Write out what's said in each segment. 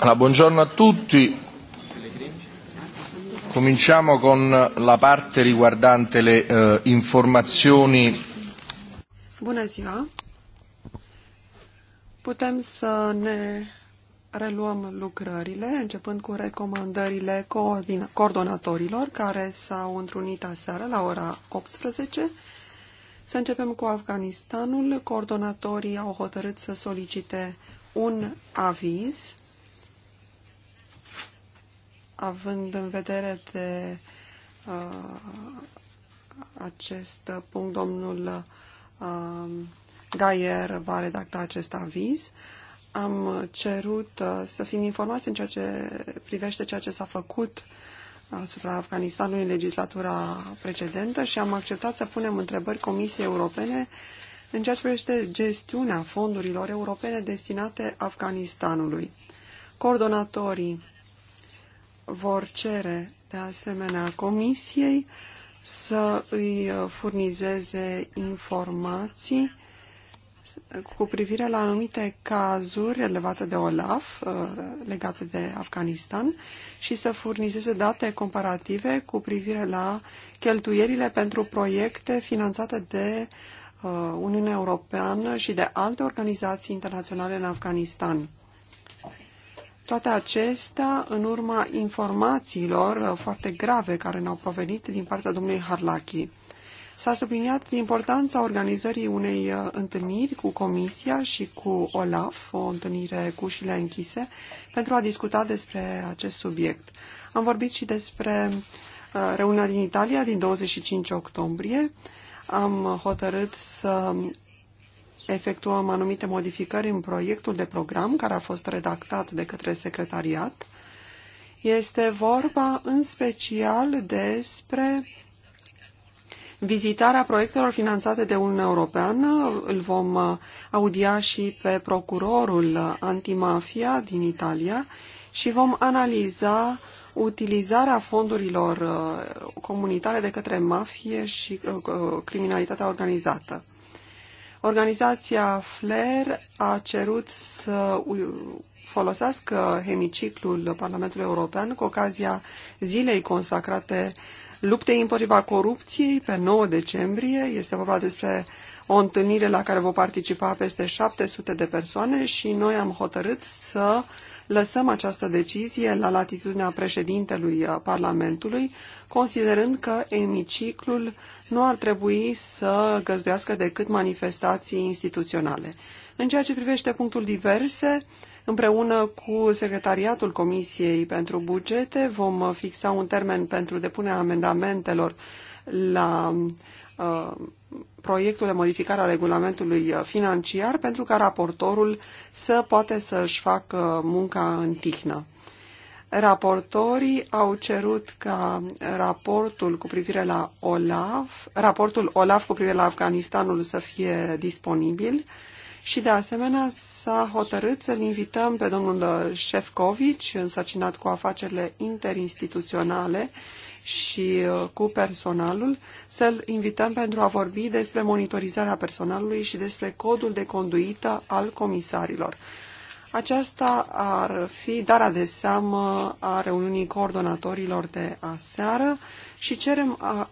Allora, buongiorno a tutti. Cominciamo con la parte riguardante le uh, informazioni. Bună ziua. Putem să ne reluăm lucrările, începând cu recomandările coordonatorilor care s-au întrunit aseară la ora 18. Să începem cu Afganistanul. Coordonatorii au hotărât să solicite un aviz având în vedere de uh, acest punct, domnul uh, Gaier va redacta acest aviz. Am cerut uh, să fim informați în ceea ce privește ceea ce s-a făcut asupra Afganistanului în legislatura precedentă și am acceptat să punem întrebări Comisiei Europene uh, în ceea ce privește gestiunea fondurilor europene destinate Afganistanului. Coordonatorii vor cere, de asemenea, Comisiei să îi furnizeze informații cu privire la anumite cazuri relevate de OLAF uh, legate de Afganistan și să furnizeze date comparative cu privire la cheltuierile pentru proiecte finanțate de uh, Uh, Uniunea Europeană și de alte organizații internaționale în Afganistan. Toate acestea în urma informațiilor uh, foarte grave care ne-au provenit din partea domnului Harlachi. S-a subliniat importanța organizării unei uh, întâlniri cu Comisia și cu OLAF, o întâlnire cu ușile închise, pentru a discuta despre acest subiect. Am vorbit și despre reuniunea din Italia din 25 octombrie, am hotărât să efectuăm anumite modificări în proiectul de program care a fost redactat de către secretariat. Este vorba în special despre vizitarea proiectelor finanțate de Uniunea Europeană. Îl vom uh, audia și pe procurorul antimafia din Italia și vom analiza utilizarea fondurilor uh, comunitare de către mafie și uh, uh, criminalitatea organizată. Organizația FLER a cerut să folosească hemiciclul Parlamentului European cu ocazia zilei consacrate luptei împotriva corupției pe 9 decembrie. Este vorba despre o întâlnire la care vor participa peste 700 de persoane și noi am hotărât să uh, lăsăm această decizie la latitudinea președintelui uh, Parlamentului, considerând că emiciclul nu ar trebui să găzduiască decât manifestații instituționale. În ceea ce privește punctul diverse, Împreună cu Secretariatul Comisiei pentru Bugete vom uh, fixa un termen pentru depunerea amendamentelor la uh, proiectul de modificare a regulamentului uh, financiar pentru ca raportorul să poate să-și facă uh, munca în tihnă. Raportorii au cerut ca uh, raportul cu privire la OLAF, raportul OLAF cu privire la Afganistanul să fie disponibil și de asemenea s-a hotărât să-l invităm pe domnul Șefcovici, însăcinat cu afacerile interinstituționale, și uh, cu personalul, să-l invităm pentru a vorbi despre monitorizarea personalului și despre codul de conduită al comisarilor. Aceasta ar fi darea de seamă a reuniunii coordonatorilor de aseară și cerem a,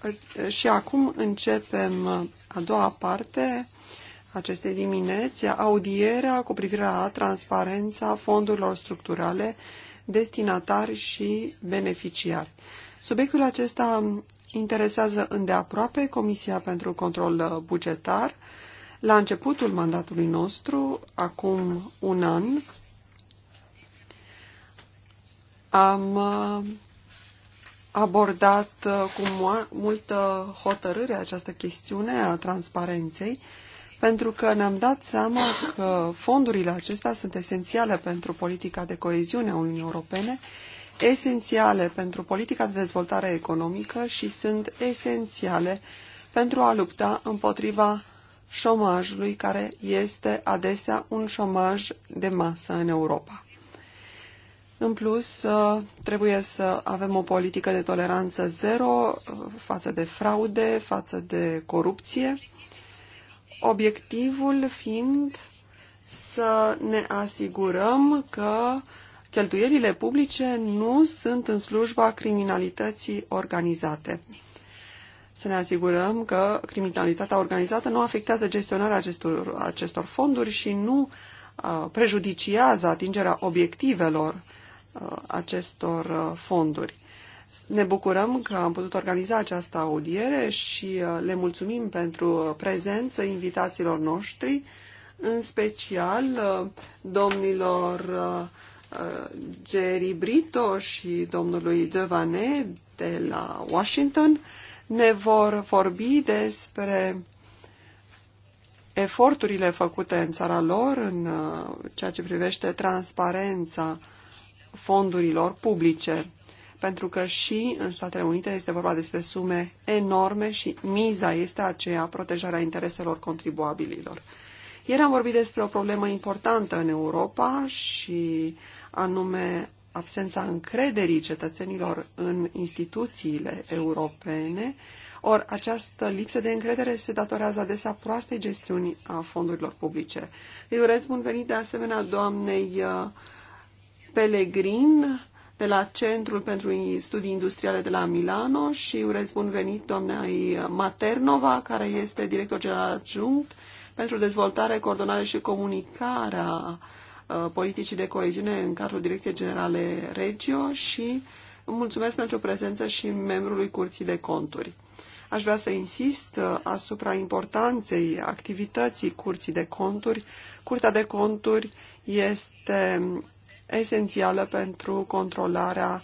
și acum începem a doua parte acestei dimineți, audierea cu privire la transparența fondurilor structurale, destinatari și beneficiari. Subiectul acesta interesează îndeaproape Comisia pentru Control Bugetar. La începutul mandatului nostru, acum un an, am uh, abordat uh, cu multă hotărâre această chestiune a transparenței, pentru că ne-am dat seama că fondurile acestea sunt esențiale pentru politica de coeziune a Uniunii Europene esențiale pentru politica de dezvoltare economică și sunt esențiale pentru a lupta împotriva șomajului, care este adesea un șomaj de masă în Europa. În plus, ă, trebuie să avem o politică de toleranță zero ă, față de fraude, față de corupție, obiectivul fiind să ne asigurăm că cheltuielile publice nu sunt în slujba criminalității organizate. Să ne asigurăm că criminalitatea organizată nu afectează gestionarea acestor, acestor fonduri și nu uh, prejudiciază atingerea obiectivelor uh, acestor uh, fonduri. Ne bucurăm că am putut organiza această audiere și uh, le mulțumim pentru uh, prezență invitațiilor noștri, în special uh, domnilor Uh, Jerry Brito și domnului Devane de la Washington ne vor vorbi despre eforturile făcute în țara lor în uh, ceea ce privește transparența fondurilor publice. Pentru că și în Statele Unite este vorba despre sume enorme și miza este aceea protejarea intereselor contribuabililor. Ieri am vorbit despre o problemă importantă în Europa și anume absența încrederii cetățenilor în instituțiile europene, Or, această lipsă de încredere se datorează adesea proastei gestiuni a fondurilor publice. Îi urez bun venit de asemenea doamnei uh, Pelegrin de la Centrul pentru Studii Industriale de la Milano și urez bun venit doamnei uh, Maternova, care este director general adjunct pentru dezvoltare, coordonare și comunicarea uh, politicii de coeziune în cadrul Direcției Generale Regio și mulțumesc pentru prezență și membrului Curții de Conturi. Aș vrea să insist uh, asupra importanței activității Curții de Conturi. Curtea de Conturi este um, esențială pentru controlarea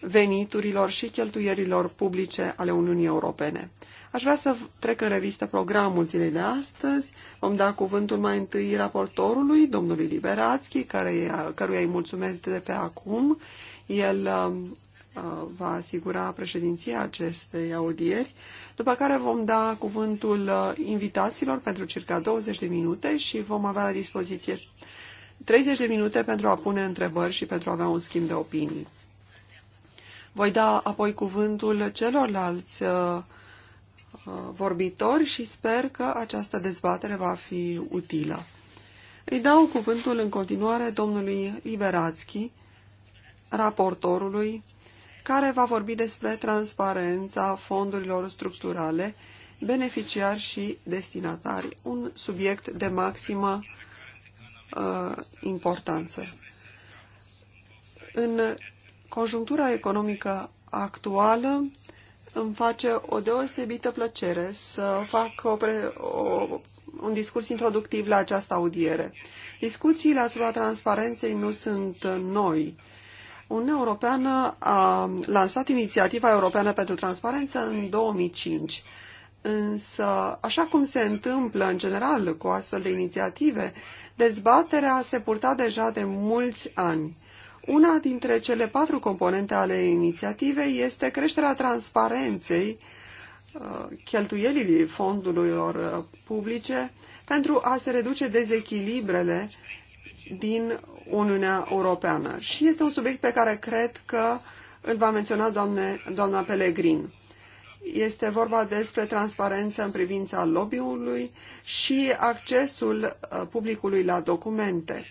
veniturilor și cheltuierilor publice ale Uniunii Europene. Aș vrea să trec în revistă programul zilei de astăzi. Vom da cuvântul mai întâi raportorului, domnului Liberațchi, care, căruia îi mulțumesc de pe acum. El um, uh, va asigura președinția acestei audieri, după care vom da cuvântul uh, invitaților pentru circa 20 de minute și vom avea la dispoziție 30 de minute pentru a pune întrebări și pentru a avea un schimb de opinii. Voi da apoi cuvântul celorlalți uh, uh, vorbitori și sper că această dezbatere va fi utilă. Îi dau cuvântul în continuare domnului Liberațchi, raportorului, care va vorbi despre transparența fondurilor structurale, beneficiari și destinatari, un subiect de maximă uh, importanță. În Conjunctura economică actuală îmi face o deosebită plăcere să fac o pre, o, un discurs introductiv la această audiere. Discuțiile asupra transparenței nu sunt noi. Uniunea Europeană a lansat inițiativa europeană pentru transparență în 2005. Însă, așa cum se întâmplă în general cu astfel de inițiative, dezbaterea se purta deja de mulți ani. Una dintre cele patru componente ale inițiativei este creșterea transparenței uh, cheltuielii fondurilor uh, publice pentru a se reduce dezechilibrele din Uniunea Europeană. Și este un subiect pe care cred că îl va menționa doamne, doamna Pelegrin. Este vorba despre transparență în privința lobby-ului și accesul uh, publicului la documente.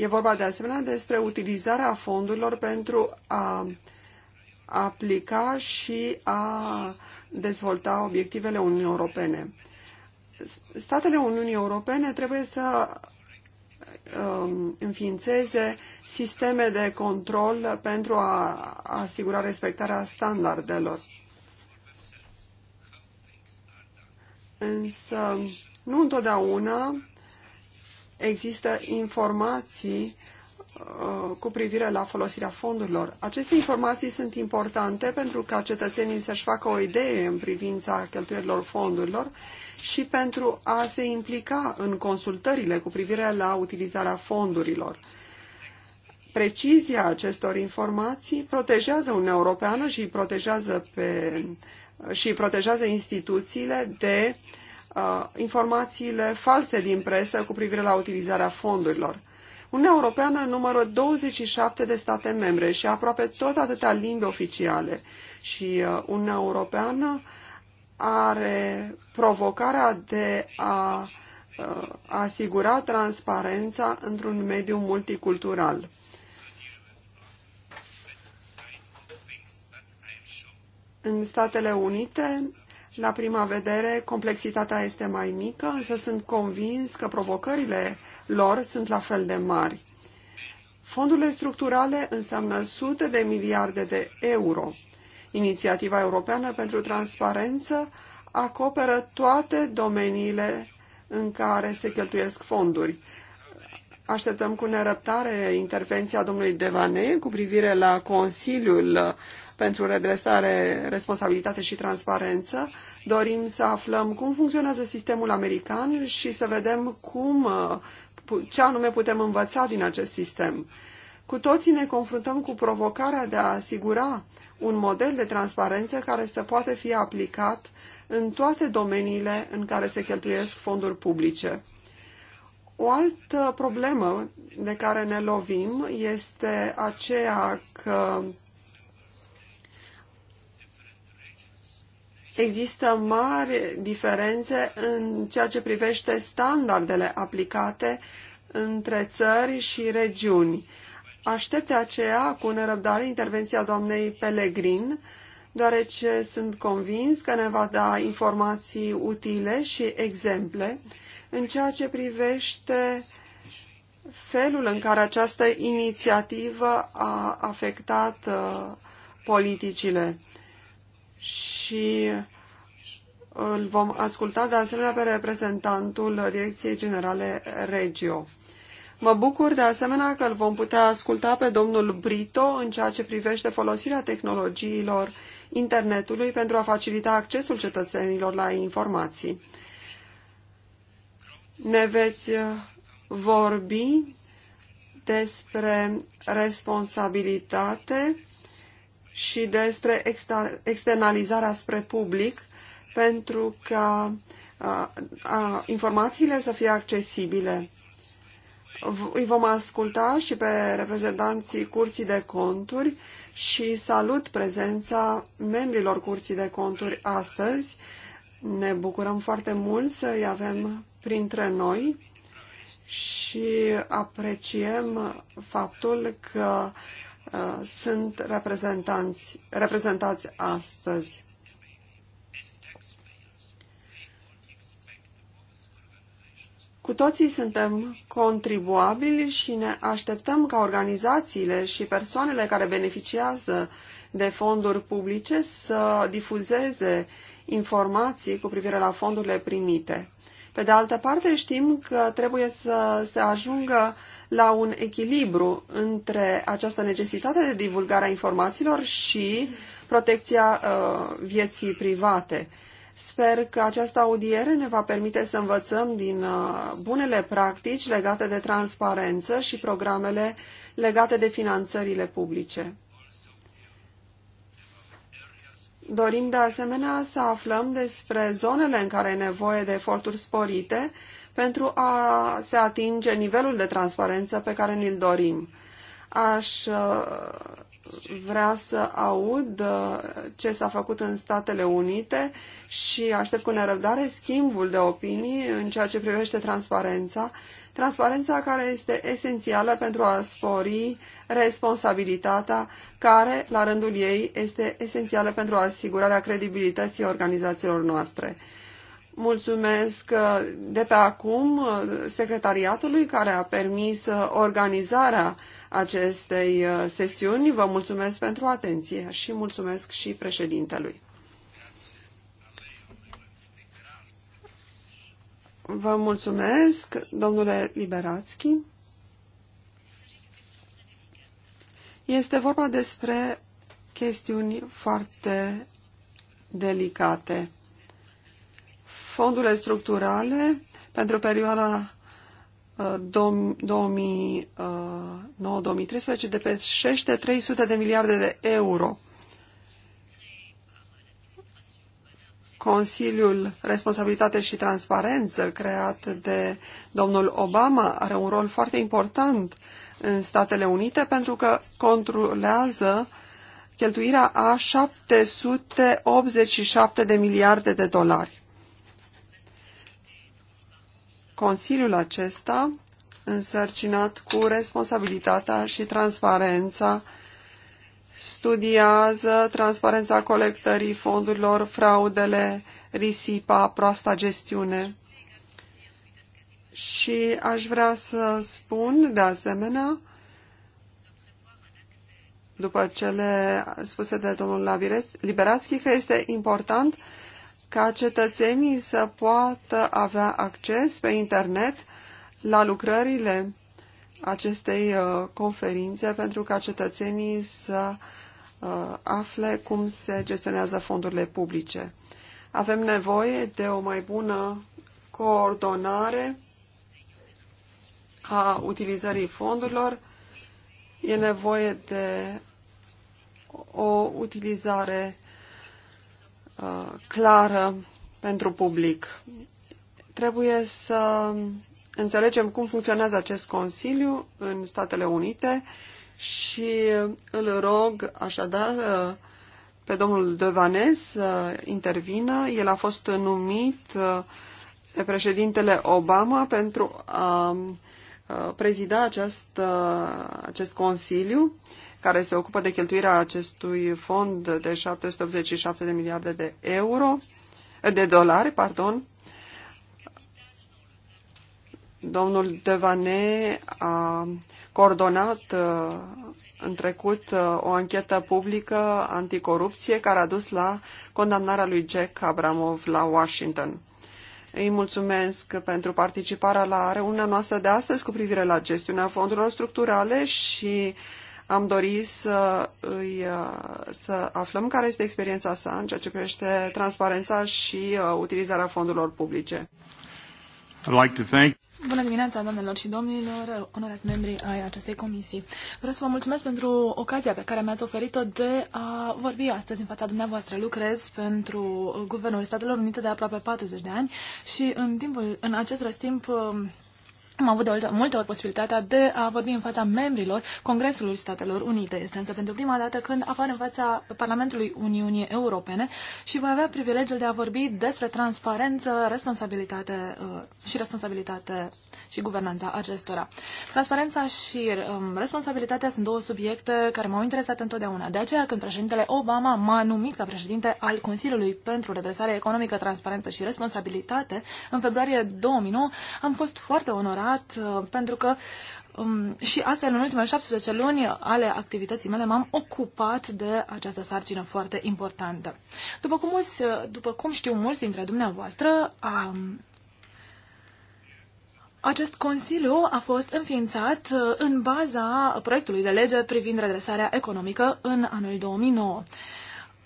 E vorba de asemenea despre utilizarea fondurilor pentru a aplica și a dezvolta obiectivele Uniunii Europene. Statele Uniunii Europene trebuie să um, înființeze sisteme de control pentru a asigura respectarea standardelor. Însă nu întotdeauna există informații uh, cu privire la folosirea fondurilor. Aceste informații sunt importante pentru ca cetățenii să-și facă o idee în privința cheltuielilor fondurilor și pentru a se implica în consultările cu privire la utilizarea fondurilor. Precizia acestor informații protejează Uniunea Europeană și protejează, pe, și protejează instituțiile de uh, Uh, informațiile false din presă cu privire la utilizarea fondurilor. Uniunea Europeană numără 27 de state membre și aproape tot atâtea limbi oficiale și uh, Uniunea Europeană are provocarea de uh, a asigura transparența într-un mediu multicultural. În Statele Unite la prima vedere, complexitatea este mai mică, însă sunt convins că provocările lor sunt la fel de mari. Fondurile structurale înseamnă sute de miliarde de euro. Inițiativa Europeană pentru Transparență acoperă toate domeniile în care se cheltuiesc fonduri. Așteptăm cu nerăbdare intervenția domnului Devane cu privire la Consiliul pentru redresare, responsabilitate și transparență. Dorim să aflăm cum funcționează sistemul american și să vedem cum, uh, ce anume putem învăța din acest sistem. Cu toții ne confruntăm cu provocarea de a asigura un model de transparență care să poate fi aplicat în toate domeniile în care se cheltuiesc fonduri publice. O altă problemă de care ne lovim este aceea că există mari diferențe în ceea ce privește standardele aplicate între țări și regiuni. Aștept aceea cu nerăbdare intervenția doamnei Pelegrin, deoarece sunt convins că ne va da informații utile și exemple în ceea ce privește felul în care această inițiativă a afectat uh, politicile și îl vom asculta de asemenea pe reprezentantul Direcției Generale Regio. Mă bucur de asemenea că îl vom putea asculta pe domnul Brito în ceea ce privește folosirea tehnologiilor internetului pentru a facilita accesul cetățenilor la informații. Ne veți uh, vorbi despre responsabilitate și despre externalizarea spre public pentru ca a, a, informațiile să fie accesibile. V îi vom asculta și pe reprezentanții Curții de Conturi și salut prezența membrilor Curții de Conturi astăzi. Ne bucurăm foarte mult să îi avem printre noi și apreciem faptul că uh, Uh, sunt reprezentanți, reprezentați astăzi. Cu toții suntem contribuabili și ne așteptăm ca organizațiile și persoanele care beneficiază de fonduri publice să difuzeze informații cu privire la fondurile primite. Pe de altă parte, știm că trebuie să se ajungă la un echilibru între această necesitate de divulgare a informațiilor și protecția uh, vieții private. Sper că această audiere ne va permite să învățăm din uh, bunele practici legate de transparență și programele legate de finanțările publice. Dorim de asemenea să aflăm despre zonele în care e nevoie de eforturi sporite pentru a se atinge nivelul de transparență pe care ne-l dorim. Aș uh, vrea să aud uh, ce s-a făcut în Statele Unite și aștept cu nerăbdare schimbul de opinii în ceea ce privește transparența, transparența care este esențială pentru a spori responsabilitatea care, la rândul ei, este esențială pentru asigurarea credibilității organizațiilor noastre. Mulțumesc uh, de pe acum uh, secretariatului care a permis uh, organizarea acestei sesiuni. Vă mulțumesc pentru atenție și mulțumesc și președintelui. Vă mulțumesc, domnule Liberațchi. Este vorba despre chestiuni foarte delicate fondurile structurale pentru perioada 2009-2013 depășește 300 de miliarde de euro. Consiliul Responsabilitate și Transparență, creat de domnul Obama, are un rol foarte important în Statele Unite pentru că controlează cheltuirea a 787 de miliarde de dolari. Consiliul acesta, însărcinat cu responsabilitatea și transparența, studiază transparența colectării fondurilor, fraudele, risipa, proasta gestiune. Și aș vrea să spun, de asemenea, după cele spuse de domnul Liberațchi, că este important ca cetățenii să poată avea acces pe internet la lucrările acestei uh, conferințe pentru ca cetățenii să uh, afle cum se gestionează fondurile publice. Avem nevoie de o mai bună coordonare a utilizării fondurilor. E nevoie de o utilizare Uh, clară pentru public. Trebuie să înțelegem cum funcționează acest Consiliu în Statele Unite și îl rog așadar uh, pe domnul Devanez să intervină. El a fost numit uh, de președintele Obama pentru a prezida acest, acest Consiliu care se ocupă de cheltuirea acestui fond de 787 de miliarde de euro, de dolari, pardon. Domnul Devane a coordonat uh, în trecut uh, o anchetă publică anticorupție care a dus la condamnarea lui Jack Abramov la Washington. Îi mulțumesc pentru participarea la reuniunea noastră de astăzi cu privire la gestiunea fondurilor structurale și uh, am dorit să, îi, uh, să aflăm care este experiența sa în ceea ce privește transparența și uh, utilizarea fondurilor publice. I'd like to thank Bună dimineața, doamnelor și domnilor, onorați membri ai acestei comisii. Vreau să vă mulțumesc pentru ocazia pe care mi-ați oferit-o de a vorbi astăzi în fața dumneavoastră. Lucrez pentru Guvernul Statelor Unite de aproape 40 de ani și în, timpul, în acest răstimp um, am avut de multe ori posibilitatea de a vorbi în fața membrilor Congresului Statelor Unite. Este însă pentru prima dată când apar în fața Parlamentului Uniunii Europene și voi avea privilegiul de a vorbi despre transparență, responsabilitate uh, și responsabilitate și guvernanța acestora. Transparența și um, responsabilitatea sunt două subiecte care m-au interesat întotdeauna. De aceea, când președintele Obama m-a numit ca președinte al Consiliului pentru Redresare Economică, Transparență și Responsabilitate, în februarie 2009, am fost foarte onorat realizat, uh, pentru că um, și astfel în ultimele 17 luni ale activității mele m-am ocupat de această sarcină foarte importantă. După cum, mulți, uh, după cum știu mulți dintre dumneavoastră, um, acest consiliu a fost înființat uh, în baza proiectului de lege privind redresarea economică în anul 2009.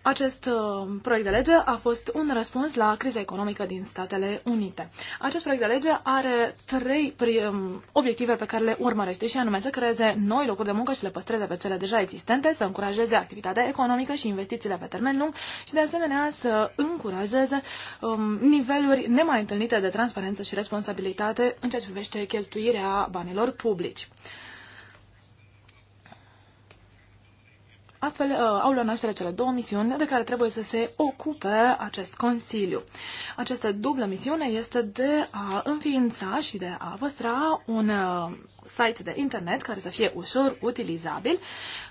Acest uh, proiect de lege a fost un răspuns la criza economică din Statele Unite. Acest proiect de lege are trei um, obiective pe care le urmărește și anume să creeze noi locuri de muncă și le păstreze pe cele deja existente, să încurajeze activitatea economică și investițiile pe termen lung și de asemenea să încurajeze um, niveluri nemai întâlnite de transparență și responsabilitate în ceea ce privește cheltuirea banilor publici. Astfel uh, au luat naștere cele două misiuni de care trebuie să se ocupe acest Consiliu. Această dublă misiune este de a înființa și de a păstra un uh, site de internet care să fie ușor utilizabil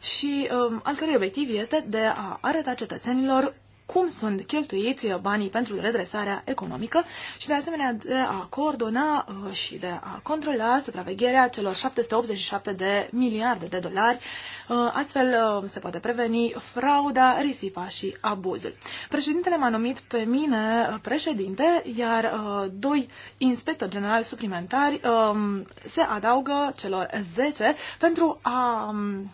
și um, al cărei obiectiv este de a arăta cetățenilor cum sunt cheltuiți banii pentru redresarea economică și de asemenea de a coordona uh, și de a controla supravegherea celor 787 de miliarde de dolari. Uh, astfel uh, se poate preveni frauda, risipa și abuzul. Președintele m-a numit pe mine președinte, iar doi inspectori generali suplimentari um, se adaugă celor 10 pentru a um,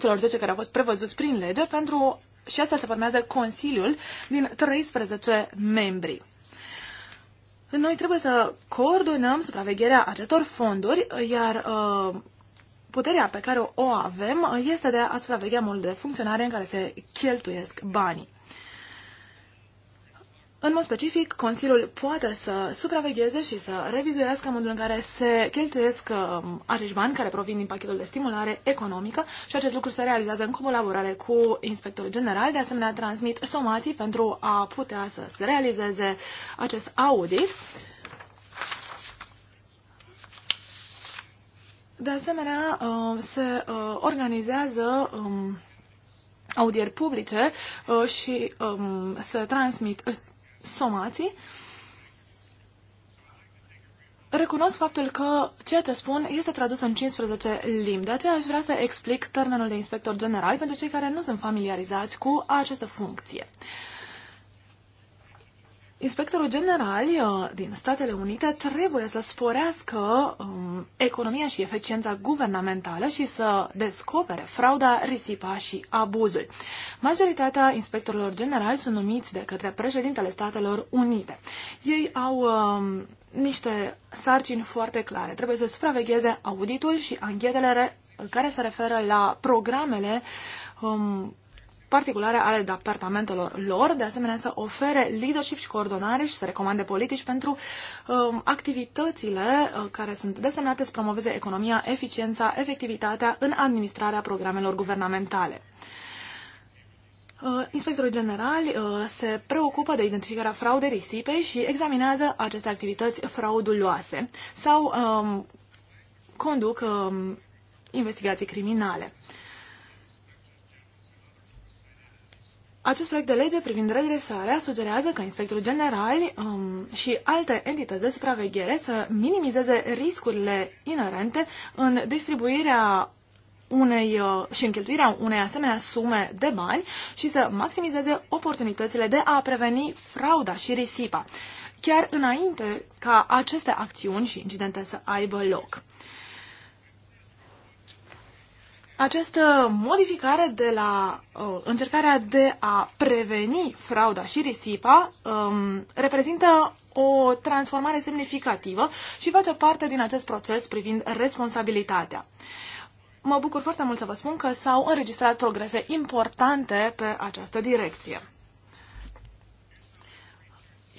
celor 10 care au fost prevăzuți prin lege pentru și astfel se formează Consiliul din 13 membri. Noi trebuie să coordonăm supravegherea acestor fonduri, iar uh, puterea pe care o avem este de a supraveghea modul de funcționare în care se cheltuiesc banii. În mod specific, Consiliul poate să supravegheze și să revizuiască modul în care se cheltuiesc um, acești bani care provin din pachetul de stimulare economică și acest lucru se realizează în colaborare cu inspectorul general. De asemenea, transmit somații pentru a putea să se realizeze acest audit. De asemenea, uh, se uh, organizează um, audieri publice uh, și um, se transmit somații, recunosc faptul că ceea ce spun este tradus în 15 limbi. De aceea aș vrea să explic termenul de inspector general pentru cei care nu sunt familiarizați cu această funcție. Uh, Inspectorul general uh, din Statele Unite trebuie să sporească um, economia și eficiența guvernamentală și să descopere frauda, risipa și abuzul. Majoritatea inspectorilor generali sunt numiți de către președintele Statelor Unite. Ei au um, niște sarcini foarte clare. Trebuie să supravegheze auditul și anchetele care se referă la programele um, particulare ale departamentelor lor, de asemenea să ofere leadership și coordonare și să recomande politici pentru um, activitățile uh, care sunt desemnate să promoveze economia, eficiența, efectivitatea în administrarea programelor guvernamentale. Uh, inspectorii generali uh, se preocupă de identificarea fraudei risipei și examinează aceste activități frauduloase sau um, conduc um, investigații criminale. Acest proiect de lege privind redresarea sugerează că inspectorul general um, și alte entități de supraveghere să minimizeze riscurile inerente în distribuirea unei, uh, și în cheltuirea unei asemenea sume de bani și să maximizeze oportunitățile de a preveni frauda și risipa, chiar înainte ca aceste acțiuni și incidente să aibă loc această modificare de la uh, încercarea de a preveni frauda și risipa um, reprezintă o transformare semnificativă și face parte din acest proces privind responsabilitatea. Mă bucur foarte mult să vă spun că s-au înregistrat progrese importante pe această direcție.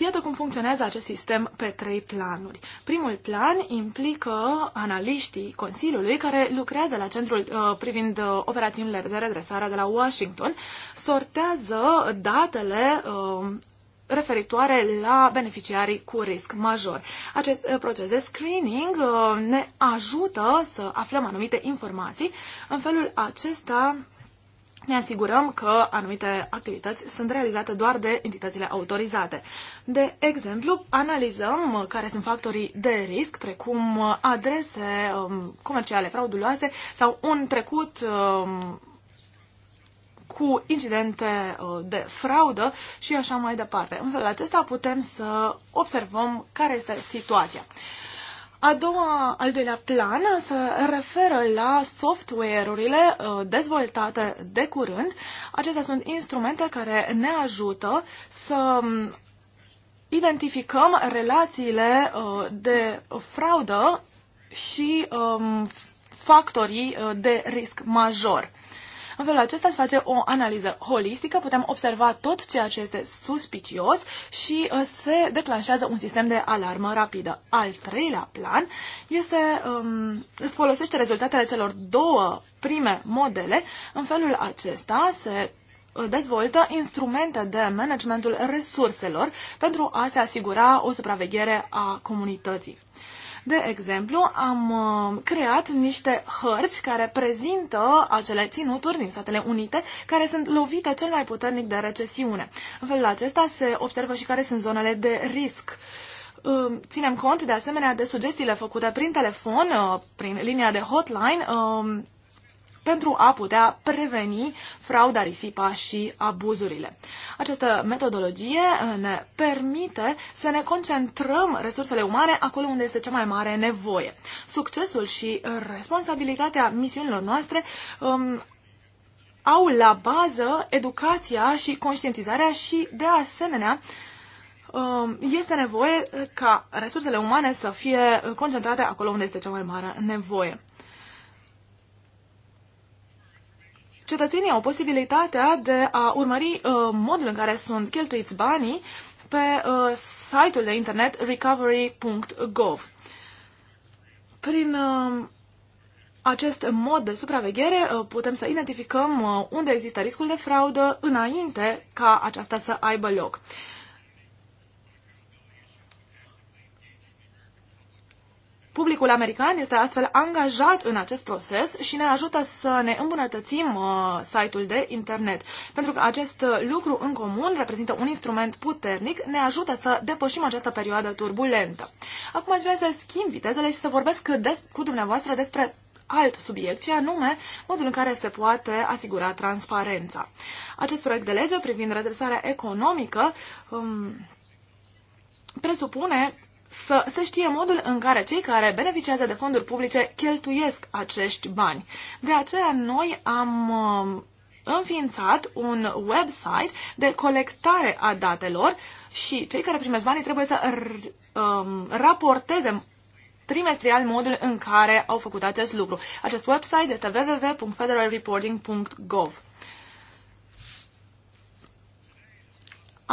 Iată cum funcționează acest sistem pe trei planuri. Primul plan implică analiștii Consiliului care lucrează la centrul uh, privind uh, operațiunile de redresare de la Washington, sortează datele uh, referitoare la beneficiarii cu risc major. Acest uh, proces de screening uh, ne ajută să aflăm anumite informații. În felul acesta ne asigurăm că anumite activități sunt realizate doar de entitățile autorizate. De exemplu, analizăm care sunt factorii de risc, precum adrese um, comerciale frauduloase sau un trecut um, cu incidente uh, de fraudă și așa mai departe. În felul acesta putem să observăm care este situația. A doua, al doilea plan se referă la software-urile uh, dezvoltate de curând. Acestea sunt instrumente care ne ajută să um, identificăm relațiile uh, de fraudă și um, factorii uh, de risc major. În felul acesta se face o analiză holistică, putem observa tot ceea ce este suspicios și uh, se declanșează un sistem de alarmă rapidă. Al treilea plan este um, folosește rezultatele celor două prime modele. În felul acesta se uh, dezvoltă instrumente de managementul resurselor pentru a se asigura o supraveghere a comunității. De exemplu, am uh, creat niște hărți care prezintă acele ținuturi din Statele Unite care sunt lovite cel mai puternic de recesiune. În felul acesta se observă și care sunt zonele de risc. Um, ținem cont de asemenea de sugestiile făcute prin telefon, uh, prin linia de hotline, um, pentru a putea preveni frauda, risipa și abuzurile. Această metodologie uh, ne permite să ne concentrăm resursele umane acolo unde este cea mai mare nevoie. Succesul și responsabilitatea misiunilor noastre um, au la bază educația și conștientizarea și, de asemenea, um, este nevoie ca resursele umane să fie concentrate acolo unde este cea mai mare nevoie. cetățenii au posibilitatea de a urmări uh, modul în care sunt cheltuiți banii pe uh, site-ul de internet recovery.gov. Prin uh, acest mod de supraveghere uh, putem să identificăm uh, unde există riscul de fraudă înainte ca aceasta să aibă loc. Publicul american este astfel angajat în acest proces și ne ajută să ne îmbunătățim uh, site-ul de internet. Pentru că acest uh, lucru în comun reprezintă un instrument puternic, ne ajută să depășim această perioadă turbulentă. Acum aș vrea să schimb vitezele și să vorbesc des- cu dumneavoastră despre alt subiect, ce anume modul în care se poate asigura transparența. Acest proiect de lege privind redresarea economică um, presupune să se știe modul în care cei care beneficiază de fonduri publice cheltuiesc acești bani. De aceea noi am uh, înființat un website de colectare a datelor și cei care primesc banii trebuie să um, raporteze trimestrial modul în care au făcut acest lucru. Acest website este www.federalreporting.gov.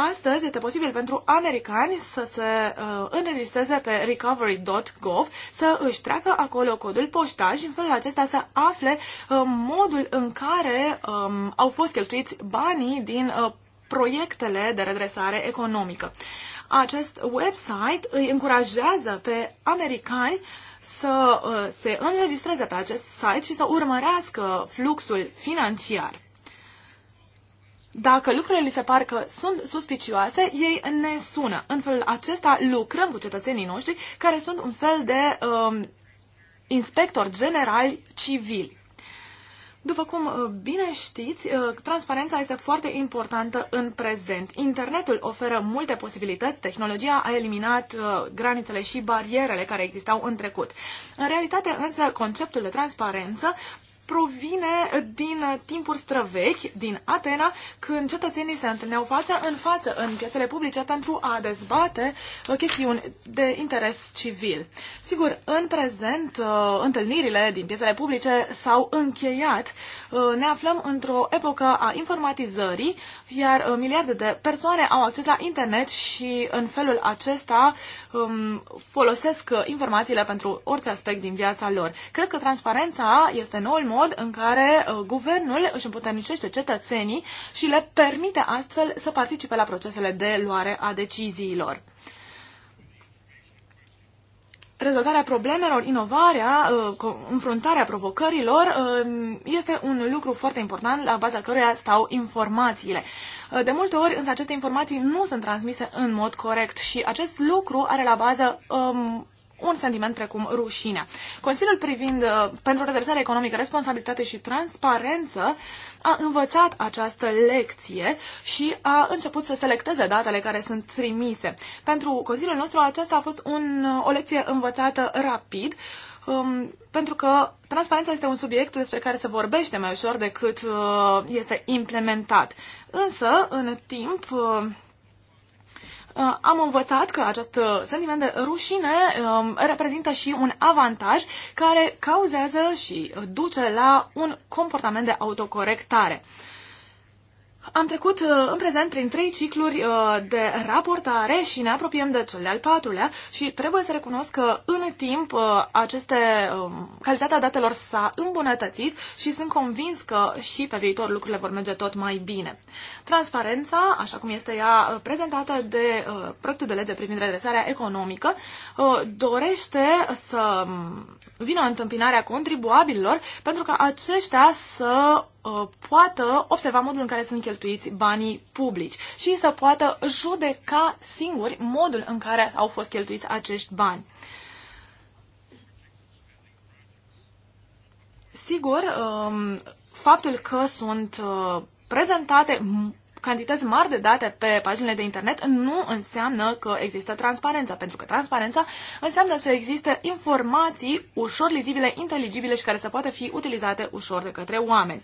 Astăzi este posibil pentru americani să se uh, înregistreze pe recovery.gov, să își treacă acolo codul poștal și în felul acesta să afle uh, modul în care um, au fost cheltuiți banii din uh, proiectele de redresare economică. Acest website îi încurajează pe americani să uh, se înregistreze pe acest site și să urmărească fluxul financiar. Dacă lucrurile li se par că sunt suspicioase, ei ne sună. În felul acesta lucrăm cu cetățenii noștri care sunt un fel de um, inspector general civil. După cum uh, bine știți, uh, transparența este foarte importantă în prezent. Internetul oferă multe posibilități, tehnologia a eliminat uh, granițele și barierele care existau în trecut. În realitate, însă, conceptul de transparență provine din timpuri străvechi, din Atena, când cetățenii se întâlneau față în față în piațele publice pentru a dezbate uh, chestiuni de interes civil. Sigur, în prezent, uh, întâlnirile din piațele publice s-au încheiat. Uh, ne aflăm într-o epocă a informatizării, iar miliarde de persoane au acces la internet și în felul acesta um, folosesc informațiile pentru orice aspect din viața lor. Cred că transparența este noul mod mod în care uh, guvernul își împuternicește cetățenii și le permite astfel să participe la procesele de luare a deciziilor. Rezolvarea problemelor, inovarea, uh, înfruntarea provocărilor uh, este un lucru foarte important la baza căruia stau informațiile. Uh, de multe ori, însă, aceste informații nu sunt transmise în mod corect și acest lucru are la bază um, un sentiment precum rușinea. Consiliul privind uh, pentru redresare economică, responsabilitate și transparență a învățat această lecție și a început să selecteze datele care sunt trimise. Pentru Consiliul nostru aceasta a fost un, uh, o lecție învățată rapid, um, pentru că transparența este un subiect despre care se vorbește mai ușor decât uh, este implementat. Însă, în timp, uh, Uh, am învățat că acest uh, sentiment de rușine um, reprezintă și un avantaj care cauzează și duce la un comportament de autocorectare. Am trecut uh, în prezent prin trei cicluri uh, de raportare și ne apropiem de cel de-al patrulea și trebuie să recunosc că în timp uh, aceste, um, calitatea datelor s-a îmbunătățit și sunt convins că și pe viitor lucrurile vor merge tot mai bine. Transparența, așa cum este ea prezentată de proiectul de lege privind redresarea economică, dorește să um, vină întâmpinarea contribuabililor pentru că aceștia să Uh, poată observa modul în care sunt cheltuiți banii publici și să poată judeca singuri modul în care au fost cheltuiți acești bani. Sigur, um, faptul că sunt uh, prezentate cantități mari de date pe paginile de internet nu înseamnă că există transparență, pentru că transparența înseamnă să existe informații ușor lizibile, inteligibile și care să poată fi utilizate ușor de către oameni.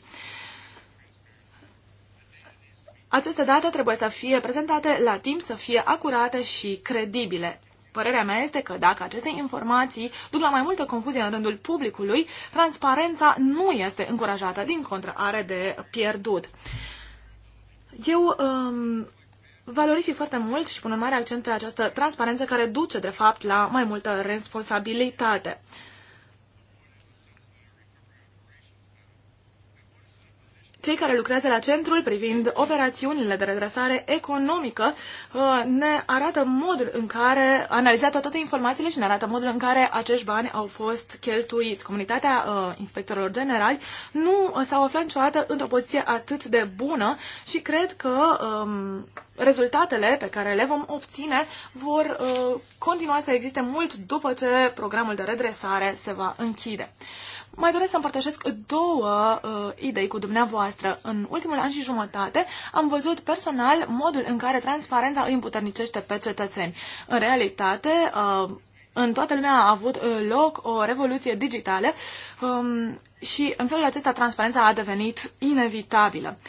Aceste date trebuie să fie prezentate la timp, să fie acurate și credibile. Părerea mea este că dacă aceste informații duc la mai multă confuzie în rândul publicului, transparența nu este încurajată, din contră are de pierdut. Eu um, valorific foarte mult și pun un mare accent pe această transparență care duce, de fapt, la mai multă responsabilitate. Uh, cei care lucrează la centrul privind operațiunile de redresare economică uh, ne arată modul în care analizează toate informațiile și ne arată modul în care acești bani au fost cheltuiți. Comunitatea uh, inspectorilor generali nu s-au aflat niciodată într-o poziție atât de bună și cred că um, rezultatele pe care le vom obține vor uh, continua să existe mult după ce programul de redresare se va închide. Mai doresc să împărtășesc două uh, idei cu dumneavoastră. În ultimul an și jumătate am văzut personal modul în care transparența îi împuternicește pe cetățeni. În realitate, uh, în toată lumea a avut uh, loc o revoluție digitală um, și în felul acesta transparența a devenit inevitabilă. Uh,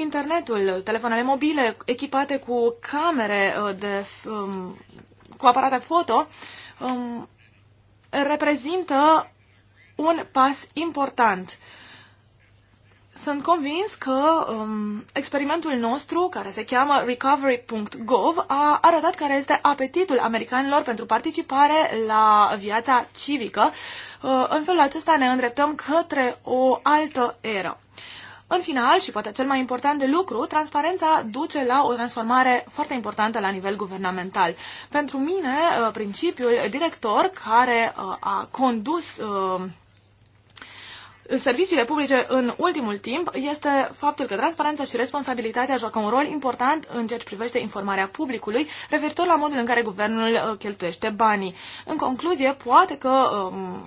internetul, telefoanele mobile echipate cu camere uh, de, um, cu aparate foto um, reprezintă un pas important. Sunt convins că um, experimentul nostru, care se cheamă recovery.gov, a arătat care este apetitul americanilor pentru participare la viața civică. Uh, în felul acesta ne îndreptăm către o altă eră. Uh, în final, și poate cel mai important de lucru, transparența duce la o transformare foarte importantă la nivel guvernamental. Pentru mine, uh, principiul director care uh, a condus uh, serviciile publice în ultimul timp este faptul că transparența și responsabilitatea joacă un rol important în ceea ce privește informarea publicului referitor la modul în care guvernul cheltuiește banii. În concluzie, poate că um,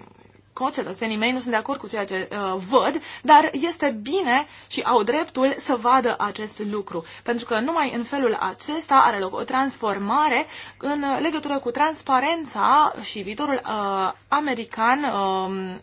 cetățenii mei nu sunt de acord cu ceea ce uh, văd, dar este bine și au dreptul să vadă acest lucru, pentru că numai în felul acesta are loc o transformare în legătură cu transparența și viitorul uh, american uh,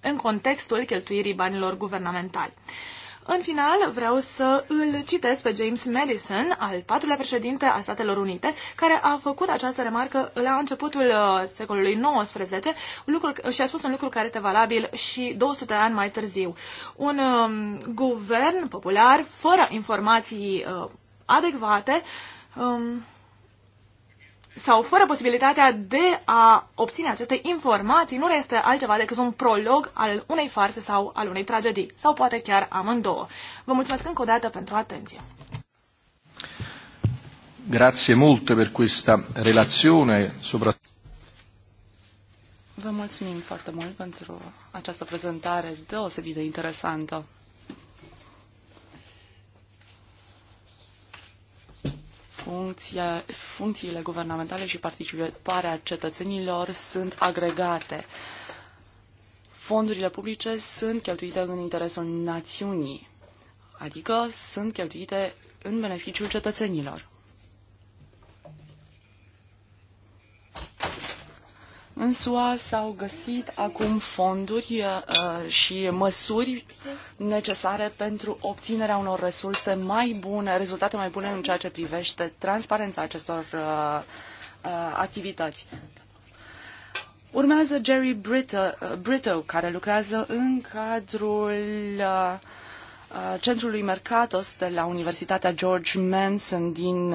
în contextul cheltuirii banilor guvernamentali. Uh, în final, vreau să îl citesc pe James Madison, al patrulea președinte a Statelor Unite, care a făcut această remarcă la începutul uh, secolului XIX lucru, și a spus un lucru care este valabil și 200 de ani mai târziu. Un um, guvern popular, fără informații uh, adecvate, um, sau fără posibilitatea de a obține aceste informații nu este altceva decât un prolog al unei farse sau al unei tragedii, sau poate chiar amândouă. Vă mulțumesc încă o dată pentru atenție. Grazie mult per questa relazione, Vă mulțumim foarte mult pentru această prezentare deosebit de interesantă. funcție, funcțiile guvernamentale și participarea cetățenilor sunt agregate. Fondurile publice sunt cheltuite în interesul națiunii, adică sunt cheltuite în beneficiul cetățenilor. În SUA s-au găsit acum fonduri uh, și măsuri necesare pentru obținerea unor resurse mai bune, rezultate mai bune în ceea ce privește transparența acestor uh, uh, activități. Urmează Jerry Brito, Brito care lucrează în cadrul Centrului Mercatos de la Universitatea George Manson din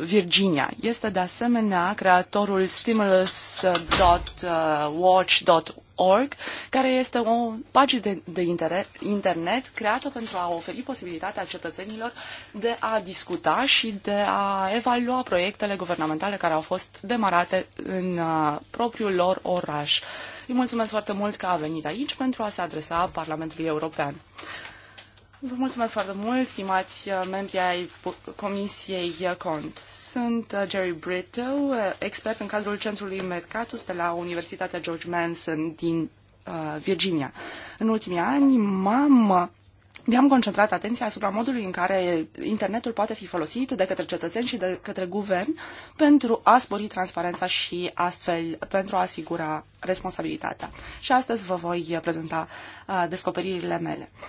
Virginia. Este de asemenea creatorul stimulus.watch.org, care este o pagină de, de internet creată pentru a oferi posibilitatea cetățenilor de a discuta și de a evalua proiectele guvernamentale care au fost demarate în uh, propriul lor oraș. Îi mulțumesc foarte mult că a venit aici pentru a se adresa Parlamentului European. Vă mulțumesc foarte mult, stimați uh, membri ai Comisiei uh, Cont. Sunt uh, Jerry Brito, expert în cadrul Centrului Mercatus de la Universitatea George Mason din Virginia. În ultimii ani m-am mi am concentrat atenția asupra modului în care internetul poate fi folosit de către cetățeni și de către guvern pentru a spori transparența și astfel pentru a asigura responsabilitatea. Și astăzi vă voi prezenta uh, descoperirile mele. Uh,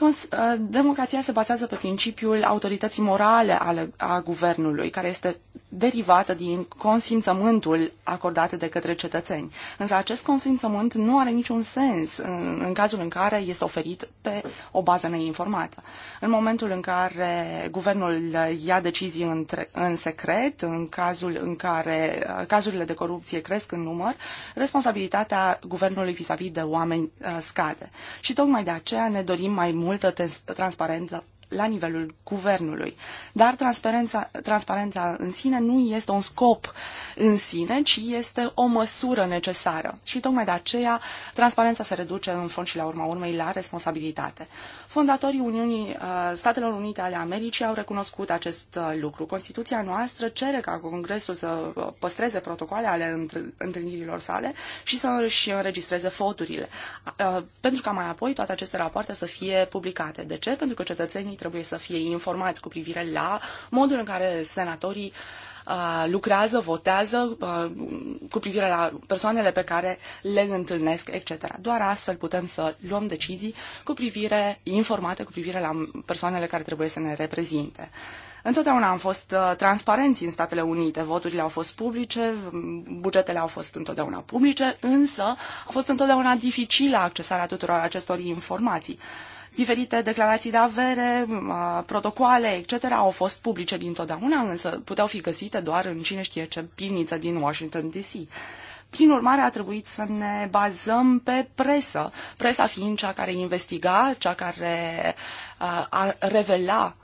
Uh, democrația se bazează pe principiul autorității morale ale, a guvernului, care este derivată din consimțământul acordat de către cetățeni. Însă acest consimțământ nu are niciun sens în, în cazul în care este oferit pe o bază neinformată. În momentul în care guvernul ia decizii în, în secret, în cazul în care uh, cazurile de corupție cresc în număr, responsabilitatea guvernului vis-a-vis -vis de oameni uh, scade. Și tocmai de aceea ne dorim mai mult multă transparență la nivelul guvernului. Dar transparența, transparența în sine nu este un scop în sine, ci este o măsură necesară. Și tocmai de aceea transparența se reduce în fond și la urma urmei la responsabilitate. Fondatorii Uniunii uh, Statelor Unite ale Americii au recunoscut acest uh, lucru. Constituția noastră cere ca Congresul să uh, păstreze protocoale ale întâlnirilor sale și să își înregistreze foturile, Pentru ca mai apoi toate aceste rapoarte să fie publicate. De ce? Pentru că cetățenii trebuie să fie informați cu privire la modul în care senatorii uh, lucrează, votează uh, cu privire la persoanele pe care le întâlnesc, etc. Doar astfel putem să luăm decizii cu privire informate, cu privire la persoanele care trebuie să ne reprezinte. Întotdeauna am fost uh, transparenți în Statele Unite, voturile au fost publice, bugetele au fost întotdeauna publice, însă a fost întotdeauna dificilă accesarea tuturor acestor informații. Diferite declarații de avere, protocoale, etc. au fost publice dintotdeauna, însă puteau fi găsite doar în cine știe ce piniță din Washington DC. Prin urmare, a trebuit să ne bazăm pe presă, presa fiind cea care investiga, cea care uh, a revela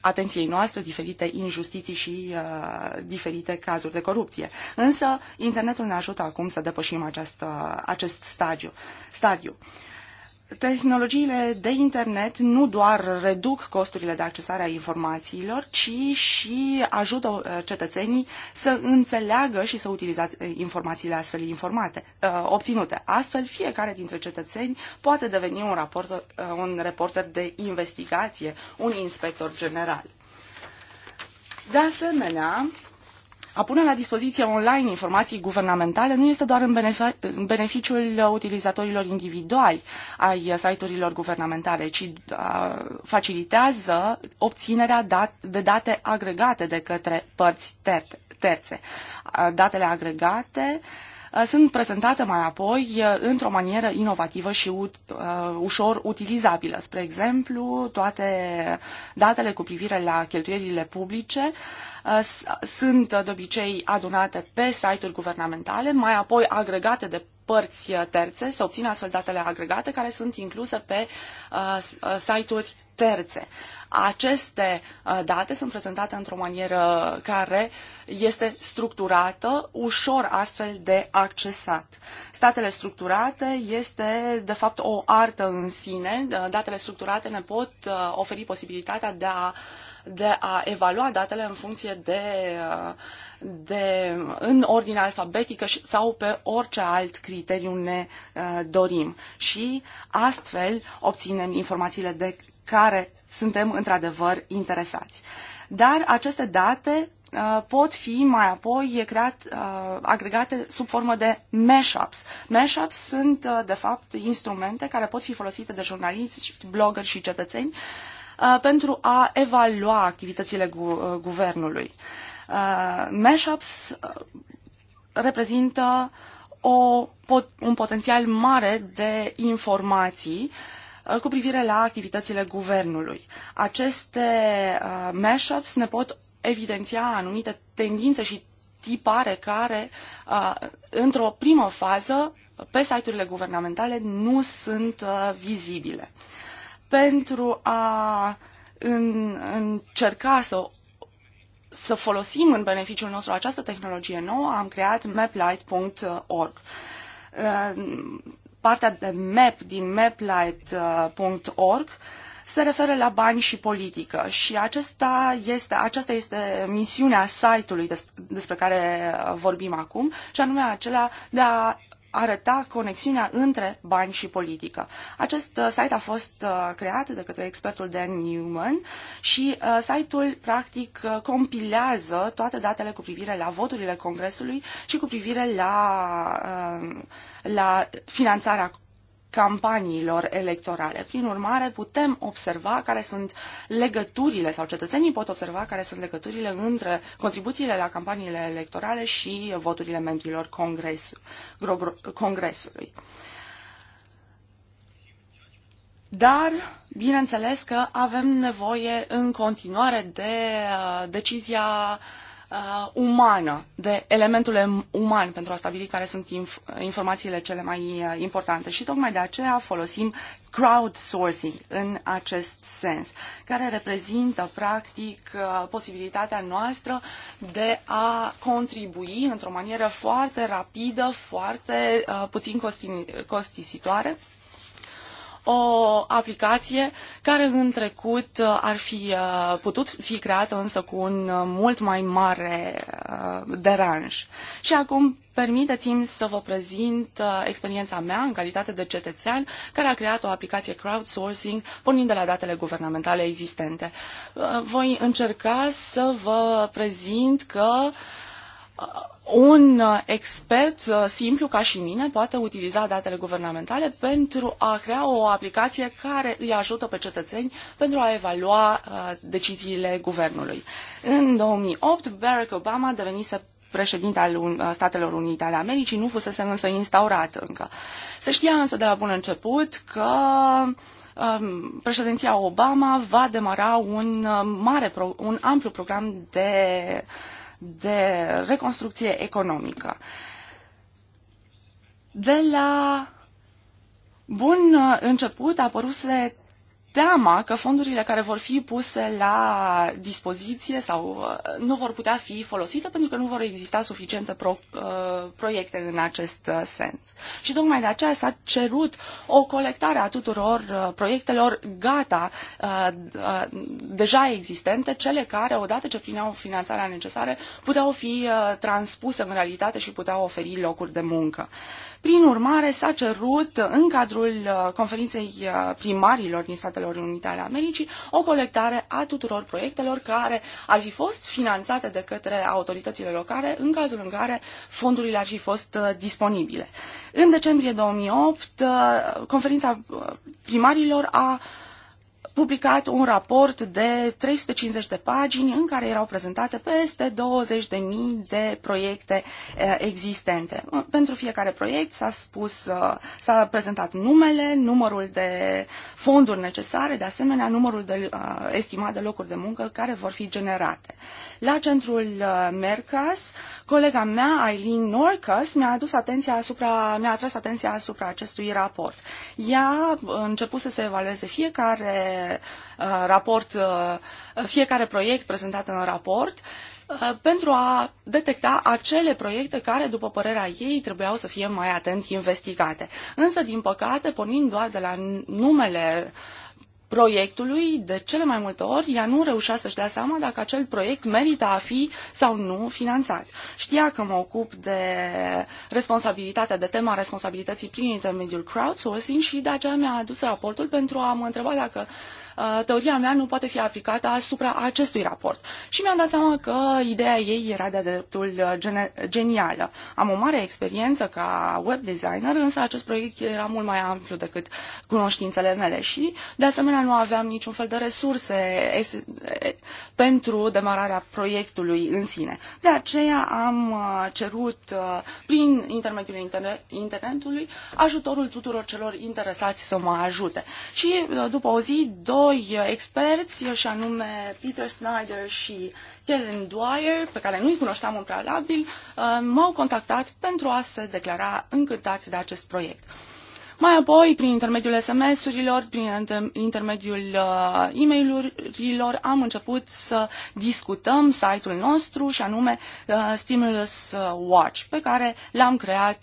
atenției noastre diferite injustiții și uh, diferite cazuri de corupție. Însă, internetul ne ajută acum să depășim această, acest stadiu. stadiu. Uh, tehnologiile de internet nu doar reduc costurile de accesare a informațiilor, ci și ajută uh, cetățenii să înțeleagă și să utilizați uh, informațiile astfel informate, uh, obținute. Astfel, fiecare dintre cetățeni poate deveni un, raport, un reporter de investigație, un inspector general. De asemenea, a pune la dispoziție online informații guvernamentale nu este doar în, în beneficiul utilizatorilor individuali ai site-urilor guvernamentale, ci facilitează obținerea dat de date agregate de către părți ter terțe. datele agregate uh, Uh, sunt prezentate mai apoi uh, într-o manieră inovativă și uh, ușor utilizabilă. Spre exemplu, toate datele cu privire la cheltuielile publice sunt de obicei adunate pe site-uri guvernamentale, mai apoi agregate de părți terțe, se obțin astfel datele agregate care sunt incluse pe site-uri terțe. Aceste uh, date sunt prezentate într-o manieră care este structurată, ușor astfel de accesat. Statele structurate este, de fapt, o artă în sine. Uh, datele structurate ne pot uh, oferi posibilitatea de a, de a evalua datele în funcție de, de în ordine alfabetică sau pe orice alt criteriu ne dorim. Și astfel obținem informațiile de care suntem într-adevăr interesați. Dar aceste date uh, pot fi mai apoi creat, uh, agregate sub formă de mashups. Mashups sunt, uh, de fapt, instrumente care pot fi folosite de jurnaliști, blogger și cetățeni pentru a evalua activitățile gu guvernului. Mashups reprezintă o, pot, un potențial mare de informații uh, Uh, cu privire la activitățile guvernului. Aceste uh, mashups ne pot evidenția anumite tendințe și tipare care, uh, într-o primă fază, pe site-urile guvernamentale nu sunt uh, vizibile. Pentru a în, încerca să să folosim în beneficiul nostru această tehnologie nouă, am creat maplight.org partea de map din maplight.org se referă la bani și politică și acesta este, aceasta este misiunea site-ului despre care vorbim acum și anume acela de a arăta conexiunea între bani și politică. Acest uh, site a fost uh, creat de către expertul Dan Newman și uh, site-ul practic compilează toate datele cu privire la voturile Congresului și cu privire la, la finanțarea campaniilor electorale. Prin urmare, putem observa care sunt legăturile sau cetățenii pot observa care sunt legăturile între contribuțiile la campaniile electorale și voturile membrilor Congresului. Dar, bineînțeles că avem nevoie în continuare de uh, decizia uh, uh, umană, de elementul uman pentru a stabili care sunt inf- informațiile cele mai uh, importante. Și tocmai de aceea folosim crowdsourcing în acest sens, care reprezintă practic uh, posibilitatea noastră de a contribui într-o manieră foarte rapidă, foarte uh, puțin costi- costisitoare o aplicație care în trecut uh, ar fi uh, putut fi creată însă cu un uh, mult mai mare deranj. Și acum permiteți-mi să vă prezint experiența mea în calitate de cetățean care a creat o aplicație crowdsourcing pornind de la datele guvernamentale existente. Voi încerca să vă prezint că uh, Uh, un uh, expert uh, simplu ca și mine poate utiliza datele guvernamentale pentru a crea o aplicație care îi ajută pe cetățeni pentru a evalua deciziile guvernului. În 2008, Barack Obama devenise președinte al Statelor Unite ale Americii, nu fusese însă instaurat încă. Se știa însă de la bun început că um, președinția Obama va demara un mare, un amplu program de de reconstrucție economică. De la bun început a apăruse teama că fondurile care vor fi puse la dispoziție sau uh, nu vor putea fi folosite pentru că nu vor exista suficiente pro, uh, proiecte în acest uh, sens. Și tocmai de aceea s-a cerut o colectare a tuturor uh, proiectelor gata, uh, uh, deja existente, cele care, odată ce primeau finanțarea necesară, puteau fi uh, transpuse în realitate și puteau oferi locuri de muncă. Uh, prin urmare, s-a cerut în cadrul uh, conferinței uh, primarilor din Statele Unite ale Americii o colectare a tuturor proiectelor care ar fi fost finanțate de către autoritățile locale în cazul în care fondurile ar fi fost uh, disponibile. În decembrie 2008, conferința primarilor a publicat un raport de 350 de pagini în care erau prezentate peste 20.000 de proiecte eh, existente. Pentru fiecare proiect s-a spus, eh, s-a prezentat numele, numărul de fonduri necesare, de asemenea numărul de, eh, estimat de locuri de muncă care vor fi generate. La centrul Mercas, colega mea, Aileen Norcas, mi-a adus atenția asupra, mi-a atras atenția asupra acestui raport. Ea a început să se evalueze fiecare Uh, raport, uh, fiecare proiect prezentat în raport uh, pentru a detecta acele proiecte care, după părerea ei, trebuiau să fie mai atent investigate. Însă, din păcate, pornind doar de la numele proiectului, de cele mai multe ori, ea nu reușea să-și dea seama dacă acel proiect merită a fi sau nu finanțat. Știa că mă ocup de responsabilitatea, de tema responsabilității prin intermediul crowdsourcing și de aceea mi-a adus raportul pentru a mă întreba dacă uh, Uh, teoria mea nu poate fi aplicată asupra acestui raport. Și mi-am dat seama că ideea ei era de-a dreptul uh, genială. Am o mare experiență ca web designer, însă acest proiect era mult mai amplu decât cunoștințele mele și, de asemenea, nu aveam niciun fel de resurse pentru demararea proiectului în sine. De aceea am uh, cerut, prin intermediul internetului, ajutorul tuturor celor interesați să mă ajute. Și, după o zi, două doi uh, experți, și anume Peter Snyder și Kevin Dwyer, pe care nu-i cunoșteam în prealabil, uh, m-au contactat pentru a se declara încântați de acest proiect. Mai apoi, prin intermediul SMS-urilor, prin intermediul uh, e mail am început să discutăm site-ul nostru și anume Stimulus Watch, pe care l-am creat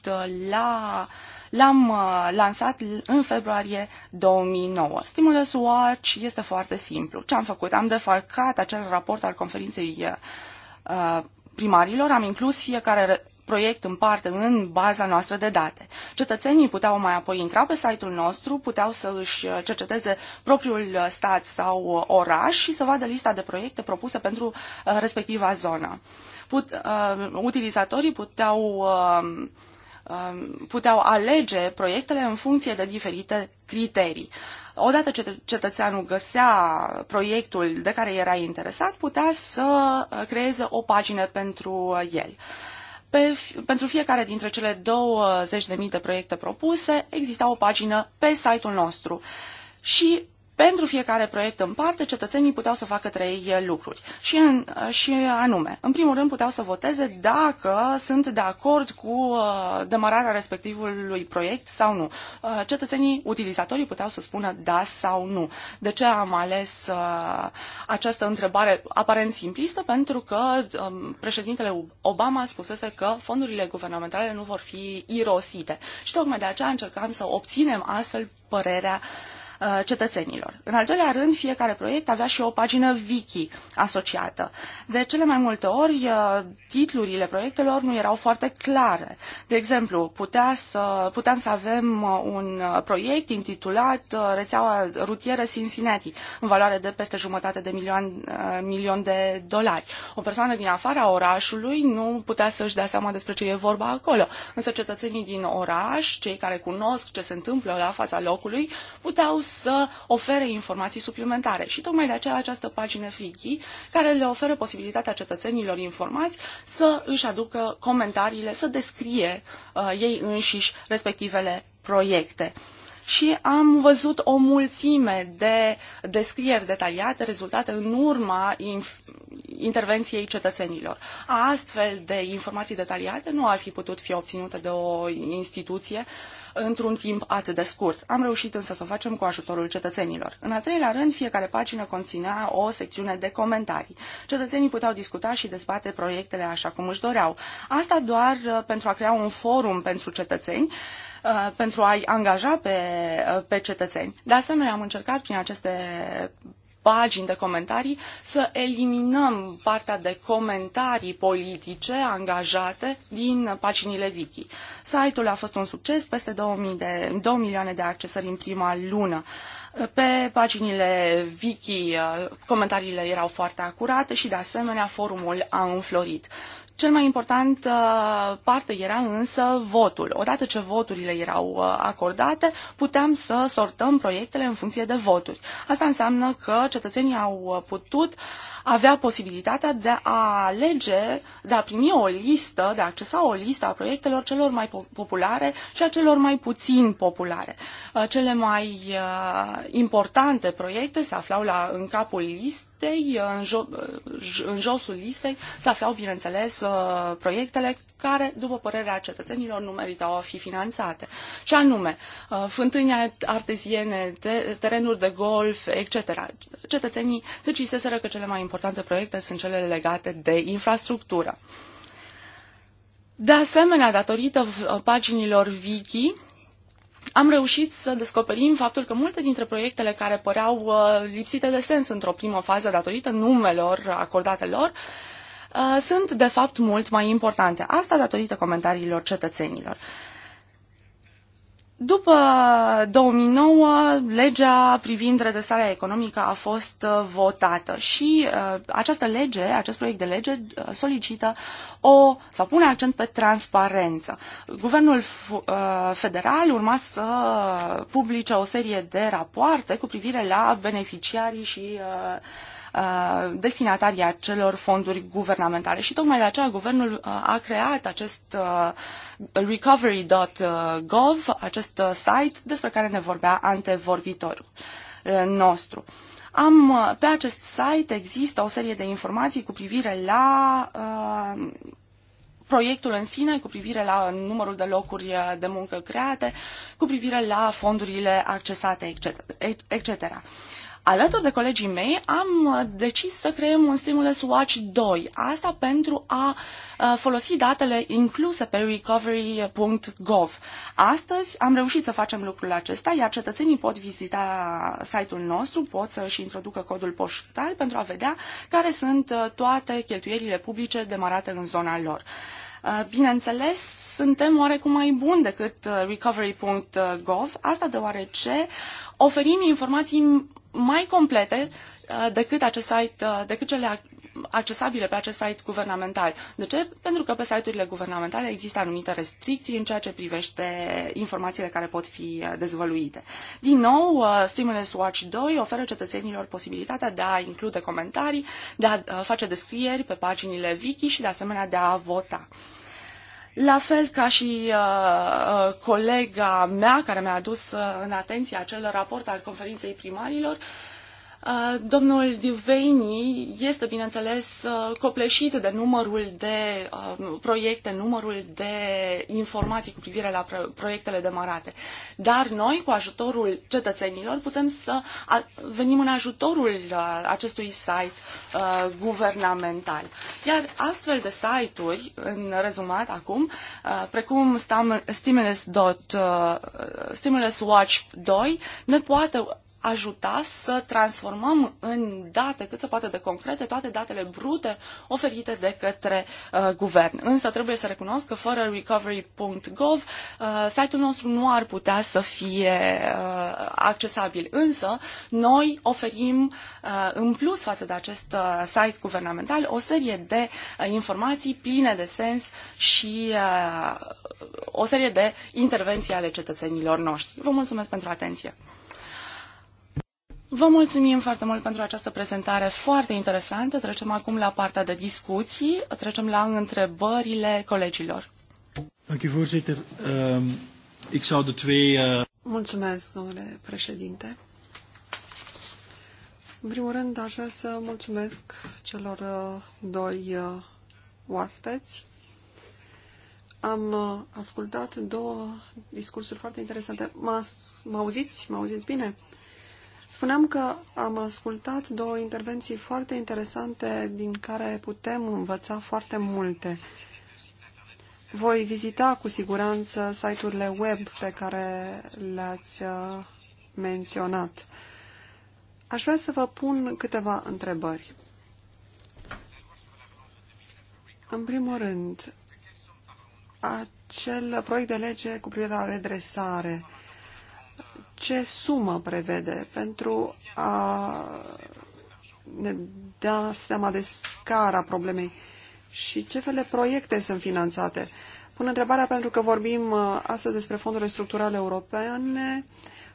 la L-am uh, lansat în februarie 2009. Stimulus Watch este foarte simplu. Ce am făcut? Am defalcat acel raport al conferinței uh, primarilor, am inclus fiecare proiect în parte în baza noastră de date. Cetățenii puteau mai apoi intra pe site-ul nostru, puteau să își uh, cerceteze propriul stat sau oraș și să vadă lista de proiecte propuse pentru respectiva zonă. Put, uh, utilizatorii puteau uh, Um, puteau alege proiectele în funcție de diferite criterii. Odată ce cetățeanul găsea proiectul de care era interesat, putea să uh, creeze o pagină pentru uh, el. Pe, pentru fiecare dintre cele 20.000 de proiecte propuse, exista o pagină pe site-ul nostru. Și pentru fiecare proiect în parte, cetățenii puteau să facă trei eh, lucruri. Și, în, eh, și anume, în primul rând puteau să voteze dacă sunt de acord cu eh, demararea respectivului proiect sau nu. Cetățenii, utilizatorii puteau să spună da sau nu. De ce am ales această întrebare aparent simplistă? Pentru că președintele Obama spusese că fondurile guvernamentale nu vor fi irosite. Și tocmai de aceea încercam să obținem astfel părerea uh, Uh, cetățenilor. În al doilea rând, fiecare proiect avea și o pagină wiki asociată. De cele mai multe ori, uh, titlurile proiectelor nu erau foarte clare. De exemplu, putea să, puteam să avem uh, un proiect intitulat Rețeaua rutieră Cincinnati, în valoare de peste jumătate de milion, milion de dolari. O persoană din afara orașului nu putea să-și dea seama despre ce e vorba acolo, însă cetățenii din oraș, cei care cunosc ce se întâmplă la fața locului, puteau să ofere informații suplimentare. Și tocmai de aceea această pagină Wiki, care le oferă posibilitatea cetățenilor informați să își aducă comentariile, să descrie uh, ei înșiși respectivele proiecte. Uh, și am văzut o mulțime de descrieri detaliate rezultate în urma intervenției cetățenilor. Astfel de informații detaliate nu ar fi putut fi obținute de o instituție într-un timp atât de scurt. Am reușit însă să o facem cu ajutorul cetățenilor. În al treilea rând, fiecare pagină conținea o secțiune de comentarii. Cetățenii puteau discuta și dezbate proiectele așa cum își doreau. Asta doar uh, pentru a crea un forum pentru cetățeni Uh, pentru a-i angaja pe, uh, pe cetățeni. De asemenea, am încercat prin aceste pagini de comentarii să eliminăm partea de comentarii politice angajate din paginile Wiki. Site-ul a fost un succes, peste 2000 de, 2 milioane de accesări în prima lună. Pe paginile Wiki uh, comentariile erau foarte acurate și de asemenea forumul a înflorit. Cel mai important uh, parte era însă votul. Odată ce voturile erau uh, acordate, puteam să sortăm proiectele în funcție de voturi. Asta înseamnă că cetățenii au uh, putut uh, avea posibilitatea de a alege, de a primi o listă, de a accesa o listă a proiectelor celor mai populare și a celor mai puțin populare. Uh, cele mai uh, importante proiecte se aflau la, în capul listei, uh, în, jo, în josul listei se aflau, bineînțeles, proiectele care, după părerea cetățenilor, nu meritau a fi finanțate. Și anume, fântâni arteziene, terenuri de golf, etc. Cetățenii deciseseră că cele mai importante importante proiecte sunt cele legate de infrastructură. De asemenea, datorită paginilor Wiki, am reușit să descoperim faptul că multe dintre proiectele care păreau uh, lipsite de sens într-o primă fază datorită numelor acordate lor, uh, sunt de fapt mult mai importante. Asta datorită comentariilor cetățenilor. Uh, după 2009, legea privind redresarea economică a fost uh, votată și uh, această lege, acest proiect de lege uh, solicită o, sau pune accent pe transparență. Guvernul uh, federal urma să publice o serie de rapoarte cu privire la beneficiarii și uh, Uh, destinatarii acelor fonduri guvernamentale. Și tocmai de aceea guvernul uh, a creat acest uh, recovery.gov, acest site despre care ne vorbea antevorbitorul nostru. Am, pe acest site există o serie de informații cu privire la uh, proiectul în sine, cu privire la numărul de locuri de muncă create, cu privire la fondurile accesate, etc. etc. Alături de colegii mei am uh, decis să creăm un stimulus Watch 2, asta pentru a uh, folosi datele incluse pe recovery.gov. Astăzi am reușit să facem lucrul acesta, iar cetățenii pot vizita site-ul nostru, pot să-și introducă codul poștal pentru a vedea care sunt uh, toate cheltuielile publice demarate în zona lor. Bineînțeles, suntem oarecum mai buni decât recovery.gov, asta deoarece oferim informații mai complete uh, decât acest site, uh, decât cele accesabile pe acest site guvernamental. De ce? Pentru că pe site-urile guvernamentale există anumite restricții în ceea ce privește informațiile care pot fi uh, dezvăluite. Din nou, Stimulus Watch 2 oferă cetățenilor posibilitatea de a include comentarii, de a face descrieri pe paginile wiki și de asemenea de a vota. La fel ca și uh, uh, colega mea care mi-a adus uh, în atenție acel raport al conferinței primarilor, uh, Uh, domnul Diveni este, bineînțeles, uh, copleșit de numărul de uh, proiecte, numărul de informații cu privire la proiectele demarate. Dar noi, cu ajutorul cetățenilor, putem să venim în ajutorul acestui site guvernamental. Iar astfel de site-uri, în rezumat acum, precum stimulus Watch 2, ne poate ajuta să transformăm în date cât se poate de concrete toate datele brute oferite de către uh, guvern. Însă trebuie să recunosc că fără recovery.gov uh, site-ul nostru nu ar putea să fie uh, accesabil. Însă noi oferim uh, în plus față de acest uh, site guvernamental o serie de uh, informații pline de sens și uh, o serie de intervenții ale cetățenilor noștri. Vă mulțumesc pentru atenție. Vă mulțumim foarte mult pentru această prezentare foarte interesantă. Trecem acum la partea de discuții, trecem la întrebările colegilor. Ehm, eh, mulțumesc, domnule președinte. În primul rând, aș vrea să mulțumesc celor eh, doi eh, oaspeți. Am ascultat două discursuri foarte interesante. Mă auziți? Mă auziți bine? Spuneam că am ascultat două intervenții foarte interesante din care putem învăța foarte multe. Voi vizita cu siguranță site-urile web pe care le-ați uh, menționat. Aș vrea să vă pun câteva întrebări. În primul rând, acel proiect de lege cu privire la redresare ce sumă prevede pentru a ne da seama de scara problemei și ce fel de proiecte sunt finanțate. Pun întrebarea pentru că vorbim uh, astăzi despre fondurile structurale europene,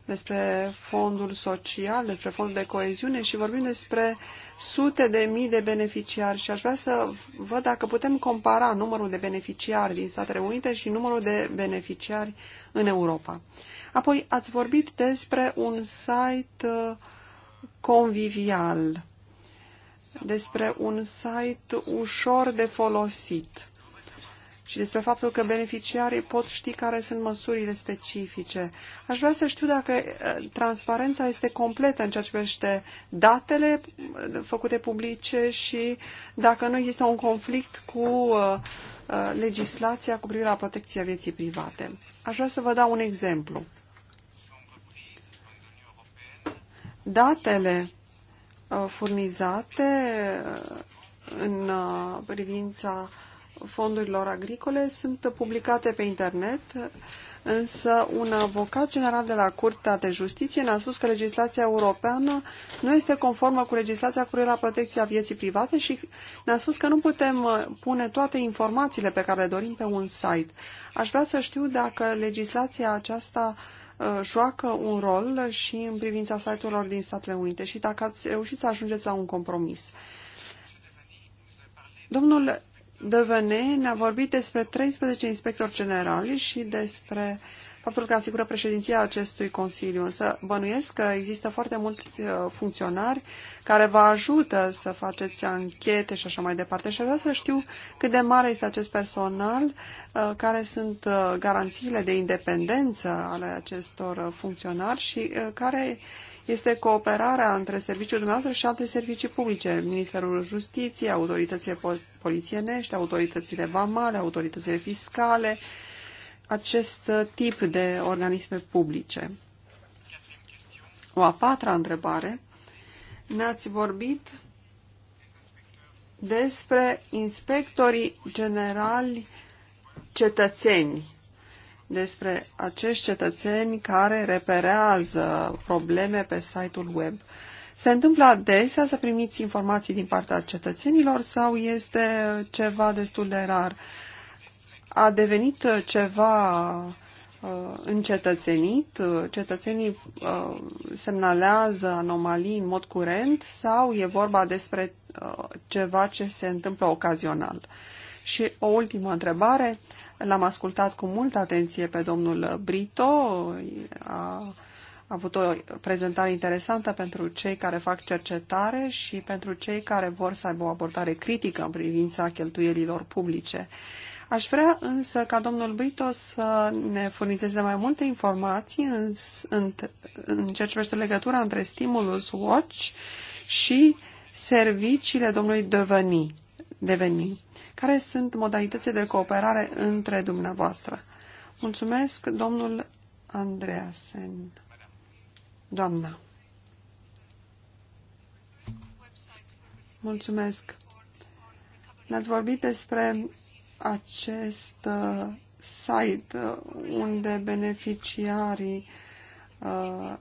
despre fondul social, despre fondul de coeziune și vorbim despre sute de mii de beneficiari și aș vrea să văd dacă putem compara numărul de beneficiari din Statele Unite și numărul de beneficiari în Europa. Apoi ați vorbit despre un site uh, convivial, despre un site ușor de folosit și despre faptul că beneficiarii pot ști care sunt măsurile specifice. Aș vrea să știu dacă uh, transparența este completă în ceea ce privește datele uh, făcute publice și dacă nu există un conflict cu legislația cu privire la protecția vieții private. Aș vrea să vă dau un exemplu. datele uh, furnizate uh, în uh, privința fondurilor agricole sunt publicate pe internet, însă un avocat general de la Curtea de Justiție ne-a spus că legislația europeană nu este conformă cu legislația cu la protecția vieții private și ne-a spus că nu putem pune toate informațiile pe care le dorim pe un site. Aș vrea să știu dacă legislația aceasta uh, Uh, joacă un rol și în privința site-urilor din Statele Unite și dacă ați reușit să ajungeți la un compromis. Domnul Devene ne-a vorbit despre 13 inspectori generali și despre uh, faptul că asigură președinția acestui Consiliu, însă bănuiesc că există foarte mulți uh, funcționari care vă ajută să faceți anchete și așa mai departe și vreau să știu cât de mare este acest personal, uh, care sunt uh, garanțiile de independență ale acestor funcționari și care este cooperarea între serviciul dumneavoastră și alte servicii publice, Ministerul Justiției, autoritățile polițienești, autoritățile vamale, autoritățile fiscale, uh, acest uh, tip de organisme publice. O a patra întrebare. Ne-ați vorbit despre inspectorii generali cetățeni, despre acești cetățeni care reperează probleme pe site-ul web. Se întâmplă adesea să primiți informații din partea cetățenilor sau este ceva destul de rar? Uh, a devenit ceva uh, încetățenit, cetățenii uh, semnalează anomalii în mod curent sau e vorba despre uh, ceva ce se întâmplă ocazional. Și o ultimă întrebare. L-am ascultat cu multă atenție pe domnul Brito. A avut o prezentare interesantă pentru cei care fac cercetare și pentru cei care vor să aibă o abordare critică în privința cheltuielilor publice. Uh, Aș vrea însă ca domnul Brito să ne furnizeze mai multe informații în, în, în ceea ce privește legătura între stimulus watch și serviciile domnului Deveni, Deveni. Care sunt modalitățile de cooperare între dumneavoastră? Mulțumesc, domnul Andreasen. Doamna. Mulțumesc. Ne-ați vorbit despre acest uh, site uh, unde beneficiarii uh,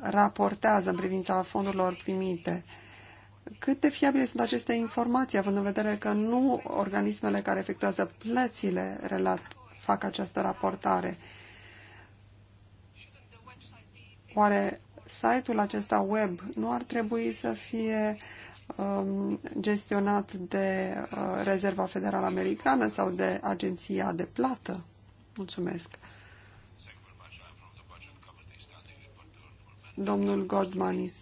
raportează în privința fondurilor primite. Cât de fiabile sunt aceste informații, având în vedere că nu organismele care efectuează plățile relat, fac această raportare? Oare site-ul acesta web nu ar trebui să fie Um, gestionat de uh, Rezerva Federală Americană sau de Agenția de Plată? Mulțumesc. Domnul Godmanis.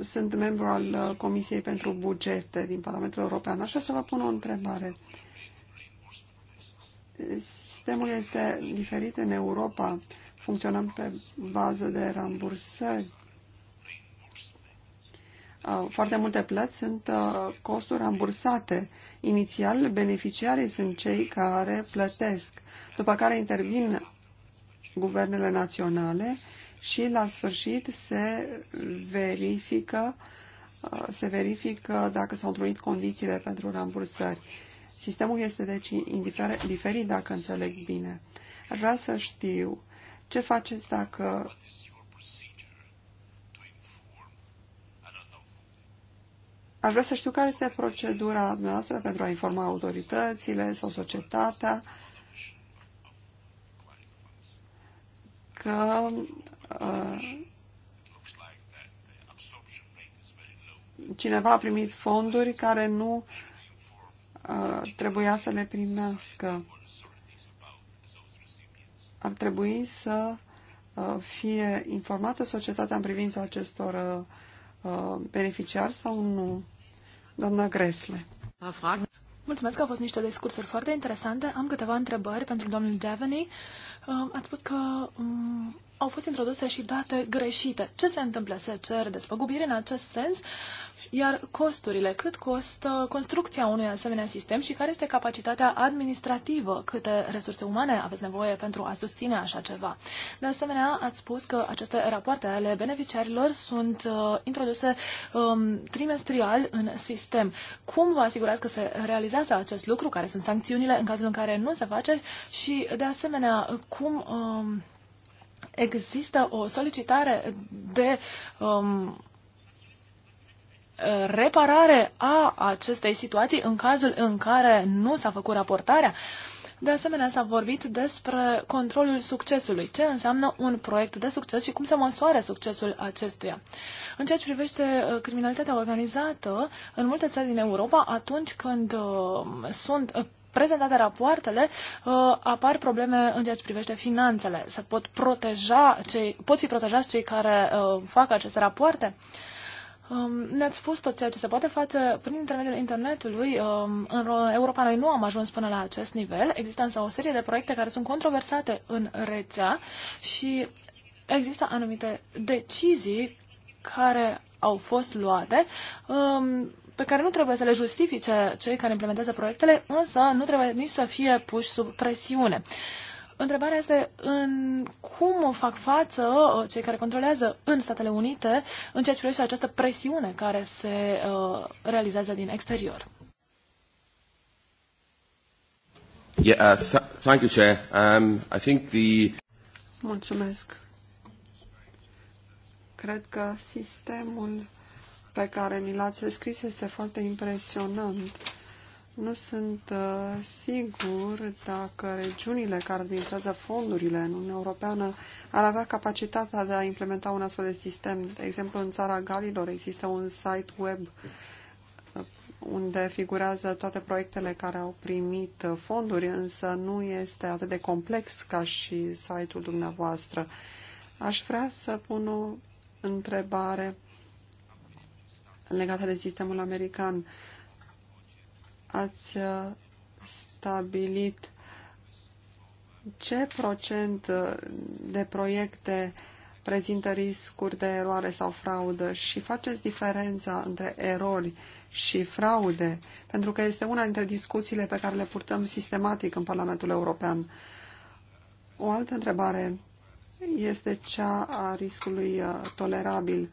Sunt membru al uh, Comisiei pentru Bugete din Parlamentul European. Așa să vă pun o întrebare. Sistemul este diferit în Europa. Funcționăm pe bază de rambursări Uh, foarte multe plăți sunt uh, costuri rambursate. Inițial, beneficiarii sunt cei care plătesc, după care intervin guvernele naționale și la sfârșit se verifică, uh, se verifică dacă s-au întrunit condițiile pentru rambursări. Sistemul este deci diferit dacă înțeleg bine. Aș vrea să știu ce faceți dacă Aș vrea să știu care este procedura noastră pentru a informa autoritățile sau societatea că uh, cineva a primit fonduri care nu uh, trebuia să le primească. Ar trebui să uh, fie informată societatea în privința acestor uh, Uh, beneficiar sau nu? Doamna Gresle. Mulțumesc că au fost niște discursuri foarte interesante. Am câteva întrebări pentru domnul Devaney. Uh, ați spus că um, au fost introduse și date greșite. Ce se întâmplă? Se cer despăgubire în acest sens, iar costurile, cât costă construcția unui asemenea sistem și care este capacitatea administrativă, câte resurse umane aveți nevoie pentru a susține așa ceva. De asemenea, ați spus că aceste rapoarte ale beneficiarilor sunt uh, introduse um, trimestrial în sistem. Cum vă asigurați că se realizează acest lucru? Care sunt sancțiunile în cazul în care nu se face? Și, de asemenea, cum... Um, există o solicitare de um, reparare a acestei situații în cazul în care nu s-a făcut raportarea. De asemenea, s-a vorbit despre controlul succesului, ce înseamnă un proiect de succes și cum se măsoară succesul acestuia. În ceea ce privește uh, criminalitatea organizată, în multe țări din Europa, atunci când uh, sunt prezentate rapoartele, uh, apar probleme în ceea ce privește finanțele. Se pot proteja cei, pot fi protejați cei care uh, fac aceste rapoarte? Um, ne-ați spus tot ceea ce se poate face prin intermediul internetului. Um, în Europa noi nu am ajuns până la acest nivel. Există însă o serie de proiecte care sunt controversate în rețea și există anumite decizii care au fost luate um, pe care nu trebuie să le justifice cei care implementează proiectele, însă nu trebuie nici să fie puși sub presiune. Întrebarea este în cum fac față uh, cei care controlează în Statele Unite în ceea ce privește această presiune care se uh, realizează din exterior. Yeah, uh, th thank you, Chair. Um, I think the... Mulțumesc. Cred că sistemul pe care ni l-ați scris este foarte impresionant. Nu sunt uh, sigur dacă regiunile care administrează fondurile în Uniunea Europeană ar avea capacitatea de a implementa un astfel de sistem. De exemplu, în țara Galilor există un site web uh, unde figurează toate proiectele care au primit uh, fonduri, însă nu este atât de complex ca și site-ul dumneavoastră. Aș vrea să pun o întrebare legată de sistemul american. Ați uh, stabilit ce procent uh, de proiecte prezintă riscuri de eroare sau fraudă și faceți diferența între erori și fraude, pentru că este una dintre discuțiile pe care le purtăm sistematic în Parlamentul European. O altă întrebare este cea a riscului uh, tolerabil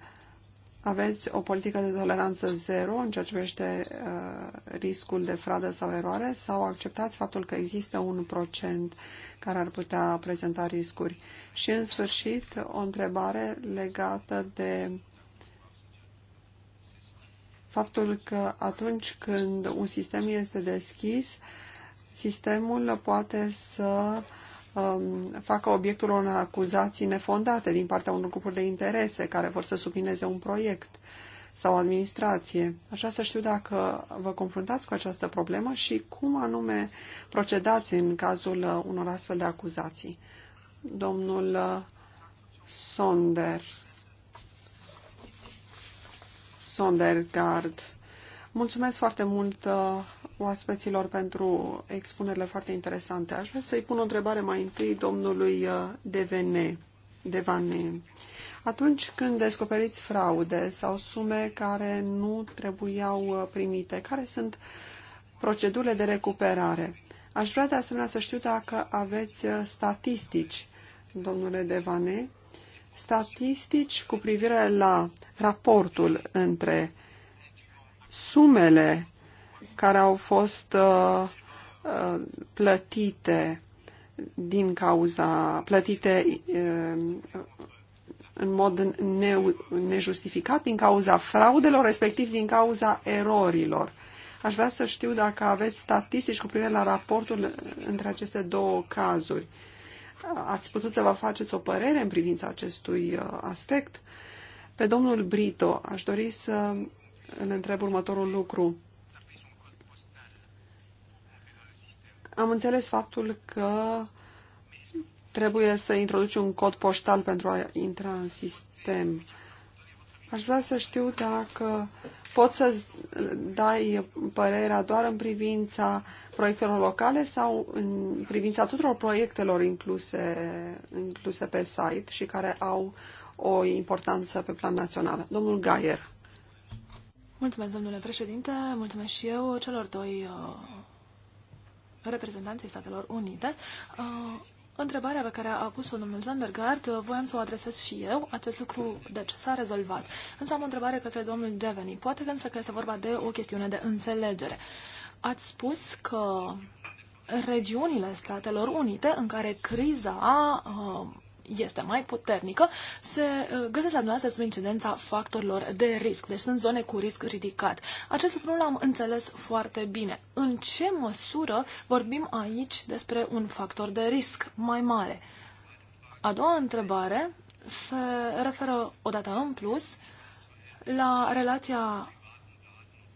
aveți o politică de toleranță zero în ceea ce privește uh, riscul de fradă sau eroare sau acceptați faptul că există un procent care ar putea prezenta riscuri? Și în sfârșit, o întrebare legată de faptul că atunci când un sistem este deschis, sistemul poate să uh, um, facă obiectul unor acuzații nefondate din partea unor grupuri de interese care vor să supineze un proiect sau administrație. Așa să știu dacă vă confruntați cu această problemă și cum anume procedați în cazul uh, unor astfel de acuzații. Domnul uh, Sonder. Sondergard, Mulțumesc foarte mult uh, oaspeților pentru expunerile foarte interesante. Aș vrea să-i pun o întrebare mai întâi domnului uh, Devene. Devane. Atunci când descoperiți fraude sau sume care nu trebuiau uh, primite, care sunt procedurile de recuperare? Aș vrea de asemenea să știu dacă aveți uh, statistici, domnule Devane, statistici cu privire la raportul între sumele care au fost uh, uh, plătite din cauza plătite uh, în mod nejustificat din cauza fraudelor, respectiv din cauza erorilor. Aș vrea să știu dacă aveți statistici cu privire la raportul între aceste două cazuri. Ați putut să vă faceți o părere în privința acestui aspect? Pe domnul Brito aș dori să îl întreb următorul lucru. Am înțeles faptul că trebuie să introduci un cod poștal pentru a intra în sistem. Aș vrea să știu dacă poți să dai părerea doar în privința proiectelor locale sau în privința tuturor proiectelor incluse, incluse pe site și care au o importanță pe plan național. Domnul Gaier. Mulțumesc, domnule președinte, mulțumesc și eu celor doi uh, reprezentanței Statelor Unite. Uh, întrebarea pe care a pus-o domnul Zandergaard, uh, voiam să o adresez și eu, acest lucru, deci, s-a rezolvat. Însă am o întrebare către domnul Deveni. Poate că însă că este vorba de o chestiune de înțelegere. Ați spus că regiunile Statelor Unite în care criza uh, este mai puternică, se uh, găsesc la dumneavoastră sub incidența factorilor de risc. Deci sunt zone cu risc ridicat. Acest lucru l-am înțeles foarte bine. În ce măsură vorbim aici despre un factor de risc mai mare? A doua întrebare se referă odată în plus la relația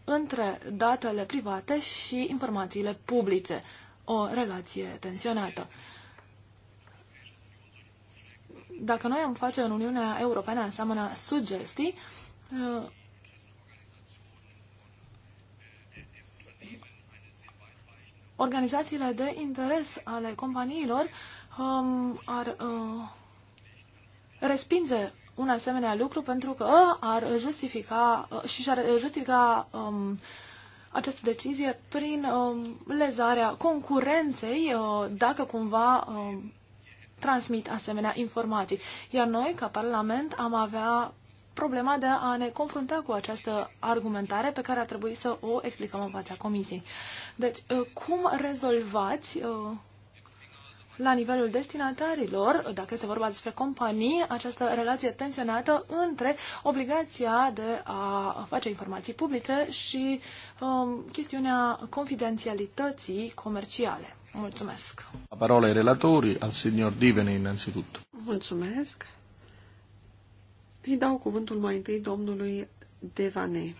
între datele private și informațiile publice, o relație tensionată dacă noi am face în Uniunea Europeană înseamnă sugestii, uh, organizațiile de interes ale companiilor um, ar uh, respinge un asemenea lucru pentru că ar justifica uh, și ar justifica um, această decizie prin um, lezarea concurenței uh, dacă cumva um, transmit asemenea informații. Iar noi, ca Parlament, am avea problema de a ne confrunta cu această argumentare pe care ar trebui să o explicăm în fața Comisiei. Deci, uh, cum rezolvați uh, la nivelul destinatarilor, dacă este vorba despre companii, această relație tensionată între obligația de a face informații publice și um, chestiunea confidențialității comerciale. Mulțumesc. La parola ai relatori, al signor Divene, innanzitutto. Mulțumesc. Îi dau cuvântul mai întâi domnului Devane.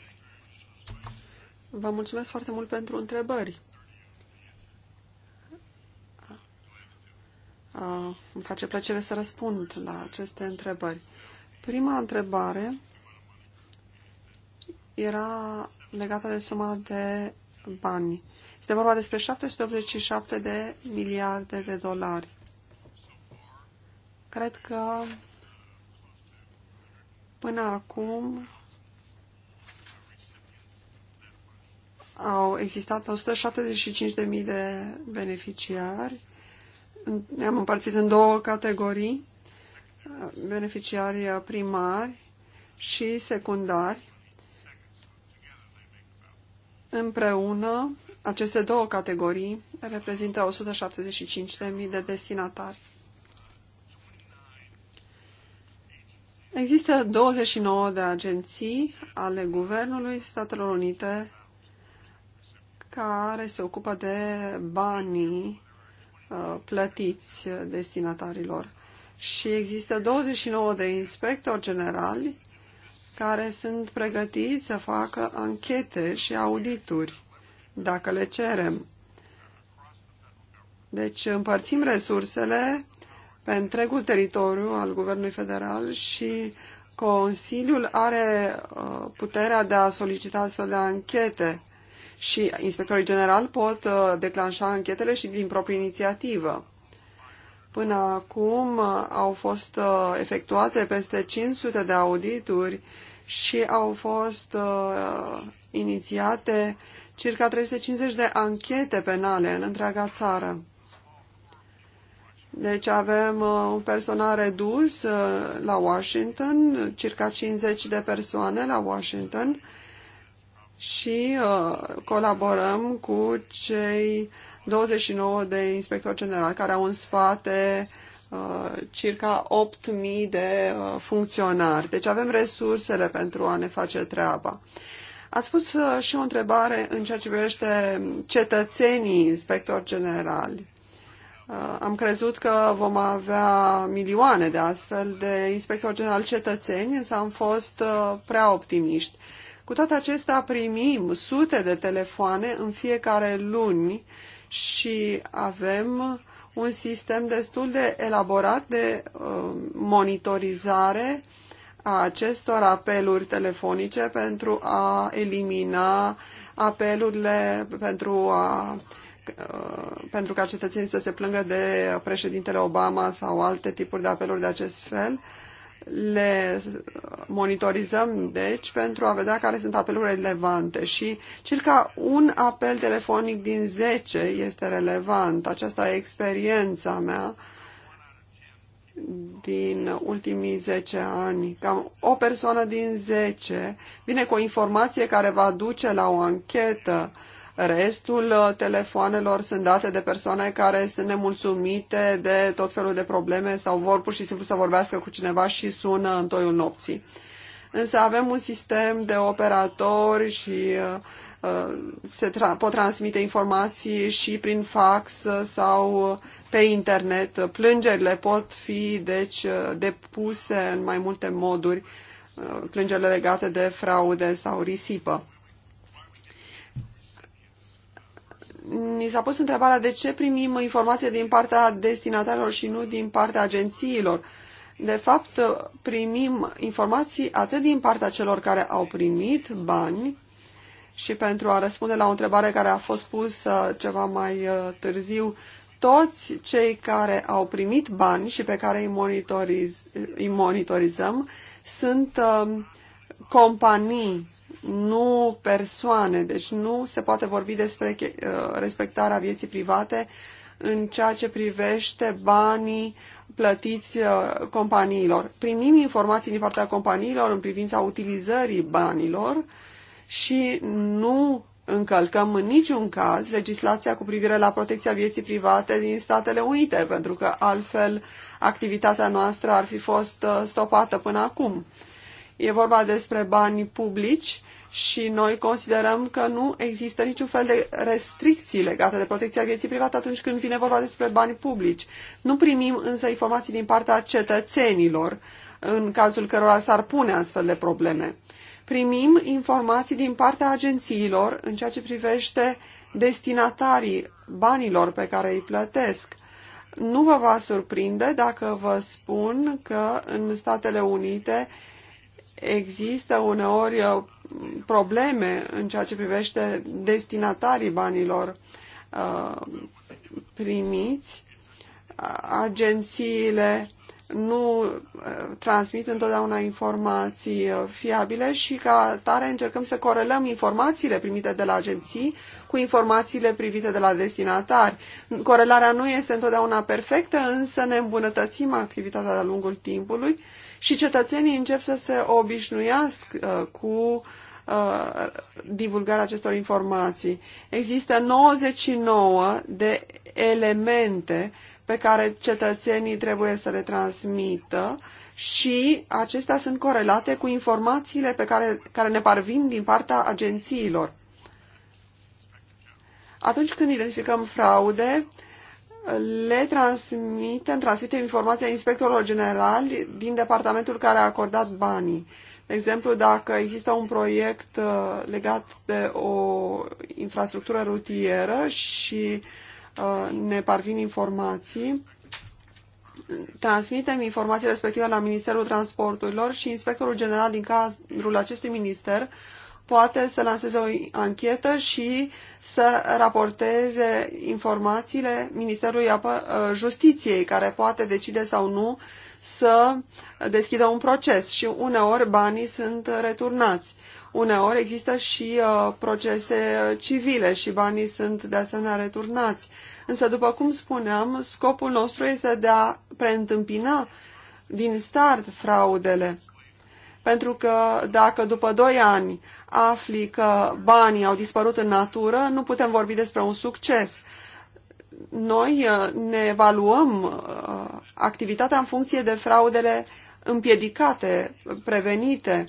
Vă mulțumesc foarte mult pentru întrebări. Uh, îmi face plăcere să răspund la aceste întrebări. Prima întrebare era legată de suma de bani. Este vorba despre 787 de miliarde de dolari. Cred că până acum au existat 175.000 de beneficiari. Ne-am împărțit în două categorii, beneficiari primari și secundari. Împreună aceste două categorii reprezintă 175.000 de destinatari. Există 29 de agenții ale Guvernului Statelor Unite care se ocupă de banii uh, plătiți destinatarilor. Și există 29 de inspectori generali care sunt pregătiți să facă anchete și audituri dacă le cerem. Deci împărțim resursele pe întregul teritoriu al Guvernului Federal și Consiliul are uh, puterea de a solicita astfel de anchete și inspectorii general pot uh, declanșa anchetele și din proprie inițiativă. Până acum uh, au fost efectuate peste 500 de audituri și au fost inițiate circa 350 de anchete penale în întreaga țară. Deci avem uh, un personal redus uh, la Washington, circa 50 de persoane la Washington și uh, colaborăm cu cei 29 de inspector general care au în spate circa 8.000 de funcționari. Deci avem resursele pentru a ne face treaba. Ați pus uh, și o întrebare în ceea ce privește cetățenii inspectori generali. Uh, am crezut că vom avea milioane de astfel de inspectori generali cetățeni, însă am fost uh, prea optimiști. Cu toate acestea primim sute de telefoane în fiecare luni și avem un sistem destul de elaborat de monitorizare uh, a acestor apeluri telefonice pentru a elimina apelurile pentru a uh, pentru ca cetățenii să se plângă de președintele Obama sau alte tipuri de apeluri de acest fel. Le monitorizăm, deci, pentru a vedea care sunt apeluri relevante și circa un apel telefonic din 10 este relevant. Aceasta e experiența mea din ultimii 10 ani, cam o persoană din 10 vine cu o informație care va duce la o anchetă. Restul uh, telefoanelor sunt date de persoane care sunt nemulțumite de tot felul de probleme sau vor pur și simplu să vorbească cu cineva și sună în toiul nopții. Însă avem un sistem de operatori și uh, Uh, se tra pot transmite informații și prin fax sau pe internet. Plângerile pot fi, deci, depuse în mai multe moduri, uh, plângerile legate de fraude sau risipă. Ni s-a pus întrebarea de ce primim informație din partea destinatarilor și nu din partea agențiilor. De fapt, primim informații atât din partea celor care au primit bani, și pentru a răspunde la o întrebare care a fost pusă ceva mai uh, târziu, toți cei care au primit bani și pe care îi, monitoriz, îi monitorizăm sunt um, companii, nu persoane, deci nu se poate vorbi despre uh, respectarea vieții private în ceea ce privește banii plătiți uh, companiilor. Primim informații din partea companiilor în privința utilizării banilor și nu încălcăm în niciun caz legislația cu privire la protecția vieții private din Statele Unite, pentru că altfel activitatea noastră ar fi fost uh, stopată până acum. E vorba despre bani publici și noi considerăm că nu există niciun fel de restricții legate de protecția vieții private atunci când vine vorba despre bani publici. Nu primim însă informații din partea cetățenilor în cazul cărora s-ar pune astfel de probleme primim informații din partea agențiilor în ceea ce privește destinatarii banilor pe care îi plătesc. Nu vă va surprinde dacă vă spun că în Statele Unite există uneori uh, probleme în ceea ce privește destinatarii banilor uh, primiți. Agențiile nu eh, transmit întotdeauna informații eh, fiabile și ca tare încercăm să corelăm informațiile primite de la agenții cu informațiile privite de la destinatari. Corelarea nu este întotdeauna perfectă, însă ne îmbunătățim activitatea de-a lungul timpului și cetățenii încep să se obișnuiască eh, cu divulgarea acestor informații. Există 99 de elemente pe care cetățenii trebuie să le transmită și acestea sunt corelate cu informațiile pe care, care ne parvin din partea agențiilor. Atunci când identificăm fraude, le transmitem, transmitem informația inspectorilor generali din departamentul care a acordat banii. De exemplu, dacă există un proiect uh, legat de o infrastructură rutieră și uh, Uh, ne parvin informații, transmitem informații respective la Ministerul Transporturilor și Inspectorul General din cadrul acestui minister poate să lanseze o anchetă și să raporteze informațiile Ministerului uh, Justiției, care poate decide sau nu să deschidă un proces și uneori banii sunt returnați. Uneori există și uh, procese civile și banii sunt de asemenea returnați. Însă, după cum spuneam, scopul nostru este de a preîntâmpina din start fraudele. Pentru că dacă după doi ani afli că banii au dispărut în natură, nu putem vorbi despre un succes noi uh, ne evaluăm uh, activitatea în funcție de fraudele împiedicate, prevenite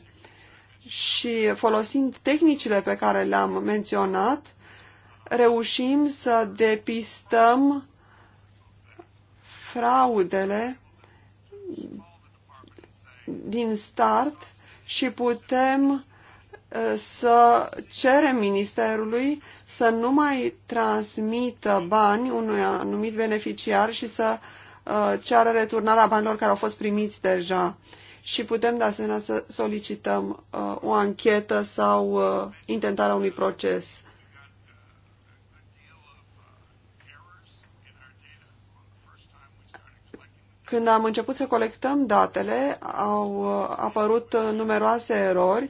și folosind tehnicile pe care le-am menționat, reușim să depistăm fraudele din start și putem să cerem ministerului să nu mai transmită bani unui anumit beneficiar și să ceară returnarea banilor care au fost primiți deja și putem de asemenea să solicităm uh, o anchetă sau uh, intentarea unui proces. Când am început să colectăm datele, au uh, apărut uh, numeroase erori.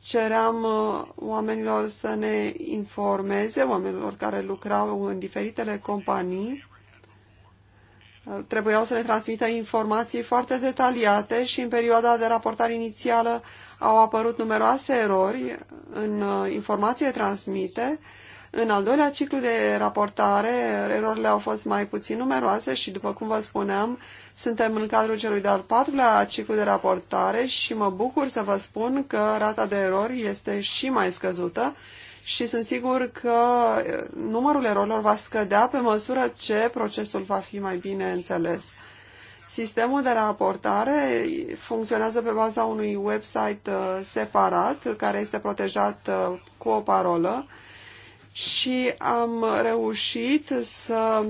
Ceream uh, oamenilor să ne informeze, oamenilor care lucrau în diferitele companii, trebuiau să ne transmită informații foarte detaliate și în perioada de raportare inițială au apărut numeroase erori în uh, informații transmite. În al doilea ciclu de raportare, erorile au fost mai puțin numeroase și, după cum vă spuneam, suntem în cadrul celui de-al patrulea ciclu de raportare și mă bucur să vă spun că rata de erori este și mai scăzută și sunt sigur că numărul erorilor va scădea pe măsură ce procesul va fi mai bine înțeles. Sistemul de raportare funcționează pe baza unui website separat care este protejat cu o parolă și am reușit să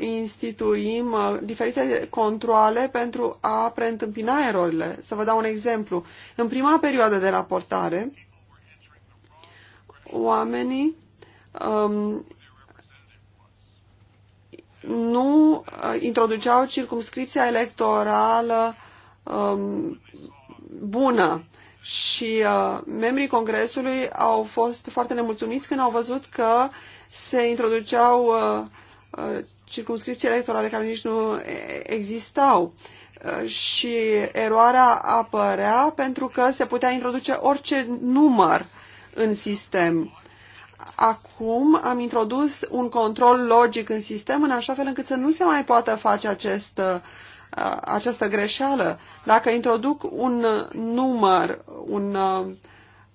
instituim diferite controle pentru a preîntâmpina erorile. Să vă dau un exemplu. În prima perioadă de raportare, oamenii um, nu uh, introduceau circumscripția electorală um, bună și uh, membrii Congresului au fost foarte nemulțumiți când au văzut că se introduceau uh, uh, circumscripții electorale care nici nu existau uh, și eroarea apărea pentru că se putea introduce orice număr în sistem. Acum am introdus un control logic în sistem în așa fel încât să nu se mai poată face acest, uh, această greșeală. Dacă introduc un număr, un, uh,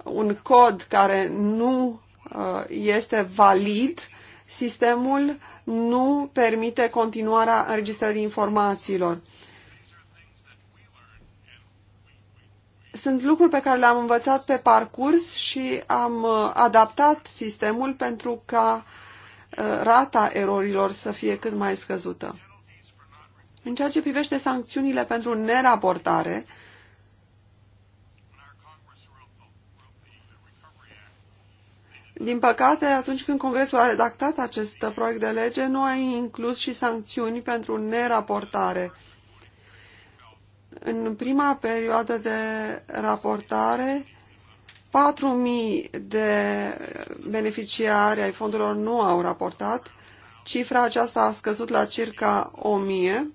un cod care nu uh, este valid, sistemul nu permite continuarea înregistrării informațiilor. Sunt lucruri pe care le-am învățat pe parcurs și am uh, adaptat sistemul pentru ca uh, rata erorilor să fie cât mai scăzută. În ceea ce privește sancțiunile pentru neraportare, Din păcate, atunci când Congresul a redactat acest proiect de lege, nu a inclus și sancțiuni pentru neraportare. În prima perioadă de raportare, 4.000 de beneficiari ai fondurilor nu au raportat. Cifra aceasta a scăzut la circa 1.000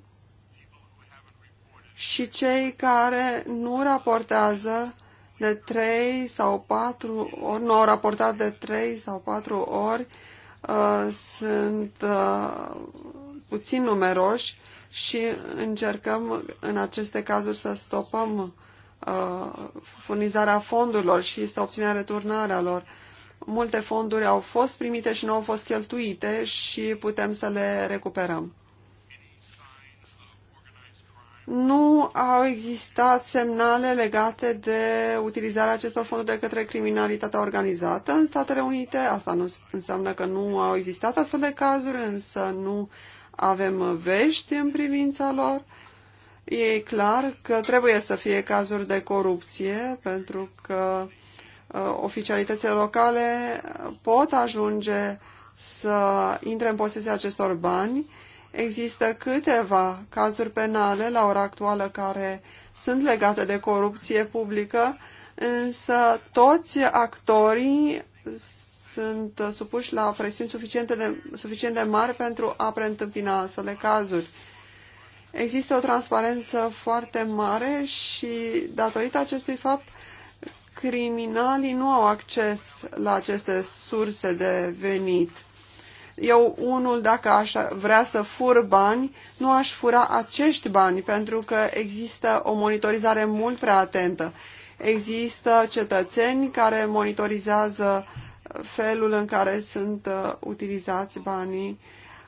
și cei care nu raportează de 3 sau 4 ori, nu au raportat de 3 sau 4 ori, uh, sunt uh, puțin numeroși și încercăm în aceste cazuri să stopăm uh, furnizarea fondurilor și să obținem returnarea lor. Multe fonduri au fost primite și nu au fost cheltuite și putem să le recuperăm. Nu au existat semnale legate de utilizarea acestor fonduri de către criminalitatea organizată în Statele Unite. Asta nu înseamnă că nu au existat astfel de cazuri, însă nu avem vești în privința lor. E clar că trebuie să fie cazuri de corupție, pentru că uh, oficialitățile locale pot ajunge să intre în posesia acestor bani. Există câteva cazuri penale la ora actuală care sunt legate de corupție publică, însă toți actorii sunt supuși la presiuni suficient de, suficient de mari pentru a preîntâmpina astfel de cazuri. Există o transparență foarte mare și, datorită acestui fapt, criminalii nu au acces la aceste surse de venit. Eu, unul, dacă aș vrea să fur bani, nu aș fura acești bani, pentru că există o monitorizare mult prea atentă. Există cetățeni care monitorizează uh, felul în care sunt uh, utilizați banii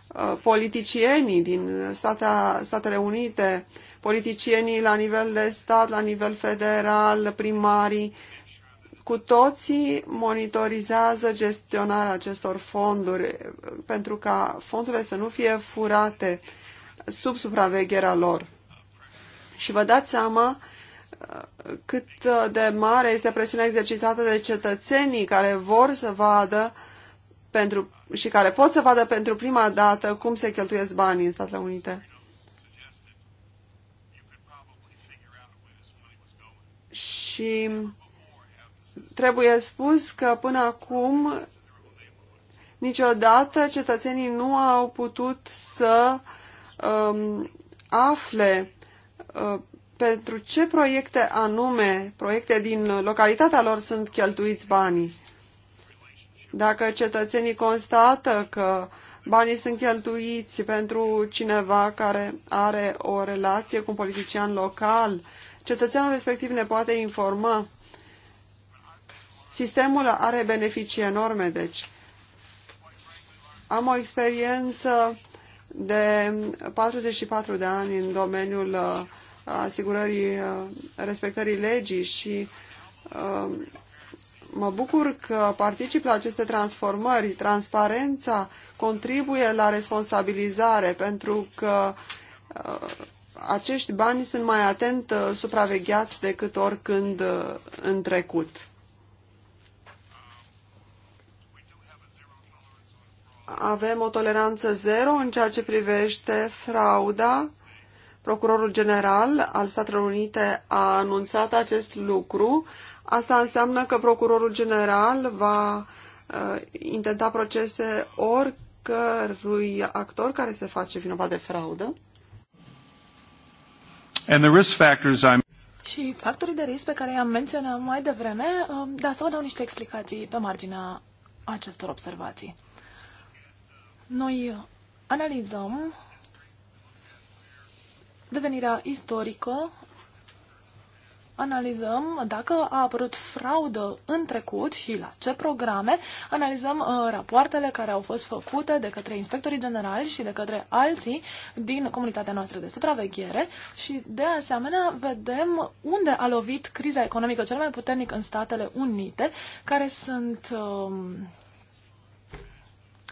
uh, politicienii din Statea, Statele Unite, politicienii la nivel de stat, la nivel federal, primarii, cu toții monitorizează gestionarea acestor fonduri pentru ca fondurile să nu fie furate sub supravegherea lor. Și vă dați seama cât de mare este presiunea exercitată de cetățenii care vor să vadă pentru, și care pot să vadă pentru prima dată cum se cheltuiesc banii în Statele Unite. Și trebuie spus că până acum niciodată cetățenii nu au putut să um, afle uh, pentru ce proiecte anume, proiecte din localitatea lor sunt cheltuiți banii. Dacă cetățenii constată că banii sunt cheltuiți pentru cineva care are o relație cu un politician local, cetățeanul respectiv ne poate informa. Sistemul are beneficii enorme, deci. Am o experiență de 44 de ani în domeniul uh, asigurării respectării legii și mă bucur că particip la aceste transformări. Transparența contribuie la responsabilizare pentru că acești bani sunt mai atent supravegheați decât oricând în trecut. Avem o toleranță zero în ceea ce privește frauda Procurorul General al Statelor Unite a anunțat acest lucru. Asta înseamnă că Procurorul General va uh, intenta procese oricărui actor care se face vinovat de fraudă. And the risk factors I'm... Și factorii de risc pe care i-am menționat mai devreme, uh, da, să vă dau niște explicații pe marginea acestor observații. Noi analizăm devenirea istorică, analizăm dacă a apărut fraudă în trecut și la ce programe, analizăm uh, rapoartele care au fost făcute de către inspectorii generali și de către alții din comunitatea noastră de supraveghere și de asemenea vedem unde a lovit criza economică cel mai puternic în Statele Unite, care sunt uh,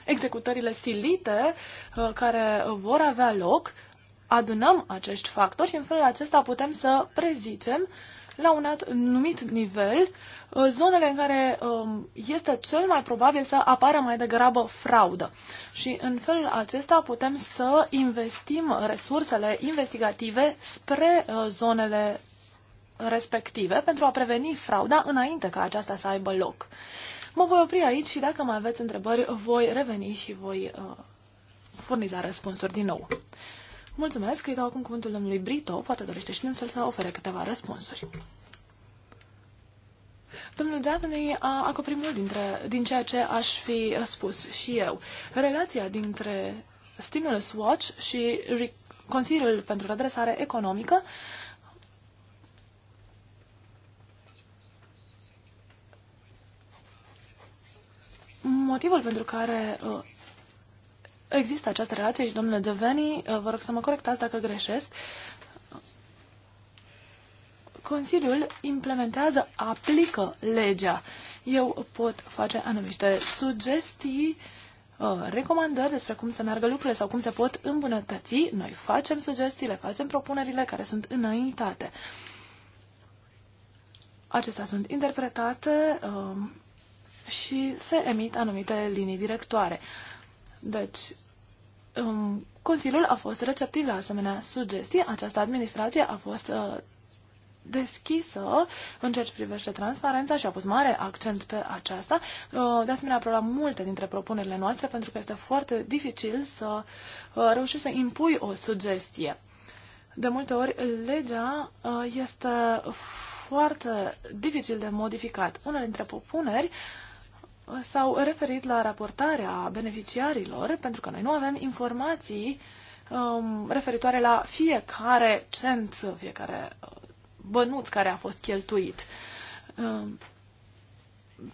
executările silite uh, care vor avea loc adunăm acești factori și în felul acesta putem să prezicem la un anumit nivel uh, zonele în care um, este cel mai probabil să apară mai degrabă fraudă. Și în felul acesta putem să investim resursele investigative spre uh, zonele respective pentru a preveni frauda înainte ca aceasta să aibă loc. Mă voi opri aici și dacă mai aveți întrebări, voi reveni și voi uh, furniza răspunsuri din nou. Mulțumesc, îi dau acum cuvântul domnului Brito, poate dorește și dânsul să ofere câteva răspunsuri. Domnul Daphne a acoperit mult dintre, din ceea ce aș fi spus și eu. Relația dintre Stimulus Watch și Consiliul pentru Redresare Economică Motivul pentru care uh, există această relație și, domnule Giovanni, uh, vă rog să mă corectați dacă greșesc, Consiliul implementează, aplică legea. Eu pot face anumite sugestii, uh, recomandări despre cum să meargă lucrurile sau cum se pot îmbunătăți. Noi facem sugestiile, facem propunerile care sunt înaintate. Acestea sunt interpretate uh, și se emit anumite linii directoare. Deci, um, Consiliul a fost receptiv la asemenea sugestii. Această administrație a fost uh, deschisă în ceea ce privește transparența și a pus mare accent pe aceasta. Uh, de asemenea, a aprobat multe dintre propunerile noastre pentru că este foarte dificil să uh, reușești să impui o sugestie. De multe ori, legea uh, este foarte dificil de modificat. Una dintre propuneri uh, s-au referit la raportarea beneficiarilor, pentru că noi nu avem informații um, referitoare la fiecare cent, fiecare uh, bănuț care a fost cheltuit. Um,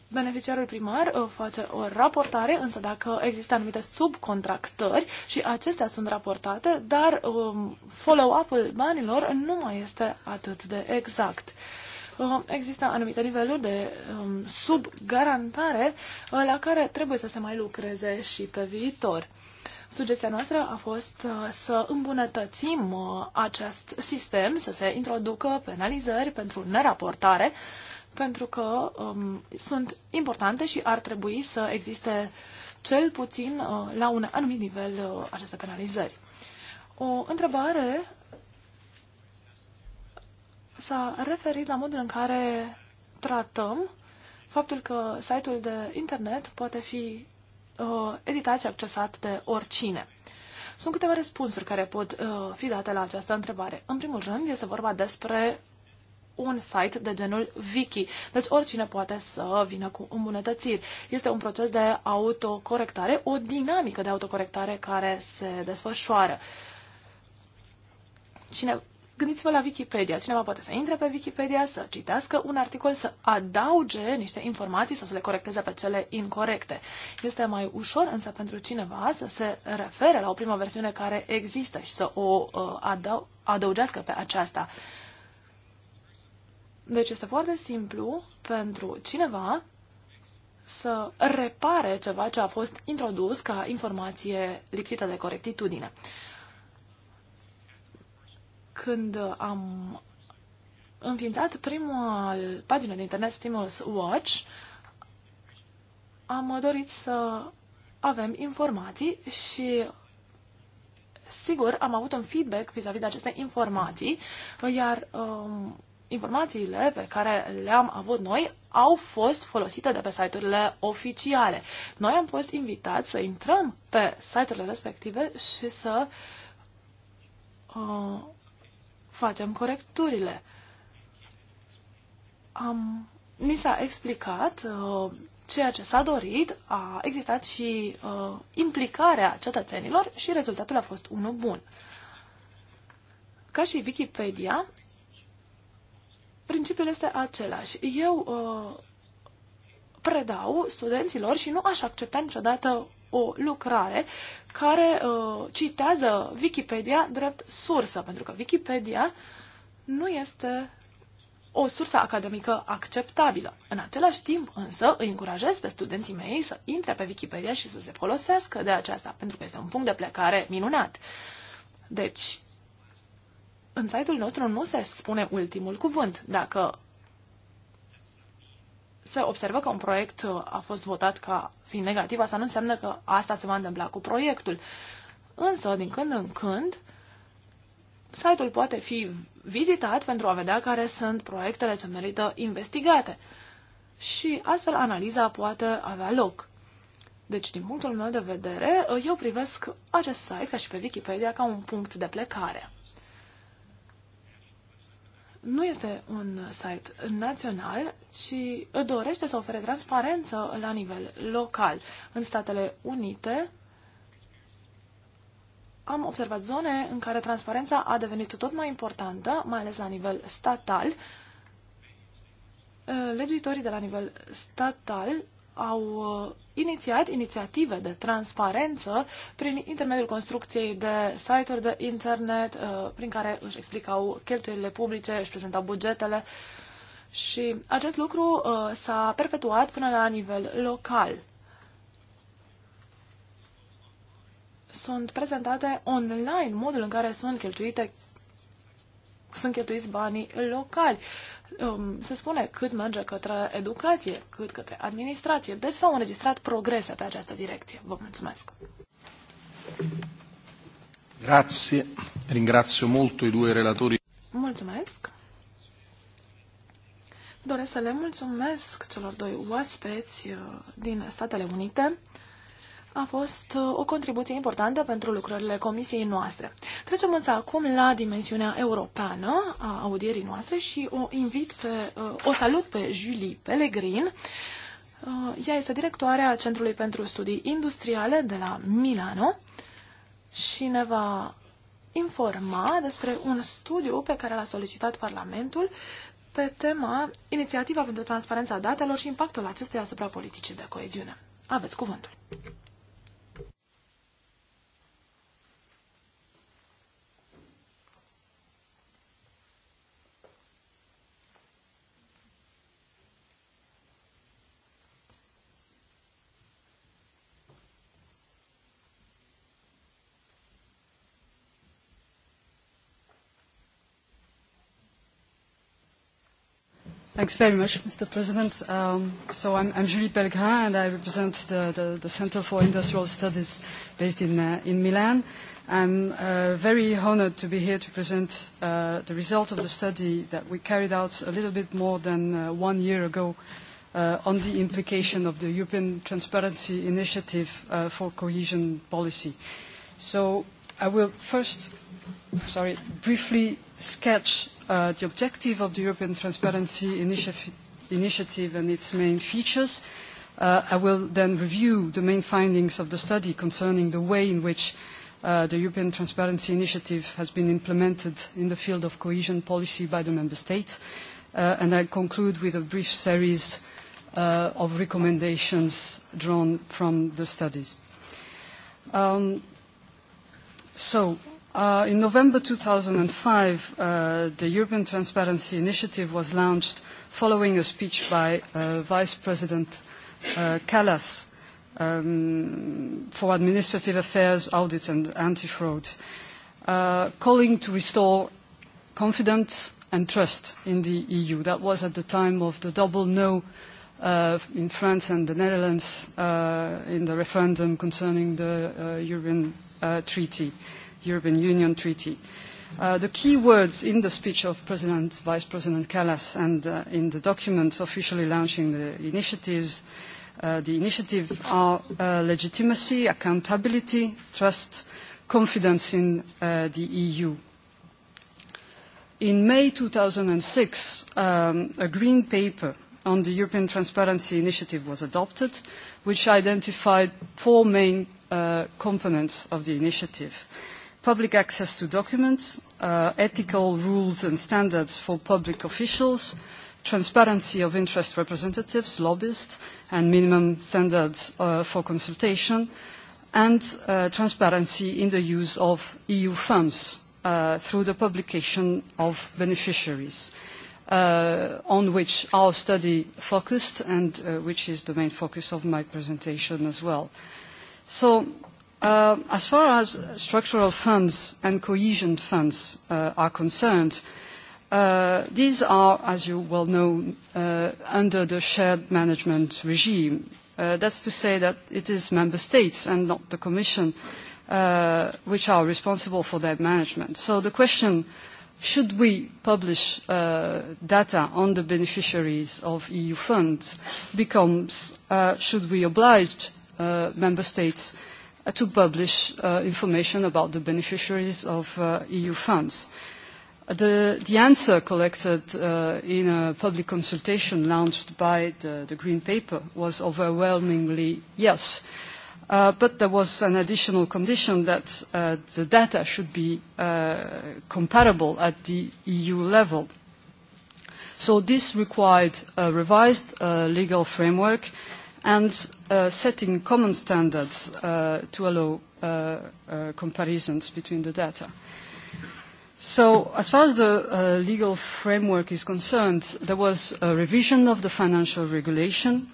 beneficiarul primar uh, face o raportare, însă dacă există anumite subcontractări și acestea sunt raportate, dar um, follow-up-ul banilor nu mai este atât de exact. Uh, există anumite niveluri de um, subgarantare uh, la care trebuie să se mai lucreze și pe viitor. Sugestia noastră a fost uh, să îmbunătățim uh, acest sistem, să se introducă penalizări pentru neraportare, pentru că um, sunt importante și ar trebui să existe cel puțin uh, la un anumit nivel uh, aceste penalizări. O întrebare s-a referit la modul în care tratăm faptul că site-ul de internet poate fi uh, editat și accesat de oricine. Sunt câteva răspunsuri care pot uh, fi date la această întrebare. În primul rând, este vorba despre un site de genul Wiki. Deci oricine poate să vină cu îmbunătățiri. Este un proces de autocorectare, o dinamică de autocorectare care se desfășoară. Cine Gândiți-vă la Wikipedia. Cineva poate să intre pe Wikipedia, să citească un articol, să adauge niște informații sau să le corecteze pe cele incorrecte. Este mai ușor însă pentru cineva să se refere la o primă versiune care există și să o uh, adau- adăugească pe aceasta. Deci este foarte simplu pentru cineva să repare ceva ce a fost introdus ca informație lipsită de corectitudine când am înființat prima pagină de internet Stimulus Watch, am dorit să avem informații și sigur am avut un feedback vis-a-vis -vis de aceste informații, iar um, informațiile pe care le-am avut noi au fost folosite de pe site-urile oficiale. Noi am fost invitați să intrăm pe site-urile respective și să uh, facem corecturile. Am, ni s-a explicat uh, ceea ce s-a dorit, a existat și uh, implicarea cetățenilor și rezultatul a fost unul bun. Ca și Wikipedia, principiul este același. Eu uh, predau studenților și nu aș accepta niciodată o lucrare care uh, citează Wikipedia drept sursă, pentru că Wikipedia nu este o sursă academică acceptabilă. În același timp, însă, îi încurajez pe studenții mei să intre pe Wikipedia și să se folosească de aceasta, pentru că este un punct de plecare minunat. Deci, în site-ul nostru nu se spune ultimul cuvânt. Dacă se observă că un proiect uh, a fost votat ca fiind negativ, asta nu înseamnă că asta se va întâmpla cu proiectul. Însă, din când în când, site-ul poate fi vizitat pentru a vedea care sunt proiectele ce merită investigate. Și astfel analiza poate avea loc. Deci, din punctul meu de vedere, uh, eu privesc acest site ca și pe Wikipedia ca un punct de plecare nu este un site național, ci dorește să ofere transparență la nivel local. În Statele Unite am observat zone în care transparența a devenit tot mai importantă, mai ales la nivel statal. Legitorii de la nivel statal au uh, inițiat inițiative de transparență prin intermediul construcției de site-uri de internet uh, prin care își explicau cheltuielile publice, își prezentau bugetele și acest lucru uh, s-a perpetuat până la nivel local. Sunt prezentate online modul în care sunt cheltuite sunt cheltuiți banii locali um, se spune cât merge către educație, cât către administrație. Deci s-au înregistrat progrese pe această direcție. Vă mulțumesc! Grazie, ringrazio molto i due relatori. Mulțumesc! Doresc să le mulțumesc celor doi oaspeți uh, din Statele Unite a fost uh, o contribuție importantă pentru lucrările comisiei noastre. Trecem însă acum la dimensiunea europeană a audierii noastre și o invit pe, uh, o salut pe Julie Pellegrin. Uh, ea este directoarea Centrului pentru Studii Industriale de la Milano și ne va informa despre un studiu pe care l-a solicitat Parlamentul pe tema Inițiativa pentru transparența datelor și impactul acesteia asupra politicii de coeziune. Aveți cuvântul. Thanks very much, Mr. President. Um, so I'm, I'm Julie Pellegrin, and I represent the, the, the Center for Industrial Studies based in, uh, in Milan. I'm uh, very honored to be here to present uh, the result of the study that we carried out a little bit more than uh, one year ago uh, on the implication of the European Transparency Initiative uh, for Cohesion Policy. So I will first sorry, briefly sketch uh, the objective of the European Transparency Initiative, Initiative and its main features. Uh, I will then review the main findings of the study concerning the way in which uh, the European Transparency Initiative has been implemented in the field of cohesion policy by the Member States. Uh, and I conclude with a brief series uh, of recommendations drawn from the studies. Um, so, Uh, in November 2005, uh, the European Transparency Initiative was launched following a speech by uh, Vice President uh, Callas um, for Administrative Affairs, Audit and Anti-Fraud, uh, calling to restore confidence and trust in the EU. That was at the time of the double no uh, in France and the Netherlands uh, in the referendum concerning the uh, European uh, Treaty. European Union Treaty. Uh, the key words in the speech of President, Vice President Callas and uh, in the documents officially launching the initiatives, uh, the initiative are uh, legitimacy, accountability, trust, confidence in uh, the EU. In May 2006, um, a green paper on the European Transparency Initiative was adopted, which identified four main uh, components of the initiative. Uh, public access to documents, uh, ethical rules and standards for public officials, transparency of interest representatives, lobbyists, and minimum standards uh, for consultation, and uh, transparency in the use of EU funds uh, through the publication of beneficiaries, uh, on which our study focused and uh, which is the main focus of my presentation as well. So Uh, as far as structural funds and cohesion funds uh, are concerned, uh, these are, as you well know, uh, under the shared management regime. Uh, that's to say that it is member states and not the Commission uh, which are responsible for their management. So the question, should we publish uh, data on the beneficiaries of EU funds, becomes, uh, should we oblige uh, member states Uh, to publish uh, information about the beneficiaries of uh, EU funds. Uh, the, the answer collected uh, in a public consultation launched by the, the Green Paper was overwhelmingly yes. Uh, but there was an additional condition that uh, the data should be uh, comparable at the EU level. So this required a revised uh, legal framework and uh, setting common standards uh, to allow uh, uh, comparisons between the data. So as far as the uh, legal framework is concerned, there was a revision of the financial regulation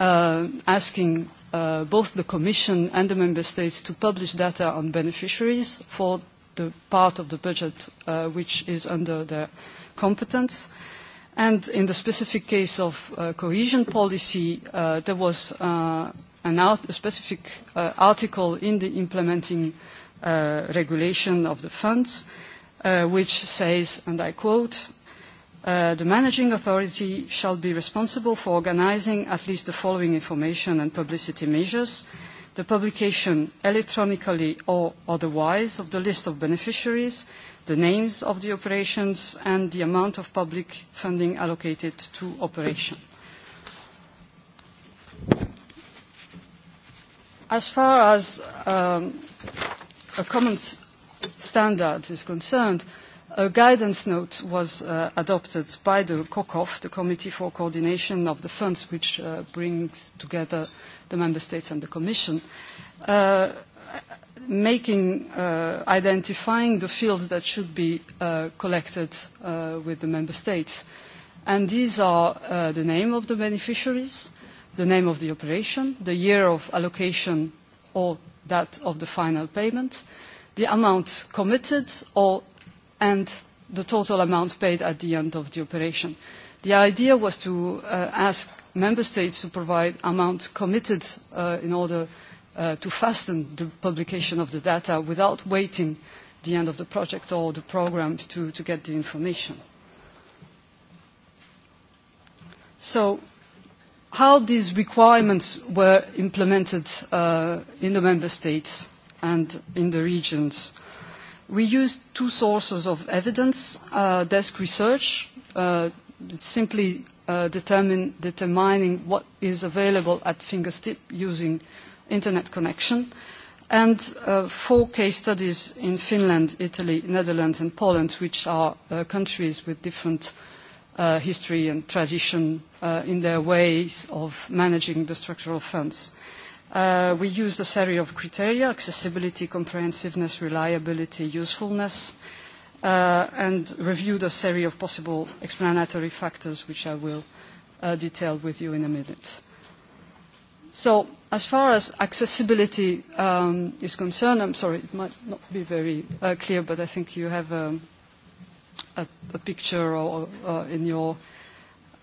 uh, asking uh, both the Commission and the Member States to publish data on beneficiaries for the part of the budget uh, which is under their competence. Uh, And in the specific case of uh, cohesion policy, uh, there was uh, an out, a specific uh, article in the implementing uh, regulation of the funds, uh, which says, and I quote, uh, the managing authority shall be responsible for organizing at least the following information and publicity measures, the publication electronically or otherwise of the list of beneficiaries, the names of the operations and the amount of public funding allocated to operation. As far as um, a common standard is concerned, a guidance note was uh, adopted by the COCOF, the Committee for Coordination of the Funds, which uh, brings together the Member States and the Commission. Uh, making, uh, identifying the fields that should be uh, collected uh, with the member states. And these are uh, the name of the beneficiaries, the name of the operation, the year of allocation or that of the final payment, the amount committed or, and the total amount paid at the end of the operation. The idea was to uh, ask member states to provide amounts committed uh, in order uh, to fasten the publication of the data without waiting the end of the project or the programs to, to get the information. So how these requirements were implemented uh, in the member states and in the regions. We used two sources of evidence, uh, desk research, uh, simply uh, determine, determining what is available at fingertip using internet connection, and uh, four case studies in Finland, Italy, Netherlands, and Poland, which are uh, countries with different uh, history and tradition uh, in their ways of managing the structural funds. Uh, we used a series of criteria, accessibility, comprehensiveness, reliability, usefulness, uh, and reviewed a series of possible explanatory factors, which I will uh, detail with you in a minute. So as far as accessibility um, is concerned, I'm sorry, it might not be very uh, clear, but I think you have a, um, a, a picture or, or, uh, in your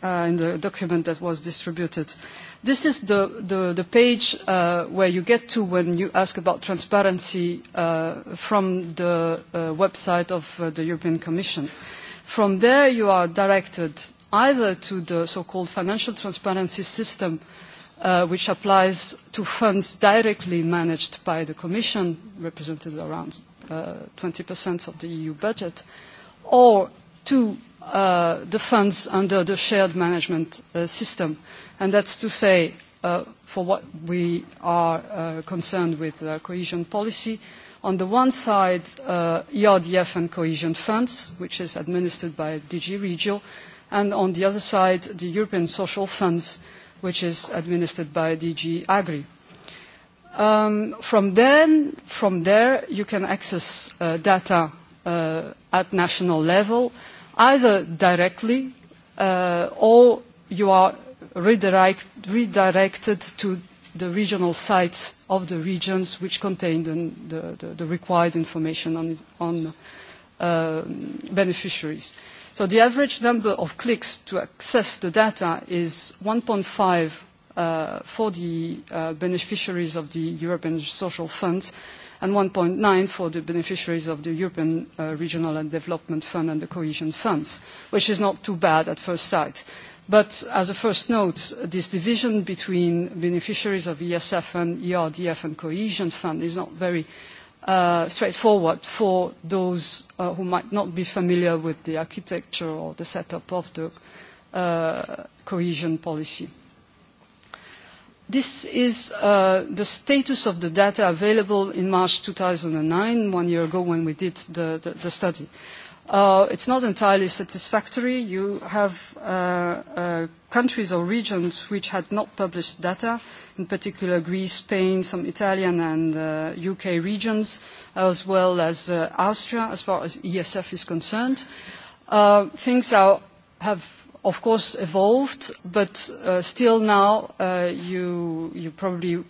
uh, in the document that was distributed. This is the, the, the page uh, where you get to when you ask about transparency uh, from the uh, website of uh, the European Commission. From there, you are directed either to the so-called financial transparency system uh, uh, which applies to funds directly managed by the Commission, represented around uh, 20% of the EU budget, or to uh, the funds under the shared management uh, system. And that's to say, uh, for what we are uh, concerned with uh, cohesion policy, on the one side, uh, ERDF and cohesion funds, which is administered by DG Regio, and on the other side, the European social funds, uh, which is administered by DG Agri. Um, from, then, from there, you can access uh, data uh, at national level, either directly uh, or you are redirect, redirected to the regional sites of the regions which contain the, the, the required information on, on uh, beneficiaries. Uh, So the average number of clicks to access the data is 1.5 uh, for the uh, beneficiaries of the European Social Fund and 1.9 for the beneficiaries of the European uh, Regional and Development Fund and the Cohesion Funds, which is not too bad at first sight. But as a first note, this division between beneficiaries of ESF and ERDF and Cohesion Fund is not very Uh, straightforward for those uh, who might not be familiar with the architecture or the setup of the uh, cohesion policy. This is uh, the status of the data available in March 2009, one year ago when we did the, the, the study. Uh, it's not entirely satisfactory. You have uh, uh, countries or regions which had not published data, uh, in particular Greece, Spain, some Italian and uh, UK regions, as well as uh, Austria, as far as ESF is concerned. Uh, things are, have, of course, evolved, but uh, still now uh, you, you probably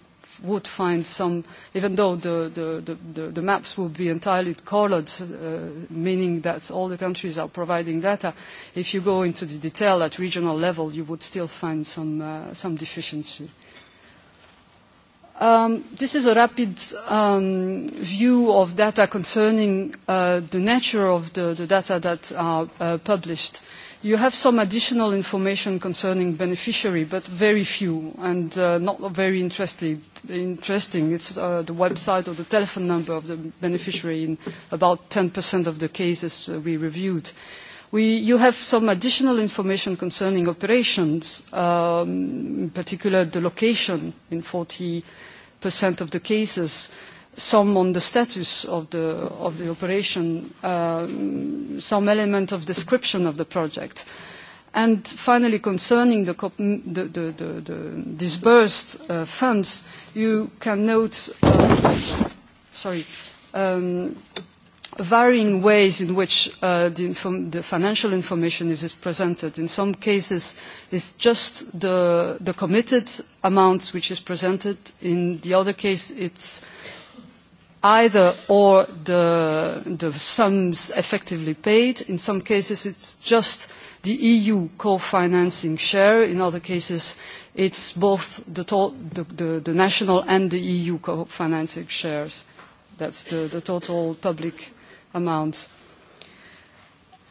would find some, even though the, the, the, the maps will be entirely colored, uh, meaning that all the countries are providing data, if you go into the detail at regional level, you would still find some, uh, some deficiency. Um, this is a rapid um, view of data concerning uh, the nature of the, the data that are uh, published. You have some additional information concerning beneficiary, but very few and uh, not very interesting. interesting. It's uh, the website or the telephone number of the beneficiary in about 10% of the cases uh, we reviewed. We, you have some additional information concerning operations, um, in particular the location in 40 percent of the cases, some on the status of the, of the operation, uh, some element of description of the project. And finally, concerning the, the, the, the, the disbursed uh, funds, you can note, uh, sorry, um, varying ways in which uh, the, the, financial information is, is, presented. In some cases, it's just the, the, committed amount which is presented. In the other case, it's either or the, the sums effectively paid. In some cases, it's just the EU co-financing share. In other cases, it's both the, the, the national and the EU co-financing shares. That's the, the total public amounts.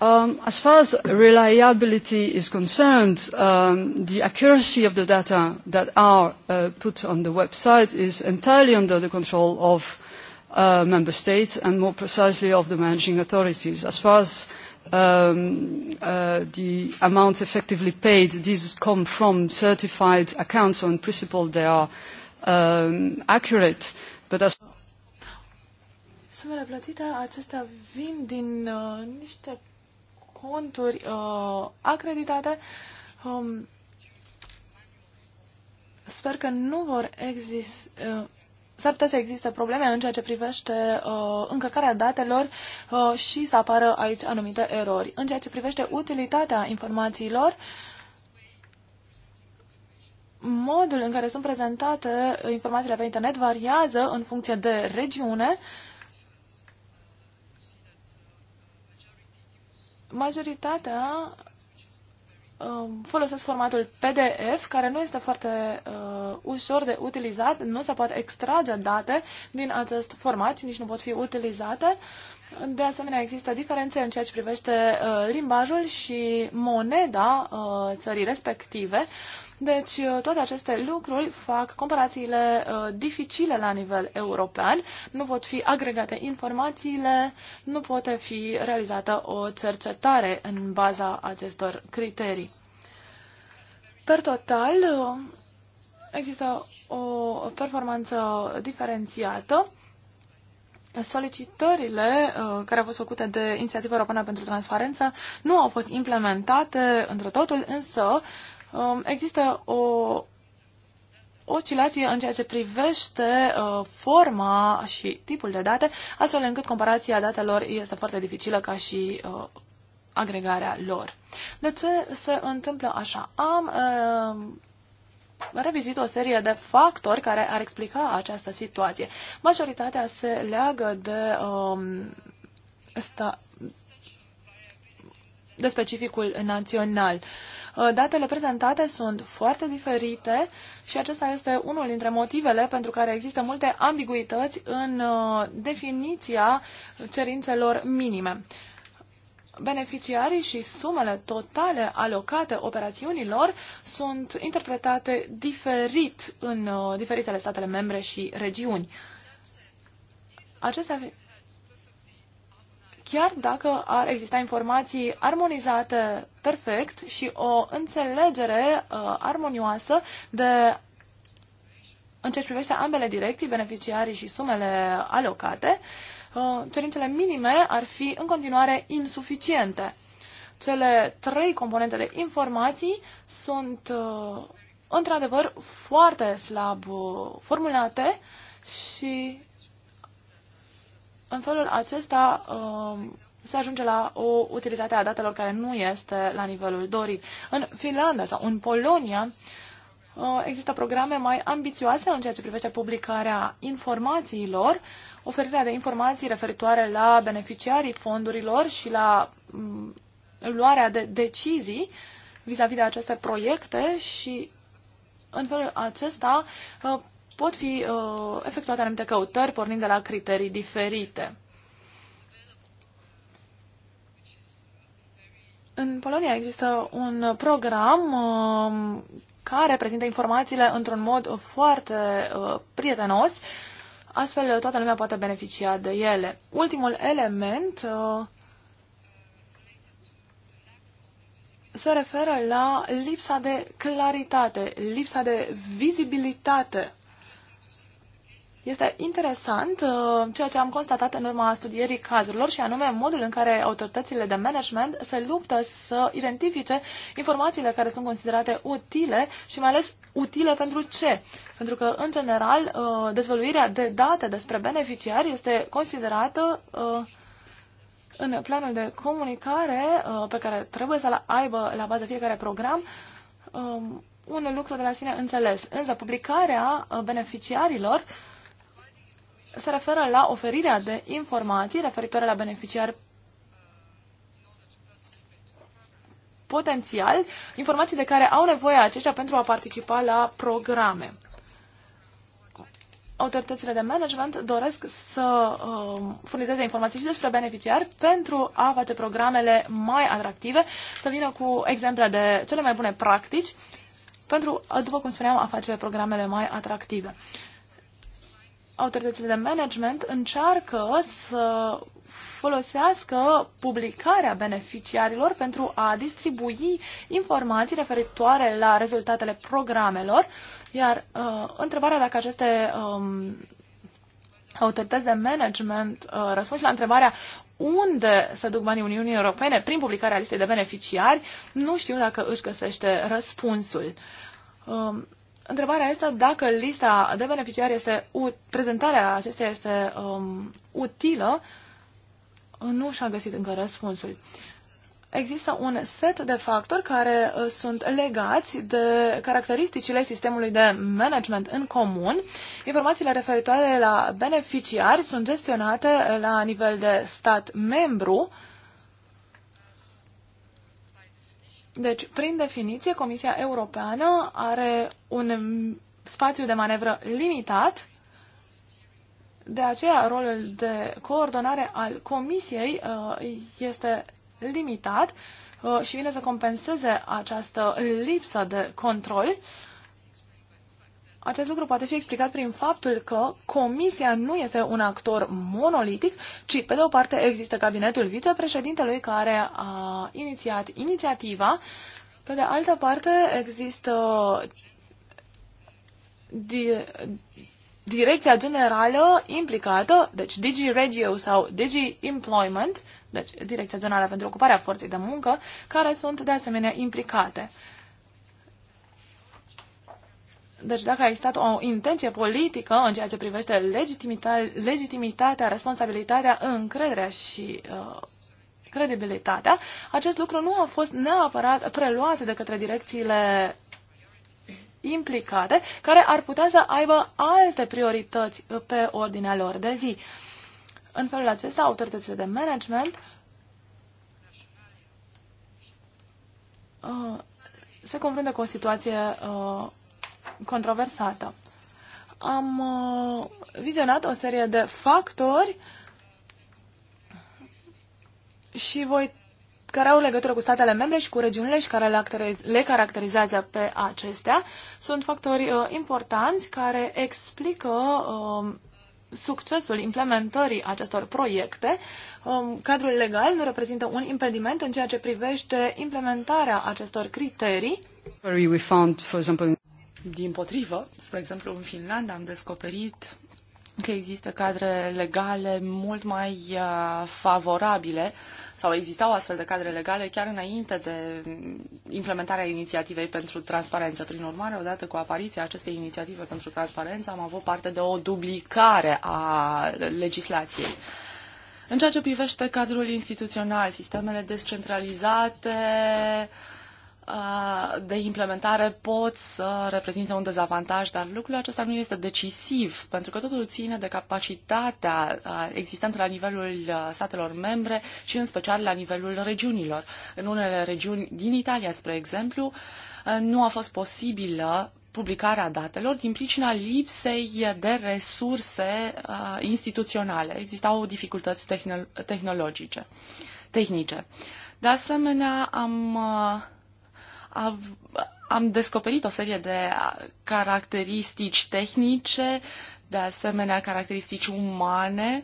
Um, as far as reliability is concerned, um, the accuracy of the data that are uh, put on the website is entirely under the control of uh, member states and more precisely of the managing authorities. As far as um, uh, the amounts effectively paid, these come from certified accounts, so in principle they are um, accurate. But as sumele plătite acestea vin din uh, niște conturi uh, acreditate. Um, sper că nu vor exista. Uh, S-ar putea să existe probleme în ceea ce privește uh, încărcarea datelor uh, și să apară aici anumite erori. În ceea ce privește utilitatea informațiilor, modul în care sunt prezentate informațiile pe internet variază în funcție de regiune uh, majoritatea um, folosesc formatul PDF, care nu este foarte uh, ușor de utilizat, nu se pot extrage date din acest format nici nu pot fi utilizate. De asemenea, există diferențe în ceea ce privește uh, limbajul și moneda uh, țării respective. Deci, uh, toate aceste lucruri fac comparațiile uh, dificile la nivel european, nu pot fi agregate informațiile, nu poate fi realizată o cercetare în baza acestor criterii. Per total, uh, există o performanță diferențiată. Solicitările care au fost făcute de Inițiativa Europeană pentru Transparență nu au fost implementate într totul, însă Um, există o oscilație în ceea ce privește uh, forma și tipul de date, astfel încât comparația datelor este foarte dificilă ca și uh, agregarea lor. De ce se întâmplă așa? Am uh, revizit o serie de factori care ar explica această situație. Majoritatea se leagă de, um, sta, de specificul național. Uh, Uh, datele prezentate sunt foarte diferite și acesta este unul dintre motivele pentru care există multe ambiguități în uh, definiția cerințelor minime. Beneficiarii și sumele totale alocate operațiunilor sunt interpretate diferit în uh, diferitele statele membre și regiuni. Acestea chiar dacă ar exista informații armonizate perfect și o înțelegere uh, armonioasă de în ce privește ambele direcții, beneficiarii și sumele alocate, uh, cerințele minime ar fi în continuare insuficiente. Cele trei componente de informații sunt uh, într-adevăr foarte slab uh, formulate și în felul acesta um, se ajunge la o utilitate a datelor care nu este la nivelul dorit. În Finlanda sau în Polonia uh, există programe mai ambițioase în ceea ce privește publicarea informațiilor, oferirea de informații referitoare la beneficiarii fondurilor și la mm, luarea de decizii vis-a-vis -vis de aceste proiecte și în felul acesta uh, pot fi uh, efectuate anumite căutări pornind de la criterii diferite. În Polonia există un program uh, care prezintă informațiile într-un mod foarte uh, prietenos, astfel toată lumea poate beneficia de ele. Ultimul element uh, se referă la lipsa de claritate, lipsa de vizibilitate este interesant uh, ceea ce am constatat în urma studierii cazurilor și anume modul în care autoritățile de management se luptă să identifice informațiile care sunt considerate utile și mai ales utile pentru ce? Pentru că, în general, uh, dezvăluirea de date despre beneficiari este considerată uh, în planul de comunicare pe care trebuie să-l aibă la bază fiecare program um, un lucru de la sine înțeles. Însă publicarea beneficiarilor se referă la oferirea de informații referitoare la beneficiari potențial, informații de care au nevoie aceștia pentru a participa la programe. Autoritățile de management doresc să uh, furnizeze informații și despre beneficiari pentru a face programele mai atractive, să vină cu exemple de cele mai bune practici pentru, după cum spuneam, a face programele mai atractive. Uh, autoritățile de management încearcă să folosească publicarea beneficiarilor pentru a distribui informații referitoare la rezultatele programelor, iar uh, întrebarea dacă aceste um, autorități de management uh, răspund la întrebarea unde se duc banii Uniunii Europene prin publicarea listei de beneficiari, nu știu dacă își găsește răspunsul. Um, uh, Întrebarea este dacă lista de beneficiari este, prezentarea acesteia este um, utilă, nu și-a găsit încă răspunsul. Există un set de factori care uh, sunt legați de caracteristicile sistemului de management în comun. Informațiile referitoare la beneficiari sunt gestionate la nivel de stat membru, uh, Deci, prin definiție, Comisia Europeană are un spațiu de manevră limitat, de aceea rolul de coordonare al Comisiei uh, este limitat uh, și vine să compenseze această lipsă de control acest lucru poate fi explicat prin faptul că Comisia nu este un actor monolitic, ci, pe de o parte, există cabinetul vicepreședintelui care a inițiat inițiativa, pe de altă parte, există di- direcția generală implicată, deci Digi Radio sau Digi Employment, deci Direcția Generală pentru Ocuparea Forței de Muncă, care sunt de asemenea implicate. Deci dacă a existat o intenție politică în ceea ce privește legitimitatea, legitimitatea responsabilitatea, încrederea și uh, credibilitatea, acest lucru nu a fost neapărat preluat de către direcțiile implicate, care ar putea să aibă alte priorități pe ordinea lor de zi. În felul acesta, autoritățile de management uh, se confruntă cu o situație uh, controversată. Am uh, vizionat o serie de factori și voi care au legătură cu statele membre și cu regiunile și care le caracterizează pe acestea. Sunt factori uh, importanți care explică uh, succesul implementării acestor proiecte. Um, cadrul legal nu reprezintă un impediment în ceea ce privește implementarea acestor criterii. We found, for example... Din potrivă, spre exemplu, în Finlanda am descoperit că există cadre legale mult mai uh, favorabile sau existau astfel de cadre legale chiar înainte de mm, implementarea inițiativei pentru transparență. Prin urmare, odată cu apariția acestei inițiative pentru transparență, am avut parte de o duplicare a legislației. În ceea ce privește cadrul instituțional, sistemele descentralizate, uh, Uh, de implementare pot să reprezinte un dezavantaj, dar lucrul acesta nu este decisiv, pentru că totul ține de capacitatea uh, existentă la nivelul uh, statelor membre și în special la nivelul regiunilor. În unele regiuni din Italia, spre exemplu, nu a fost posibilă publicarea datelor din pricina lipsei de resurse instituționale. Existau dificultăți tehnologice, tehnice. De asemenea, am uh, am descoperit o serie de caracteristici tehnice, de asemenea caracteristici umane.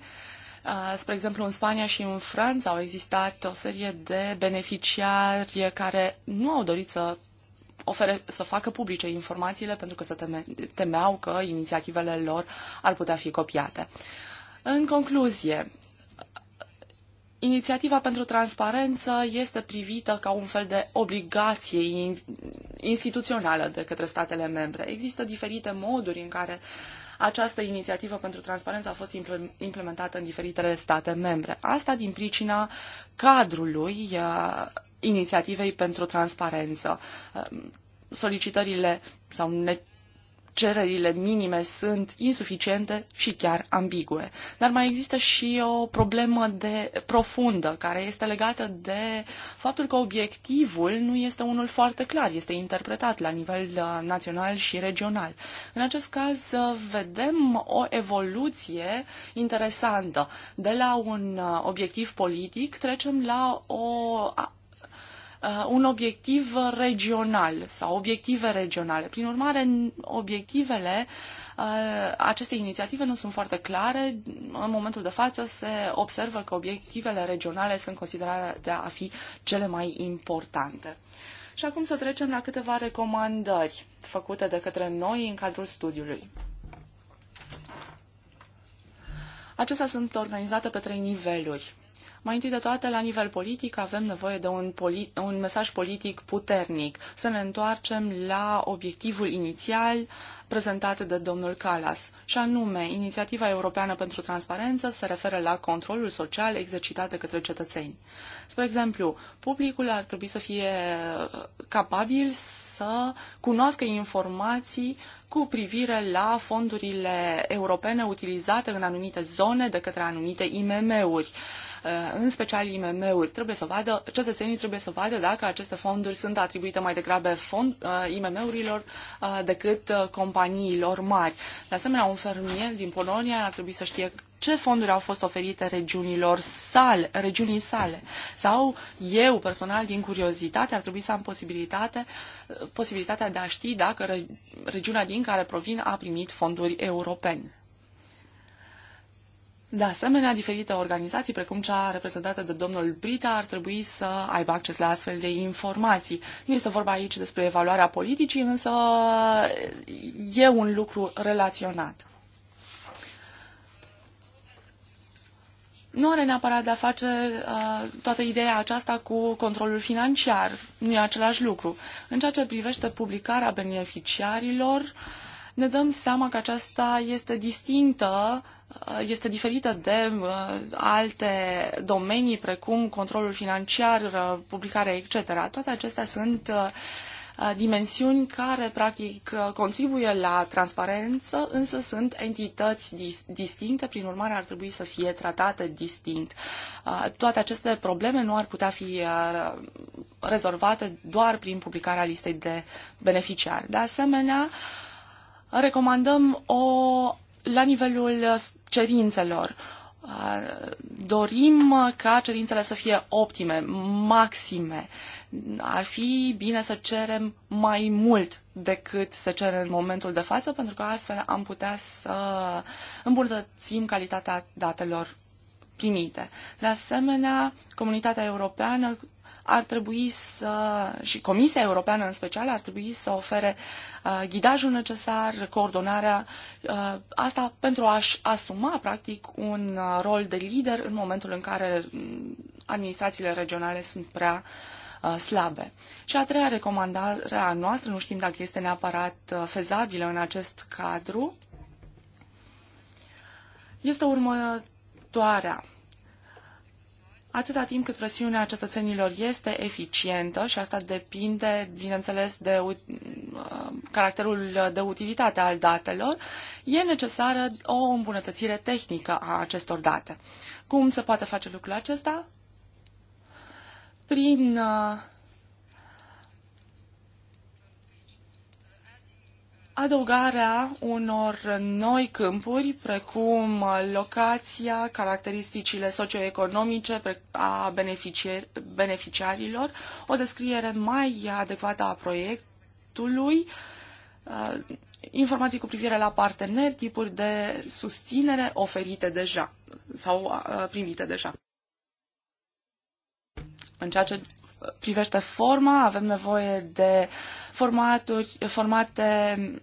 Spre exemplu, în Spania și în Franța au existat o serie de beneficiari care nu au dorit să ofere, să facă publice informațiile pentru că se teme, temeau că inițiativele lor ar putea fi copiate. În concluzie, Inițiativa pentru transparență este privită ca un fel de obligație instituțională de către statele membre. Există diferite moduri în care această inițiativă pentru transparență a fost implementată în diferitele state membre. Asta din pricina cadrului uh, inițiativei pentru transparență. Uh, solicitările sau cererile minime sunt insuficiente și chiar ambigue. Dar mai există și o problemă de profundă care este legată de faptul că obiectivul nu este unul foarte clar, este interpretat la nivel uh, național și regional. În acest caz uh, vedem o evoluție interesantă. De la un uh, obiectiv politic trecem la o Uh, un obiectiv regional sau obiective regionale. Prin urmare, obiectivele uh, acestei inițiative nu sunt foarte clare. În momentul de față se observă că obiectivele regionale sunt considerate a fi cele mai importante. Și acum să trecem la câteva recomandări făcute de către noi în cadrul studiului. Acestea sunt organizate pe trei niveluri. Mai întâi de toate, la nivel politic, avem nevoie de un, poli- un mesaj politic puternic. Să ne întoarcem la obiectivul inițial prezentat de domnul Calas, și anume, Inițiativa Europeană pentru Transparență se referă la controlul social exercitat de către cetățeni. Spre exemplu, publicul ar trebui să fie capabil să cunoască informații cu privire la fondurile europene utilizate în anumite zone de către anumite IMM-uri. Uh, Uh, în special IMM-uri, trebuie să vadă, cetățenii trebuie să vadă dacă aceste fonduri sunt atribuite mai degrabă fond, uh, IMM-urilor uh, decât companiilor mari. De asemenea, un fermier din Polonia ar trebui să știe ce fonduri au fost oferite regiunilor sale, regiunii sale. Sau eu personal, din curiozitate, ar trebui să am posibilitate, posibilitatea de a ști dacă regiunea din care provin a primit fonduri europene. De asemenea, diferite organizații, precum cea reprezentată de domnul Brita, ar trebui să aibă acces la astfel de informații. Nu este vorba aici despre evaluarea politicii, însă e un lucru relaționat. Nu are neapărat de a face uh, toată ideea aceasta cu controlul financiar. Nu e același lucru. În ceea ce privește publicarea beneficiarilor, ne dăm seama că aceasta este distinctă uh, este diferită de uh, alte domenii precum controlul financiar, uh, publicarea, etc. Toate acestea sunt uh, dimensiuni care, practic, contribuie la transparență, însă sunt entități dis- distincte, prin urmare ar trebui să fie tratate distinct. Toate aceste probleme nu ar putea fi rezolvate doar prin publicarea listei de beneficiari. De asemenea, recomandăm o la nivelul cerințelor. Uh, dorim ca cerințele să fie optime, maxime. Ar fi bine să cerem mai mult decât se cere în momentul de față, pentru că astfel am putea să îmbunătățim calitatea datelor primite. De asemenea, comunitatea europeană ar trebui să, și Comisia Europeană în special, ar trebui să ofere uh, ghidajul necesar, coordonarea, uh, asta pentru a-și asuma, practic, un uh, rol de lider în momentul în care mm, administrațiile regionale sunt prea slabe. Și a treia recomandare a noastră, nu știm dacă este neapărat fezabilă în acest cadru, este următoarea Atâta timp cât presiunea cetățenilor este eficientă și asta depinde, bineînțeles, de uh, caracterul de utilitate al datelor, e necesară o îmbunătățire tehnică a acestor date. Cum se poate face lucrul acesta? Prin uh, adăugarea unor noi câmpuri, precum locația, caracteristicile socioeconomice a beneficiarilor, o descriere mai adecvată a proiectului, uh, informații cu privire la parteneri, tipuri de susținere oferite deja sau uh, primite deja. În ceea ce privește forma, avem nevoie de formaturi, formate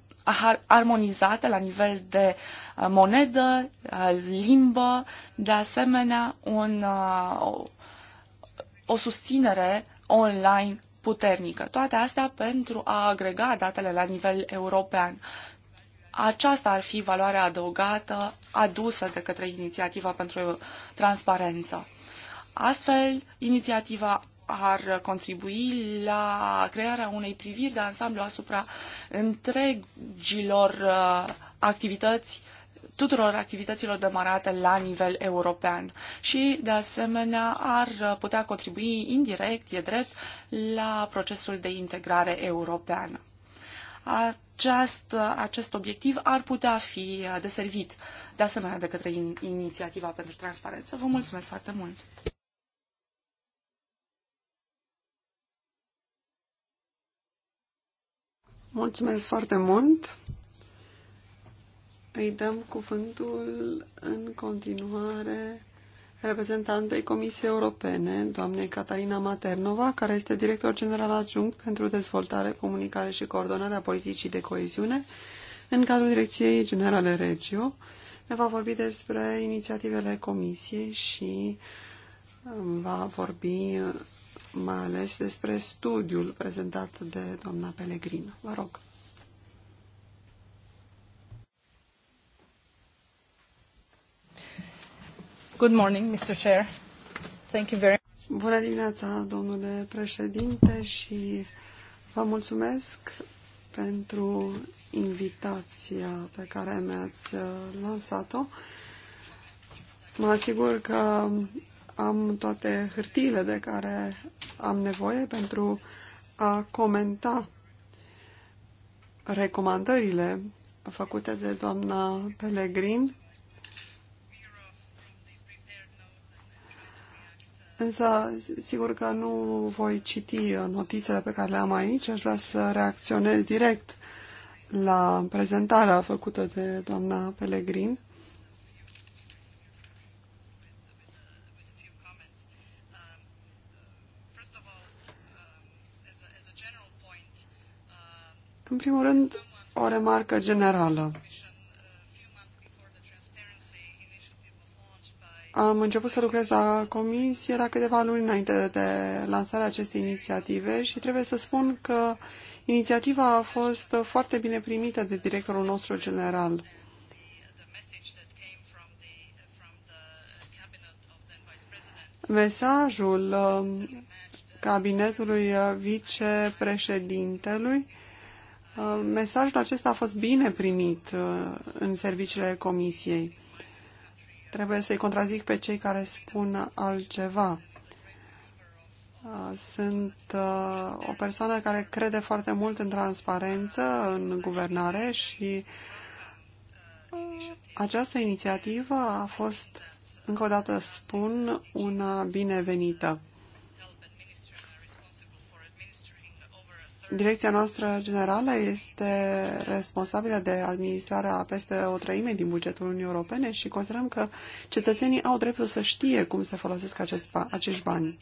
armonizate la nivel de uh, monedă, uh, limbă, de asemenea un, uh, o susținere online puternică. Toate astea pentru a agrega datele la nivel european. Aceasta ar fi valoarea adăugată adusă de către inițiativa pentru transparență. Astfel, inițiativa ar contribui la crearea unei priviri de ansamblu asupra întregilor uh, activități tuturor activităților demarate la nivel european și, de asemenea, ar putea contribui indirect, e drept, la procesul de integrare europeană. Acest, acest obiectiv ar putea fi deservit, de asemenea, de către in, inițiativa pentru transparență. Vă mulțumesc foarte mult! Mulțumesc foarte mult. Îi dăm cuvântul în continuare reprezentantei Comisiei Europene, doamnei Catalina Maternova, care este director general adjunct pentru dezvoltare, comunicare și coordonarea politicii de coeziune în cadrul Direcției Generale Regio. Ne va vorbi despre inițiativele Comisiei și um, va vorbi mai ales despre studiul prezentat de doamna Pelegrin. Vă rog. Good morning, Mr. Chair. Thank you very Bună dimineața, domnule președinte, și vă mulțumesc pentru invitația pe care mi-ați lansat-o. Mă asigur că am toate hârtiile de care am nevoie pentru a comenta recomandările făcute de doamna Pelegrin. Însă, sigur că nu voi citi notițele pe care le am aici, aș vrea să reacționez direct la prezentarea făcută de doamna Pelegrin. În primul rând, o remarcă generală. Am început să lucrez la comisie la câteva luni înainte de lansarea acestei inițiative și trebuie să spun că inițiativa a fost foarte bine primită de directorul nostru general. Mesajul um, cabinetului vicepreședintelui Uh, mesajul acesta a fost bine primit uh, în serviciile comisiei. Trebuie să-i contrazic pe cei care spun altceva. Uh, sunt o persoană care crede foarte mult în transparență, în guvernare și această inițiativă a fost, încă o dată spun, una binevenită. Direcția noastră generală este responsabilă de administrarea peste o treime din bugetul Uniunii Europene și considerăm că cetățenii au dreptul să știe cum se folosesc acest, acești bani.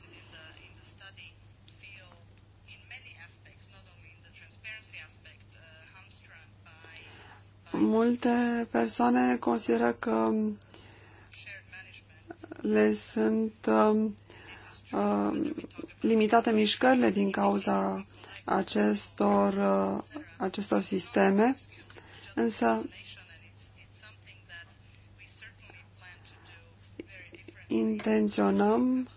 Multe persoane consideră că le sunt um, uh, limitate mișcările din cauza acestor, uh, acestor sisteme, însă intenționăm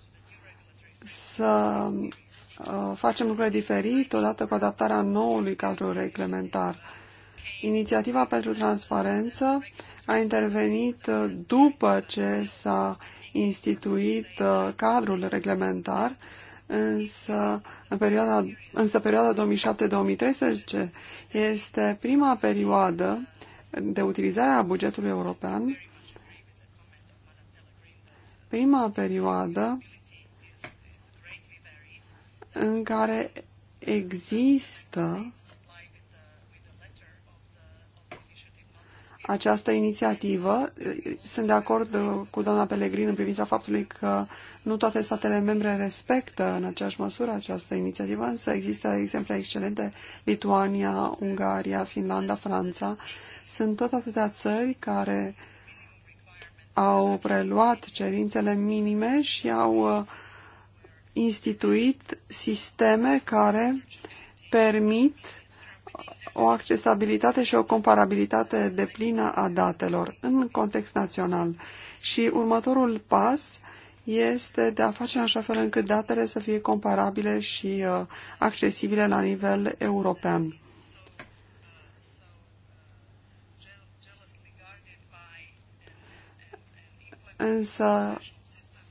să uh, facem lucruri diferit odată cu adaptarea noului cadru reglementar. Inițiativa pentru transparență a intervenit uh, după ce s-a instituit cadrul reglementar însă, în perioada, însă perioada 2007-2013 este prima perioadă de utilizare a bugetului european, prima perioadă în care există această inițiativă. Sunt de acord uh, cu doamna Pelegrin în privința faptului că nu toate statele membre respectă în aceeași măsură această inițiativă, însă există exemple excelente, Lituania, Ungaria, Finlanda, Franța. Sunt tot atâtea țări care au preluat cerințele minime și au uh, instituit sisteme care permit o accesabilitate și o comparabilitate de plină a datelor în context național. Și următorul pas este de a face în așa fel încât datele să fie comparabile și uh, accesibile la nivel european. Însă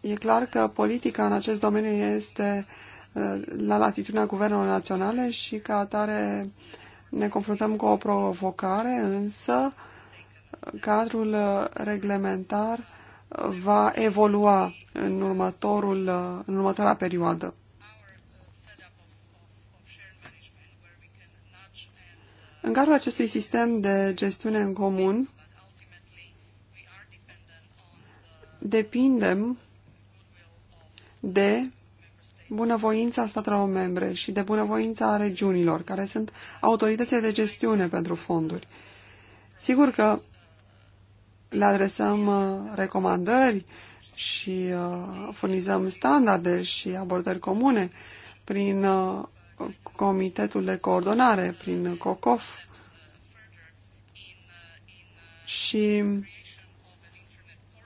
e clar că politica în acest domeniu este uh, la latitudinea guvernelor naționale și ca atare uh, ne confruntăm cu o provocare, însă cadrul reglementar va evolua în, următorul, în următoarea perioadă. În cadrul acestui sistem de gestiune în comun, depindem de bunăvoința statelor membre și de bunăvoința regiunilor, care sunt autoritățile de gestiune pentru fonduri. Sigur că le adresăm uh, recomandări și uh, furnizăm standarde și abordări comune prin uh, Comitetul de Coordonare, prin COCOF. Și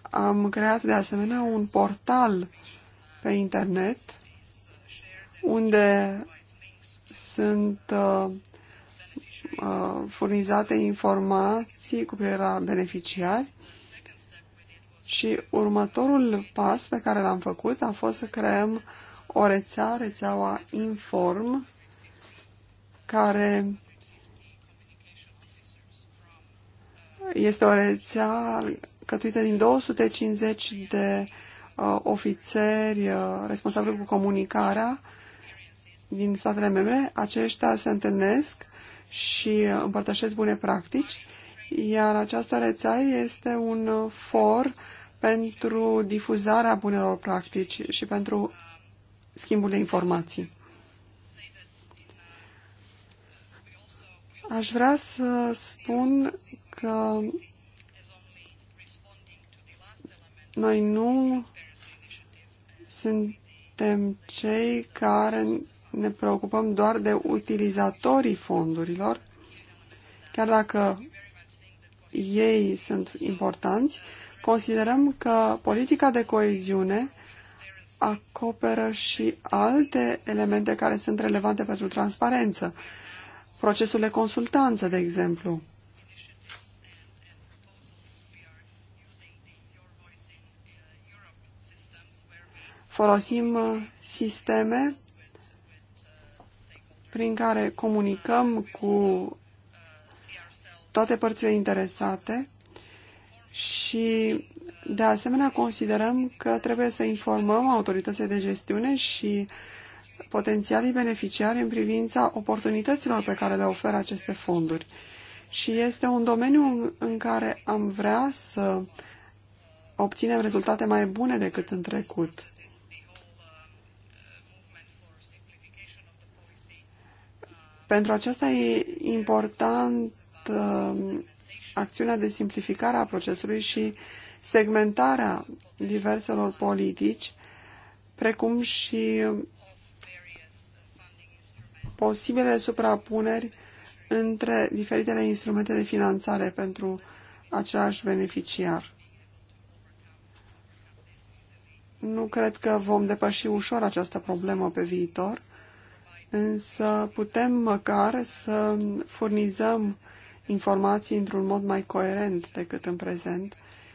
am creat de asemenea un portal pe internet unde sunt uh, uh, furnizate informații cu privire la beneficiari și următorul pas pe care l-am făcut a fost să creăm o rețea, rețeaua Inform, care este o rețea cătuită din 250 de uh, ofițeri uh, responsabili cu comunicarea din statele membre, aceștia se întâlnesc și împărtășesc bune practici, iar această rețea este un for pentru difuzarea bunelor practici și pentru schimbul de informații. Aș vrea să spun că noi nu suntem cei care ne preocupăm doar de utilizatorii fondurilor, chiar dacă ei sunt importanți, considerăm că politica de coeziune acoperă și alte elemente care sunt relevante pentru transparență. Procesul de consultanță, de exemplu. Folosim uh, sisteme prin care comunicăm cu toate părțile interesate și de asemenea considerăm că trebuie să informăm autoritățile de gestiune și potențialii beneficiari în privința oportunităților pe care le oferă aceste fonduri. Și este un domeniu în care am vrea să obținem rezultate mai bune decât în trecut. Pentru aceasta e important uh, acțiunea de simplificare a procesului și segmentarea diverselor politici, precum și posibile suprapuneri între diferitele instrumente de finanțare pentru același beneficiar. Nu cred că vom depăși ușor această problemă pe viitor, însă putem măcar să furnizăm informații într-un mod mai coerent decât în prezent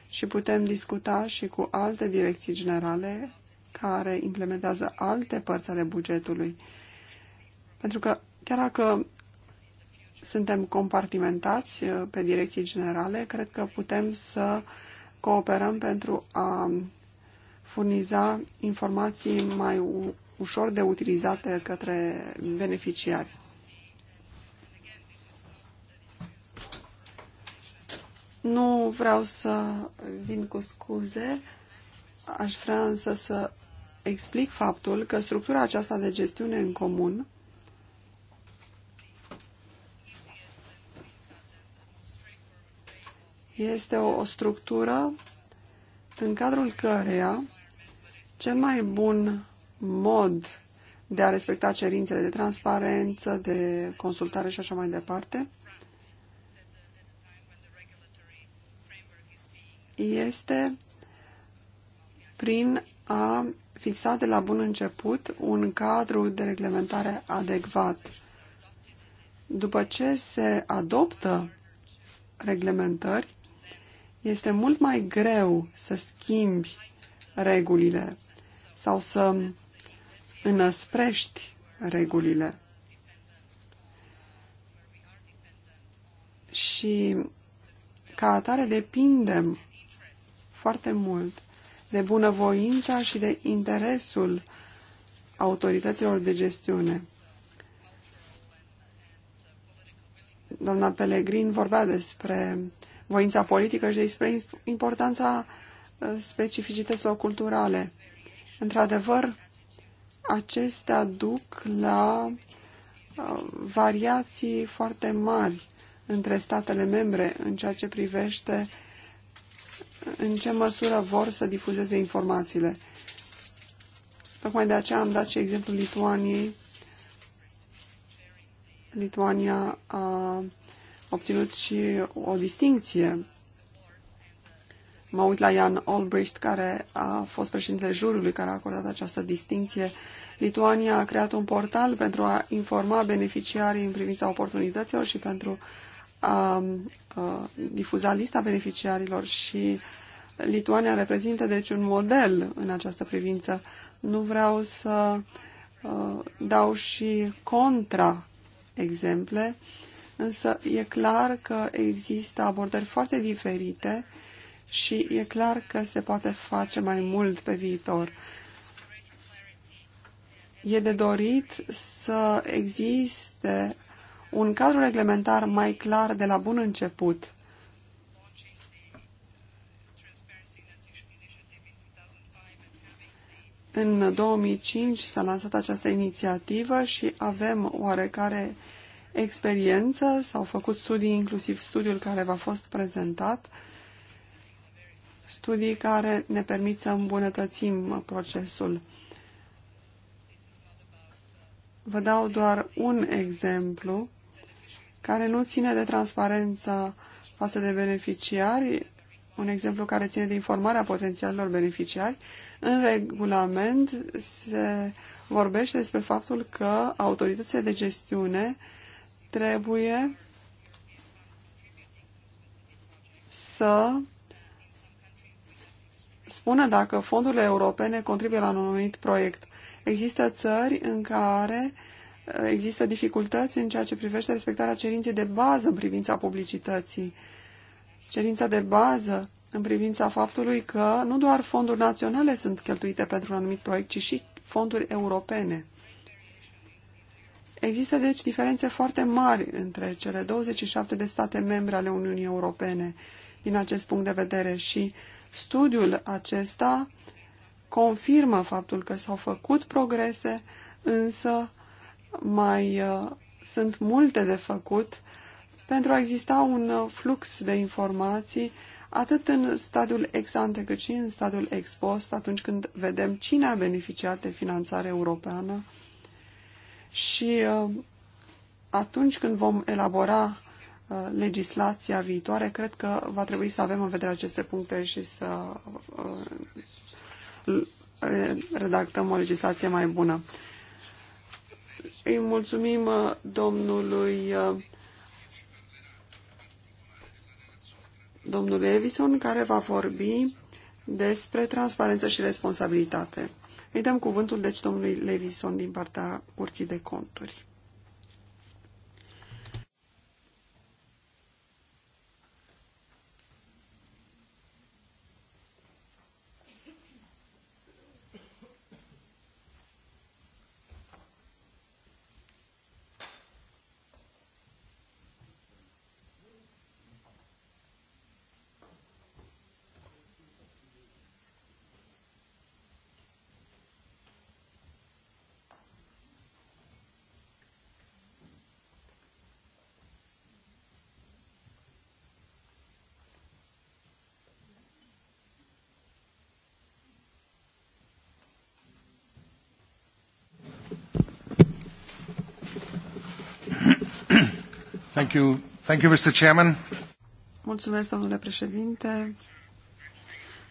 și putem discuta și cu alte direcții generale care implementează alte părți ale bugetului. Pentru că chiar dacă suntem compartimentați uh, pe direcții generale, cred că putem să cooperăm pentru a furniza informații mai ușor de utilizate către beneficiari. Nu vreau să vin cu scuze, aș vrea însă să explic faptul că structura aceasta de gestiune în comun este o, o structură în cadrul căreia cel mai bun mod de a respecta cerințele de transparență, de consultare și așa mai departe, este prin a fixa de la bun început un cadru de reglementare adecvat. După ce se adoptă reglementări, este mult mai greu să schimbi regulile sau să înăsprești regulile. Și ca atare depindem foarte mult de bunăvoința și de interesul autorităților de gestiune. Doamna Pelegrin vorbea despre voința politică și despre importanța uh, specificităților culturale. Într-adevăr, acestea duc la uh, variații foarte mari între statele membre în ceea ce privește în ce măsură vor să difuzeze informațiile. Tocmai de aceea am dat și exemplul Lituaniei. Lituania a obținut și o distinție Mă uit la Jan Olbricht, care a fost președintele jurului care a acordat această distinție. Lituania a creat un portal pentru a informa beneficiarii în privința oportunităților și pentru a, a difuza lista beneficiarilor și Lituania reprezintă deci un model în această privință. Nu vreau să a, dau și contra exemple, însă e clar că există abordări foarte diferite și e clar că se poate face mai mult pe viitor. E de dorit să existe un cadru reglementar mai clar de la bun început. În 2005 s-a lansat această inițiativă și avem oarecare experiență, s-au făcut studii, inclusiv studiul care v-a fost prezentat, studii care ne permit să îmbunătățim procesul. Vă dau doar un exemplu care nu ține de transparența față de beneficiari, un exemplu care ține de informarea potențialilor beneficiari. În regulament se vorbește despre faptul că autoritățile de gestiune trebuie să spună dacă fondurile europene contribuie la un anumit proiect. Există țări în care uh, există dificultăți în ceea ce privește respectarea cerinței de bază în privința publicității. Cerința de bază în privința faptului că nu doar fonduri naționale sunt cheltuite pentru un anumit proiect, ci și fonduri europene. Există deci diferențe foarte mari între cele 27 de state membre ale Uniunii Europene din acest punct de vedere și uh, Studiul acesta confirmă faptul că s-au făcut progrese, însă mai uh, sunt multe de făcut pentru a exista un uh, flux de informații atât în stadiul ex ante cât și în stadiul ex post, atunci când vedem cine a beneficiat de finanțare europeană și uh, atunci când vom elabora Uh, legislația viitoare, cred că va trebui să avem în vedere aceste puncte și să uh, redactăm o legislație mai bună. Îi mulțumim uh, domnului domnul Evison, care va vorbi despre transparență și responsabilitate. Îi dăm cuvântul, deci, domnului Levison din partea Curții de Conturi. Thank you. Thank you, Mr. Chairman. Mulțumesc, domnule președinte.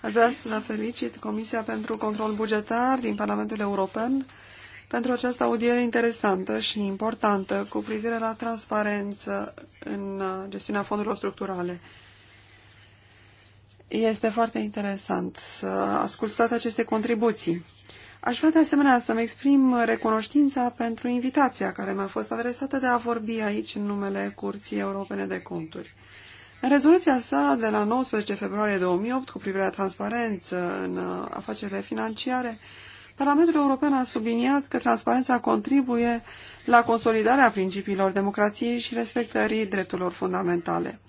Aș vrea să felicit Comisia pentru Control Bugetar din Parlamentul European pentru această audiere interesantă și importantă cu privire la transparență în gestiunea fondurilor structurale. Este foarte interesant să ascult toate aceste contribuții. Aș vrea de asemenea să-mi exprim recunoștința pentru invitația care mi-a fost adresată de a vorbi aici în numele Curții Europene de Conturi. În rezoluția sa de la 19 februarie 2008 cu privire la transparență în uh, afacerile financiare, Parlamentul European a subliniat că transparența contribuie la consolidarea principiilor democrației și respectării drepturilor fundamentale.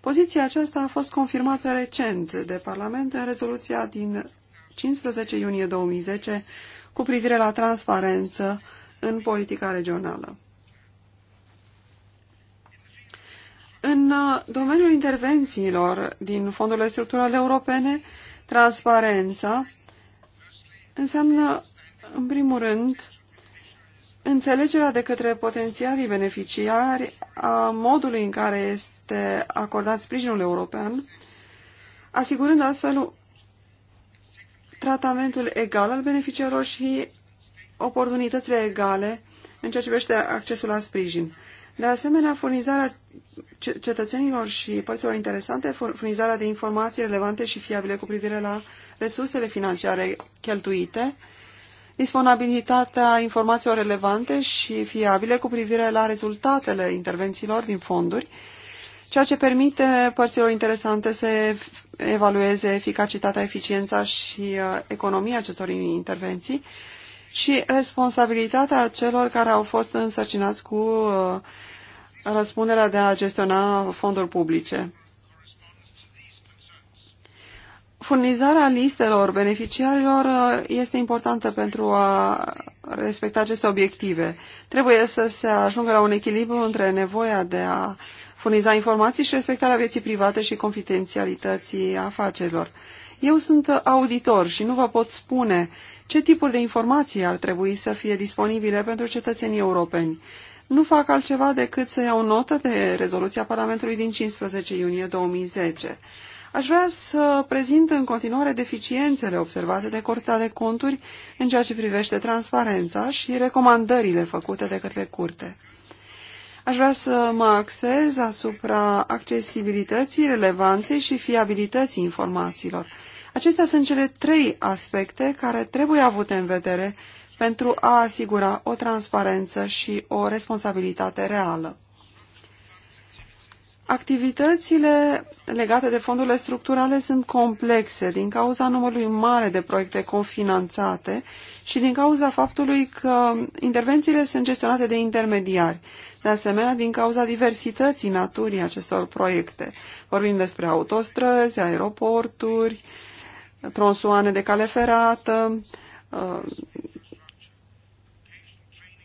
Poziția aceasta a fost confirmată recent de Parlament în rezoluția din 15 iunie 2010 cu privire la transparență în politica regională. În uh, domeniul intervențiilor din fondurile structurale europene, transparența înseamnă, în primul rând, înțelegerea de către potențialii beneficiari a modului în care este acordat sprijinul european, asigurând astfel tratamentul egal al beneficiarilor și oportunitățile egale în ceea ce privește accesul la sprijin. De asemenea, furnizarea cetățenilor și părților interesante, furnizarea de informații relevante și fiabile cu privire la resursele financiare cheltuite, disponibilitatea informațiilor relevante și fiabile cu privire la rezultatele intervențiilor din fonduri, ceea ce permite părților interesante să evalueze eficacitatea, eficiența și uh, economia acestor intervenții și responsabilitatea celor care au fost însărcinați cu uh, răspunderea de a gestiona fonduri publice. Furnizarea listelor beneficiarilor uh, este importantă pentru a respecta aceste obiective. Trebuie să se ajungă la un echilibru între nevoia de a uh, furniza informații și respectarea vieții private și confidențialității afacerilor. Eu sunt auditor și nu vă pot spune ce tipuri de informații ar trebui să fie disponibile pentru cetățenii europeni. Nu fac altceva decât să iau notă de rezoluția Parlamentului din 15 iunie 2010. Aș vrea să prezint în continuare deficiențele observate de Curtea de Conturi în ceea ce privește transparența și recomandările făcute de către Curte. Aș vrea să mă axez asupra accesibilității, relevanței și fiabilității informațiilor. Acestea sunt cele trei aspecte care trebuie avute în vedere pentru a asigura o transparență și o responsabilitate reală. Activitățile legate de fondurile structurale sunt complexe din cauza numărului mare de proiecte confinanțate și din cauza faptului că intervențiile sunt gestionate de intermediari. De asemenea, din cauza diversității naturii acestor proiecte. Vorbim despre autostrăzi, aeroporturi, tronsoane de cale ferată,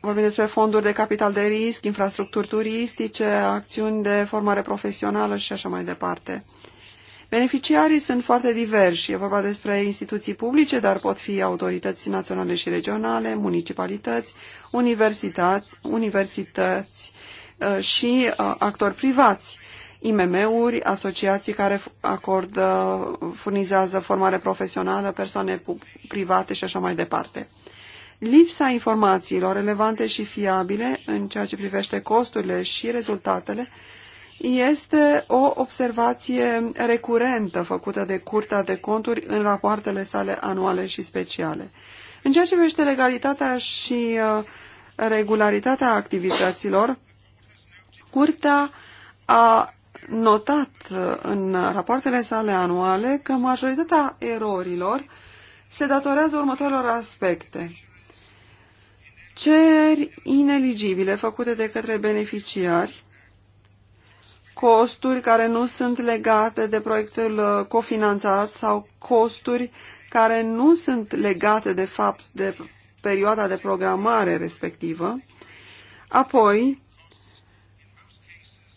Vorbim despre fonduri de capital de risc, infrastructuri turistice, acțiuni de formare profesională și așa mai departe. Beneficiarii sunt foarte diversi. E vorba despre instituții publice, dar pot fi autorități naționale și regionale, municipalități, universități, universități uh, și uh, actori privați, IMM-uri, asociații care acordă, furnizează formare profesională, persoane private și așa mai departe. Lipsa informațiilor relevante și fiabile în ceea ce privește costurile și rezultatele este o observație recurentă făcută de Curtea de Conturi în rapoartele sale anuale și speciale. În ceea ce privește legalitatea și uh, regularitatea activităților, Curtea a notat uh, în rapoartele sale anuale că majoritatea erorilor se datorează următoarelor aspecte ceri ineligibile făcute de către beneficiari, costuri care nu sunt legate de proiectul uh, cofinanțat sau costuri care nu sunt legate de fapt de perioada de programare respectivă, apoi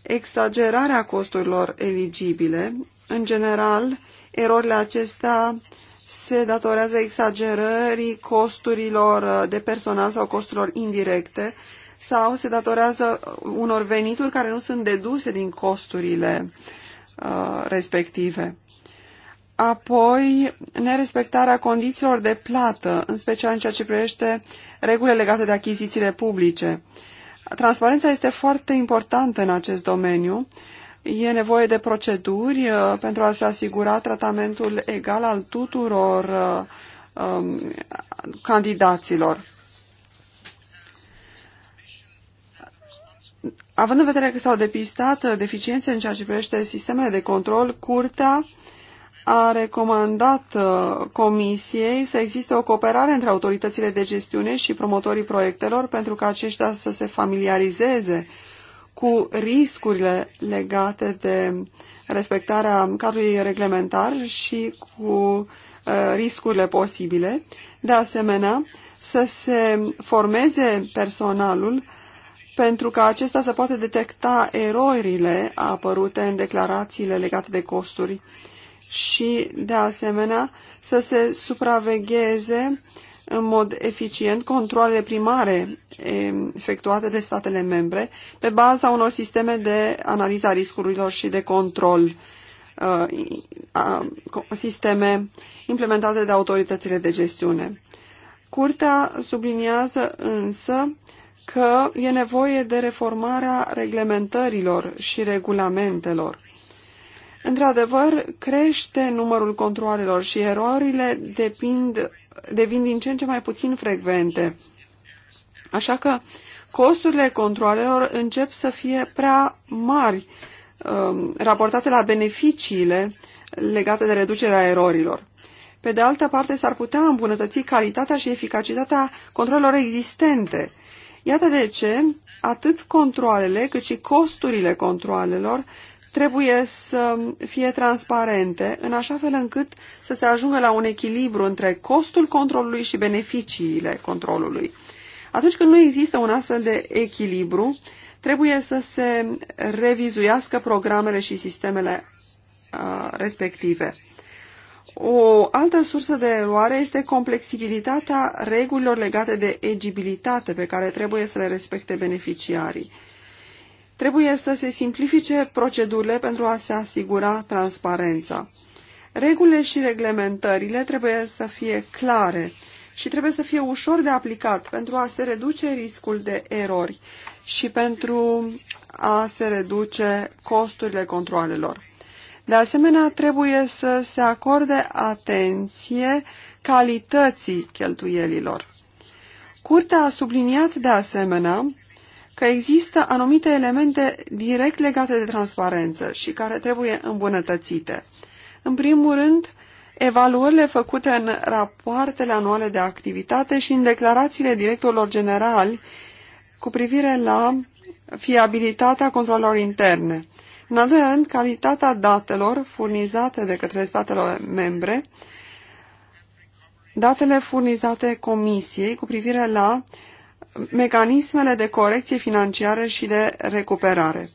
exagerarea costurilor eligibile, în general, erorile acestea se datorează exagerării costurilor uh, de personal sau costurilor indirecte sau se datorează uh, unor venituri care nu sunt deduse din costurile uh, respective. Apoi, nerespectarea condițiilor de plată, în special în ceea ce privește regulile legate de achizițiile publice. Transparența este foarte importantă în acest domeniu E nevoie de proceduri uh, pentru a se asigura tratamentul egal al tuturor uh, um, candidaților. Având în vedere că s-au depistat uh, deficiențe în ceea ce privește sistemele de control, Curtea a recomandat Comisiei să existe o cooperare între autoritățile de gestiune și promotorii proiectelor pentru ca aceștia să se familiarizeze cu riscurile legate de respectarea cadrului reglementar și cu uh, riscurile posibile. De asemenea, să se formeze personalul pentru ca acesta să poată detecta erorile apărute în declarațiile legate de costuri și, de asemenea, să se supravegheze uh, în mod eficient controlele primare efectuate de statele membre pe baza unor sisteme de analiza riscurilor și de control, uh, sisteme implementate de autoritățile de gestiune. Curtea subliniază însă că e nevoie de reformarea reglementărilor și regulamentelor. Într-adevăr, crește numărul controalelor și erorile depind devin din ce în ce mai puțin frecvente. Așa că costurile controlelor încep să fie prea mari um, raportate la beneficiile legate de reducerea erorilor. Pe de altă parte, s-ar putea îmbunătăți calitatea și eficacitatea controlelor existente. Iată de ce atât controlele cât și costurile controlelor trebuie să fie transparente, în așa fel încât să se ajungă la un echilibru între costul controlului și beneficiile controlului. Atunci când nu există un astfel de echilibru, trebuie să se revizuiască programele și sistemele uh, respective. O altă sursă de eroare este complexibilitatea regulilor legate de egibilitate pe care trebuie să le respecte beneficiarii. Trebuie să se simplifice procedurile pentru a se asigura transparența. Regulile și reglementările trebuie să fie clare și trebuie să fie ușor de aplicat pentru a se reduce riscul de erori și pentru a se reduce costurile controalelor. De asemenea, trebuie să se acorde atenție calității cheltuielilor. Curtea a subliniat de asemenea că există anumite elemente direct legate de transparență și care trebuie îmbunătățite. În primul rând, evaluările făcute în rapoartele anuale de activitate și în declarațiile directorilor generali cu privire la fiabilitatea controlelor interne. În al doilea rând, calitatea datelor furnizate de către statele membre, datele furnizate Comisiei cu privire la uh, mecanismele de corecție financiară și de recuperare.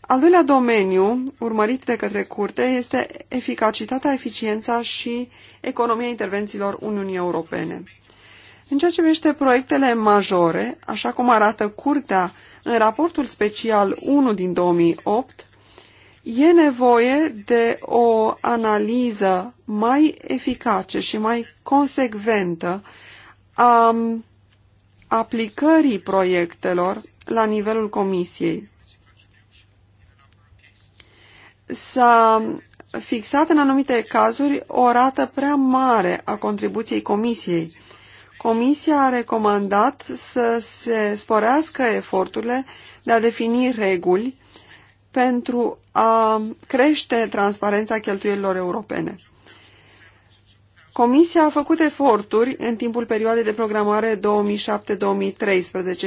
Al doilea domeniu urmărit de către curte este eficacitatea, eficiența și economia intervențiilor Uniunii Europene. În ceea ce privește proiectele majore, așa cum arată curtea în raportul special 1 din 2008, e nevoie de o analiză mai eficace și mai consecventă a um, aplicării proiectelor la nivelul comisiei. S-a fixat în anumite cazuri o rată prea mare a contribuției comisiei. Comisia a recomandat să se sporească eforturile de a defini reguli pentru a crește transparența cheltuielilor europene. Comisia a făcut eforturi în timpul perioadei de programare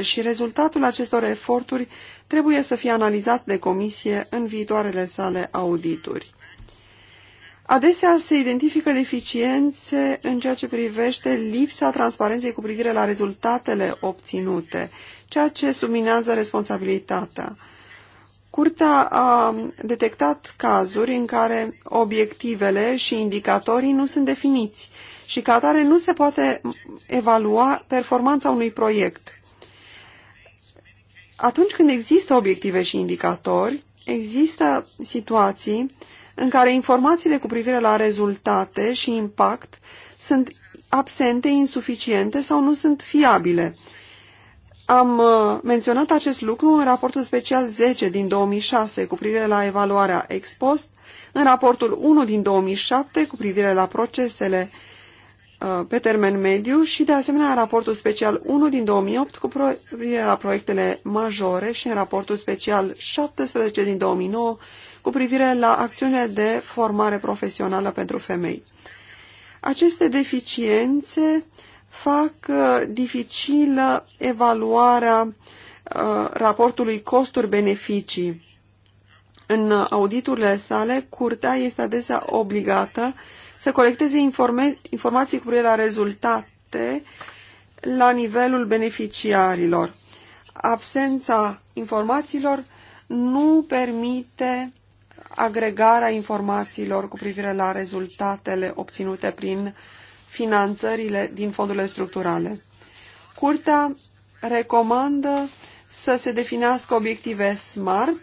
2007-2013 și rezultatul acestor eforturi trebuie să fie analizat de Comisie în viitoarele sale audituri. Adesea se identifică deficiențe în ceea ce privește lipsa transparenței cu privire la rezultatele obținute, ceea ce subminează responsabilitatea. Curtea a detectat cazuri în care obiectivele și indicatorii nu sunt definiți și ca atare nu se poate evalua performanța unui proiect. Atunci când există obiective și indicatori, există situații în care informațiile cu privire la rezultate și impact sunt absente, insuficiente sau nu sunt fiabile am uh, menționat acest lucru în raportul special 10 din 2006 cu privire la evaluarea ex post, în raportul 1 din 2007 cu privire la procesele uh, pe termen mediu și, de asemenea, în raportul special 1 din 2008 cu privire la proiectele majore și în raportul special 17 din 2009 cu privire la acțiunile de formare profesională pentru femei. Aceste deficiențe uh, fac uh, dificilă evaluarea uh, raportului costuri-beneficii. În auditurile sale, curtea este adesea obligată să colecteze informa informații cu privire la rezultate la nivelul beneficiarilor. Absența informațiilor nu permite agregarea informațiilor cu privire la rezultatele obținute prin finanțările din fondurile structurale. Curtea recomandă să se definească obiective SMART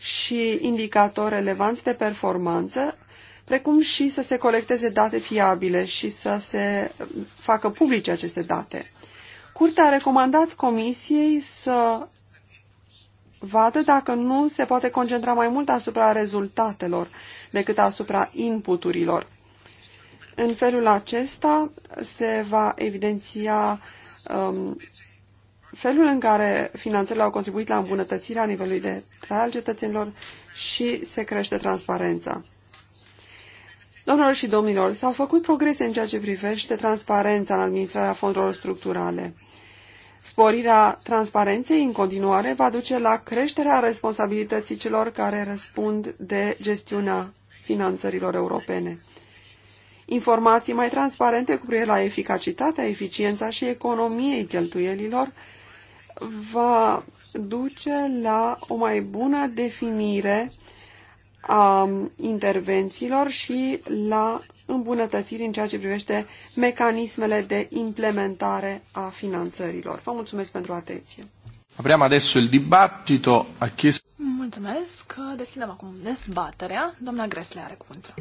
și indicatori relevanți de performanță, precum și să se colecteze date fiabile și să se facă publice aceste date. Curtea a recomandat Comisiei să vadă dacă nu se poate concentra mai mult asupra rezultatelor decât asupra inputurilor în felul acesta se va evidenția um, felul în care finanțele au contribuit la îmbunătățirea nivelului de trai al cetățenilor și se crește transparența. Domnilor și domnilor, s-au făcut progrese în ceea ce privește transparența în administrarea fondurilor structurale. Sporirea transparenței în continuare va duce la creșterea responsabilității celor care răspund de gestiunea finanțărilor europene informații mai transparente cu privire la eficacitatea, eficiența și economiei cheltuielilor va duce la o mai bună definire a intervențiilor și la îmbunătățiri în ceea ce privește mecanismele de implementare a finanțărilor. Vă mulțumesc pentru atenție. Apriamo adesso il dibattito. Mulțumesc. Deschidem acum dezbaterea. Doamna Gresle are cuvântul.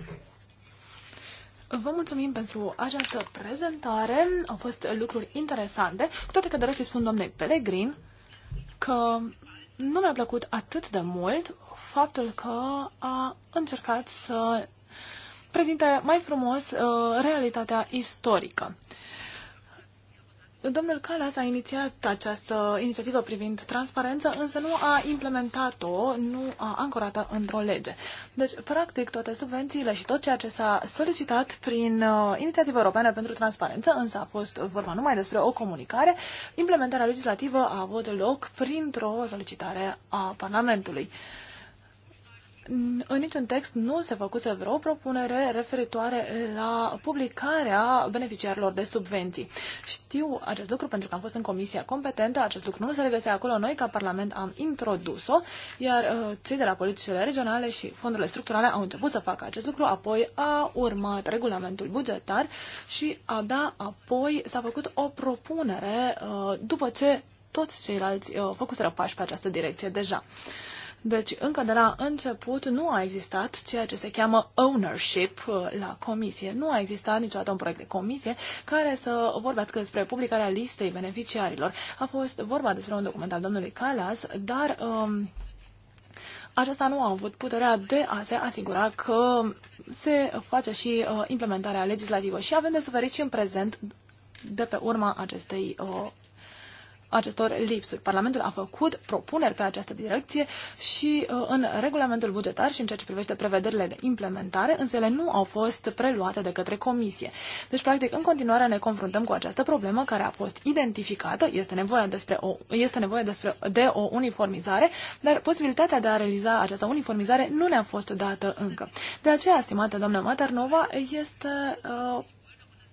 Vă mulțumim pentru această prezentare. Au fost lucruri interesante, cu toate că doresc să spun doamnei Pelegrin că nu mi-a plăcut atât de mult faptul că a încercat să prezinte mai frumos uh, realitatea istorică. Domnul Calas a inițiat această inițiativă privind transparența, însă nu a implementat-o, nu a ancorat-o într-o lege. Deci, practic, toate subvențiile și tot ceea ce s-a solicitat prin uh, inițiativa europeană pentru transparență, însă a fost vorba numai despre o comunicare, implementarea legislativă a avut loc printr-o solicitare a Parlamentului în niciun text nu se făcuse vreo propunere referitoare la publicarea beneficiarilor de subvenții. Știu acest lucru pentru că am fost în comisia competentă, acest lucru nu se regăsea acolo, noi ca Parlament am introdus-o, iar uh, cei de la politicile regionale și fondurile structurale au început să facă acest lucru, apoi a urmat regulamentul bugetar și abia apoi s-a făcut o propunere uh, după ce toți ceilalți uh, făcuseră pași pe această direcție deja. Deci, încă de la început nu a existat ceea ce se cheamă ownership uh, la comisie. Nu a existat niciodată un proiect de comisie care să vorbească despre publicarea listei beneficiarilor. A fost vorba despre un document al domnului Calas, dar um, aceasta nu a avut puterea de a se asigura că se face și uh, implementarea legislativă și avem de suferit și în prezent de pe urma acestei uh, acestor lipsuri. Parlamentul a făcut propuneri pe această direcție și uh, în regulamentul bugetar și în ceea ce privește prevederile de implementare, însă ele nu au fost preluate de către comisie. Deci, practic, în continuare ne confruntăm cu această problemă care a fost identificată, este nevoie, despre o, este nevoie despre, de o uniformizare, dar posibilitatea de a realiza această uniformizare nu ne-a fost dată încă. De aceea, stimată doamnă Maternova, este uh,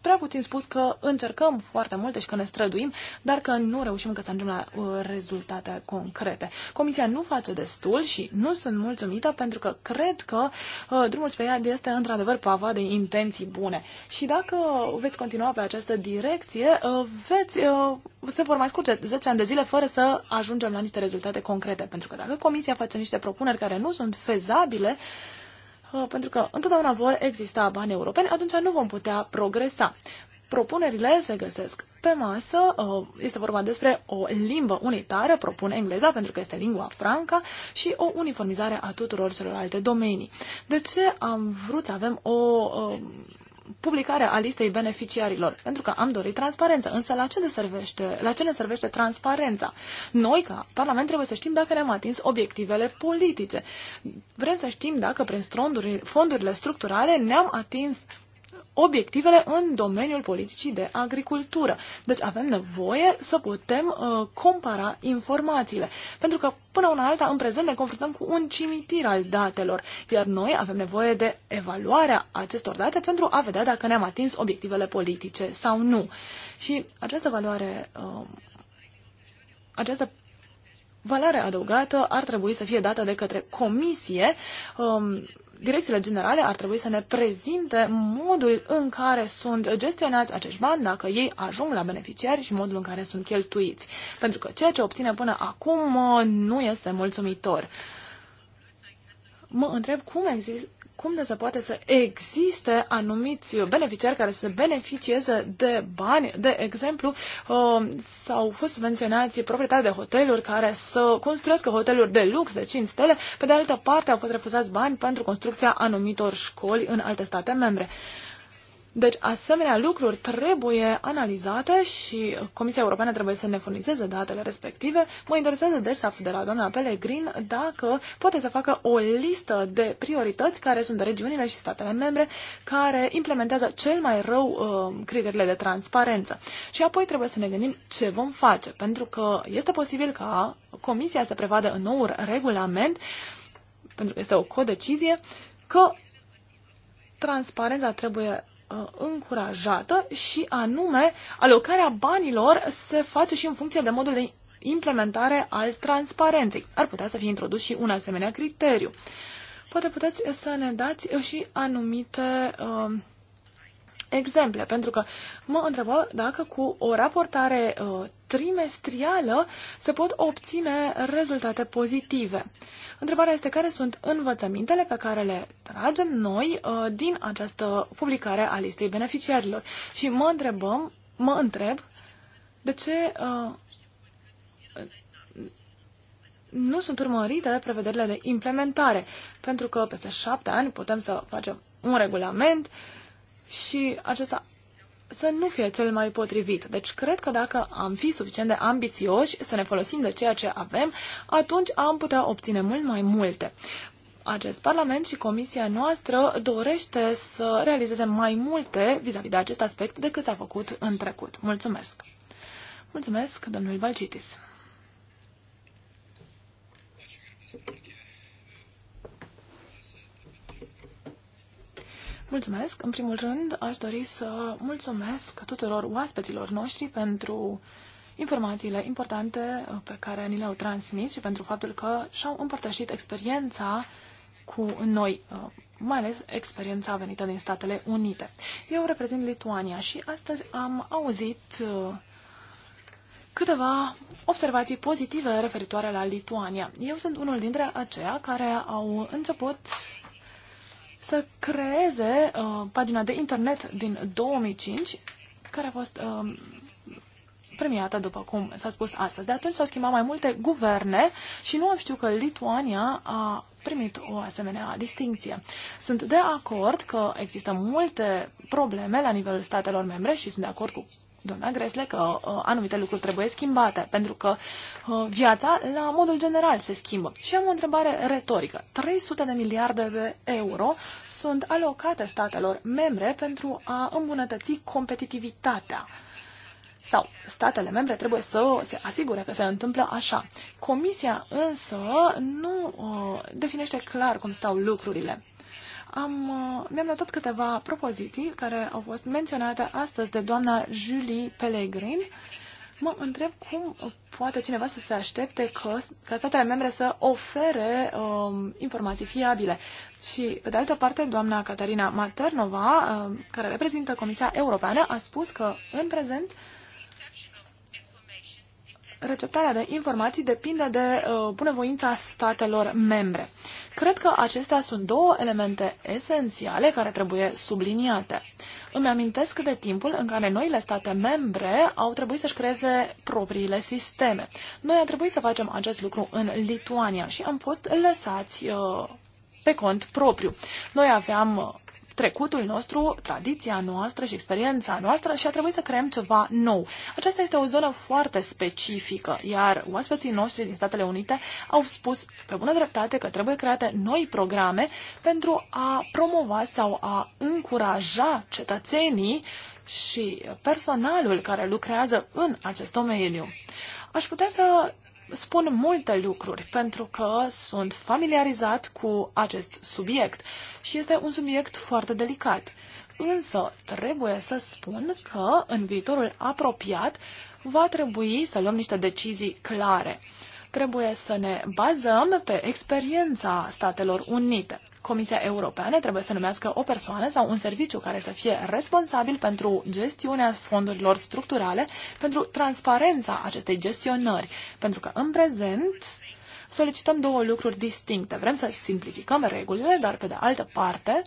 prea puțin spus că încercăm foarte multe și că ne străduim, dar că nu reușim că să ajungem la uh, rezultate concrete. Comisia nu face destul și nu sunt mulțumită pentru că cred că uh, drumul spre iad este într-adevăr pava de intenții bune. Și dacă veți continua pe această direcție, uh, veți, uh, se vor mai scurge 10 ani de zile fără să ajungem la niște rezultate concrete. Pentru că dacă Comisia face niște propuneri care nu sunt fezabile, uh, Uh, pentru că întotdeauna vor exista bani europeni, atunci nu vom putea progresa. Propunerile se găsesc pe masă, uh, este vorba despre o limbă unitară, propun engleza pentru că este lingua franca și o uniformizare a tuturor celorlalte domenii. De ce am vrut să avem o um, publicarea a listei beneficiarilor, pentru că am dorit transparență. Însă la ce, ne servește, la ce ne servește transparența? Noi, ca Parlament, trebuie să știm dacă ne-am atins obiectivele politice. Vrem să știm dacă prin fondurile structurale ne-am atins obiectivele în domeniul politicii de agricultură. Deci avem nevoie să putem uh, compara informațiile. Pentru că până una alta, în prezent, ne confruntăm cu un cimitir al datelor, iar noi avem nevoie de evaluarea acestor date pentru a vedea dacă ne-am atins obiectivele politice sau nu. Și această valoare, uh, această valoare adăugată ar trebui să fie dată de către comisie um, direcțiile generale ar trebui să ne prezinte modul în care sunt gestionați acești bani, dacă ei ajung la beneficiari și modul în care sunt cheltuiți. Pentru că ceea ce obține până acum uh, nu este mulțumitor. Mă întreb cum, exist- cum ne se poate să existe anumiți beneficiari care să beneficieze de bani. De exemplu, uh, s-au fost menționați proprietari de hoteluri care să construiască hoteluri de lux de 5 stele, pe de altă parte au fost refuzați bani pentru construcția anumitor școli în alte state membre. Deci, asemenea lucruri trebuie analizate și Comisia Europeană trebuie să ne furnizeze datele respective. Mă interesează, deci, să aflu de la doamna Pelegrin dacă poate să facă o listă de priorități care sunt de regiunile și statele membre care implementează cel mai rău uh, criteriile de transparență. Și apoi trebuie să ne gândim ce vom face, pentru că este posibil ca Comisia să prevadă în nou regulament, pentru că este o codecizie, că transparența trebuie Uh, încurajată și anume alocarea banilor se face și în funcție de modul de implementare al transparenței. Ar putea să fie introdus și un asemenea criteriu. Poate puteți să ne dați și anumite uh, exemple, pentru că mă întrebă dacă cu o raportare uh, trimestrială se pot obține rezultate pozitive. Întrebarea este care sunt învățămintele pe care le tragem noi uh, din această publicare a listei beneficiarilor. Și mă întrebăm, mă întreb de ce uh, nu sunt urmărite prevederile de implementare, pentru că peste șapte ani putem să facem un regulament uh, și acesta să nu fie cel mai potrivit. Deci cred că dacă am fi suficient de ambițioși să ne folosim de ceea ce avem, atunci am putea obține mult mai multe. Acest Parlament și Comisia noastră dorește să realizeze mai multe vis-a-vis -vis de acest aspect decât s-a făcut în trecut. Mulțumesc! Mulțumesc, domnul Valcitis. Thank you. Mulțumesc! În primul rând, aș dori să mulțumesc tuturor oaspeților noștri pentru informațiile importante uh, pe care ni le-au transmis și pentru faptul că și-au împărtășit experiența cu noi, uh, mai ales experiența venită din Statele Unite. Eu reprezint Lituania și astăzi am auzit uh, câteva observații pozitive referitoare la Lituania. Eu sunt unul dintre aceia care au început să creeze uh, pagina de internet din 2005, care a fost uh, premiată, după cum s-a spus astăzi. De atunci s-au schimbat mai multe guverne și nu am știut că Lituania a primit o asemenea distinție. Sunt de acord că există multe probleme la nivelul statelor membre și sunt de acord cu doamna Gresle că uh, anumite lucruri trebuie schimbate, pentru că uh, viața, la modul general, se schimbă. Și am o întrebare retorică. 300 de miliarde de euro sunt alocate statelor membre pentru a îmbunătăți competitivitatea. Sau statele membre trebuie să se asigure că se întâmplă așa. Comisia însă nu uh, definește clar cum stau lucrurile. Uh, am, uh, mi-am notat câteva propoziții care au fost menționate astăzi de doamna Julie Pellegrin. Mă întreb cum poate cineva să se aștepte că, ca statele membre să ofere um, informații fiabile. Și, pe de altă parte, doamna Catarina Maternova, um, care reprezintă Comisia Europeană, a spus că, în prezent, uh, receptarea de informații depinde de uh, bunăvoința statelor membre. Cred că acestea sunt două elemente esențiale care trebuie subliniate. Îmi amintesc de timpul în care noile state membre au trebuit să-și creeze propriile sisteme. Noi a trebuit să facem acest lucru în Lituania și am fost lăsați uh, pe cont propriu. Noi aveam uh, trecutul nostru, tradiția noastră și experiența noastră și a trebuit să creăm ceva nou. Aceasta este o zonă foarte specifică, iar oaspeții noștri din Statele Unite au spus pe bună dreptate că trebuie create noi programe pentru a promova sau a încuraja cetățenii și personalul care lucrează în acest domeniu. Aș putea să spun multe lucruri pentru că sunt familiarizat cu acest subiect și este un subiect foarte delicat. Însă trebuie să spun că în viitorul apropiat va trebui să luăm niște decizii clare trebuie să ne bazăm pe experiența Statelor Unite. Comisia Europeană trebuie să numească o persoană sau un serviciu care să fie responsabil pentru gestiunea fondurilor structurale, pentru transparența acestei gestionări, pentru că în prezent solicităm două lucruri distincte. Vrem să simplificăm regulile, dar pe de altă parte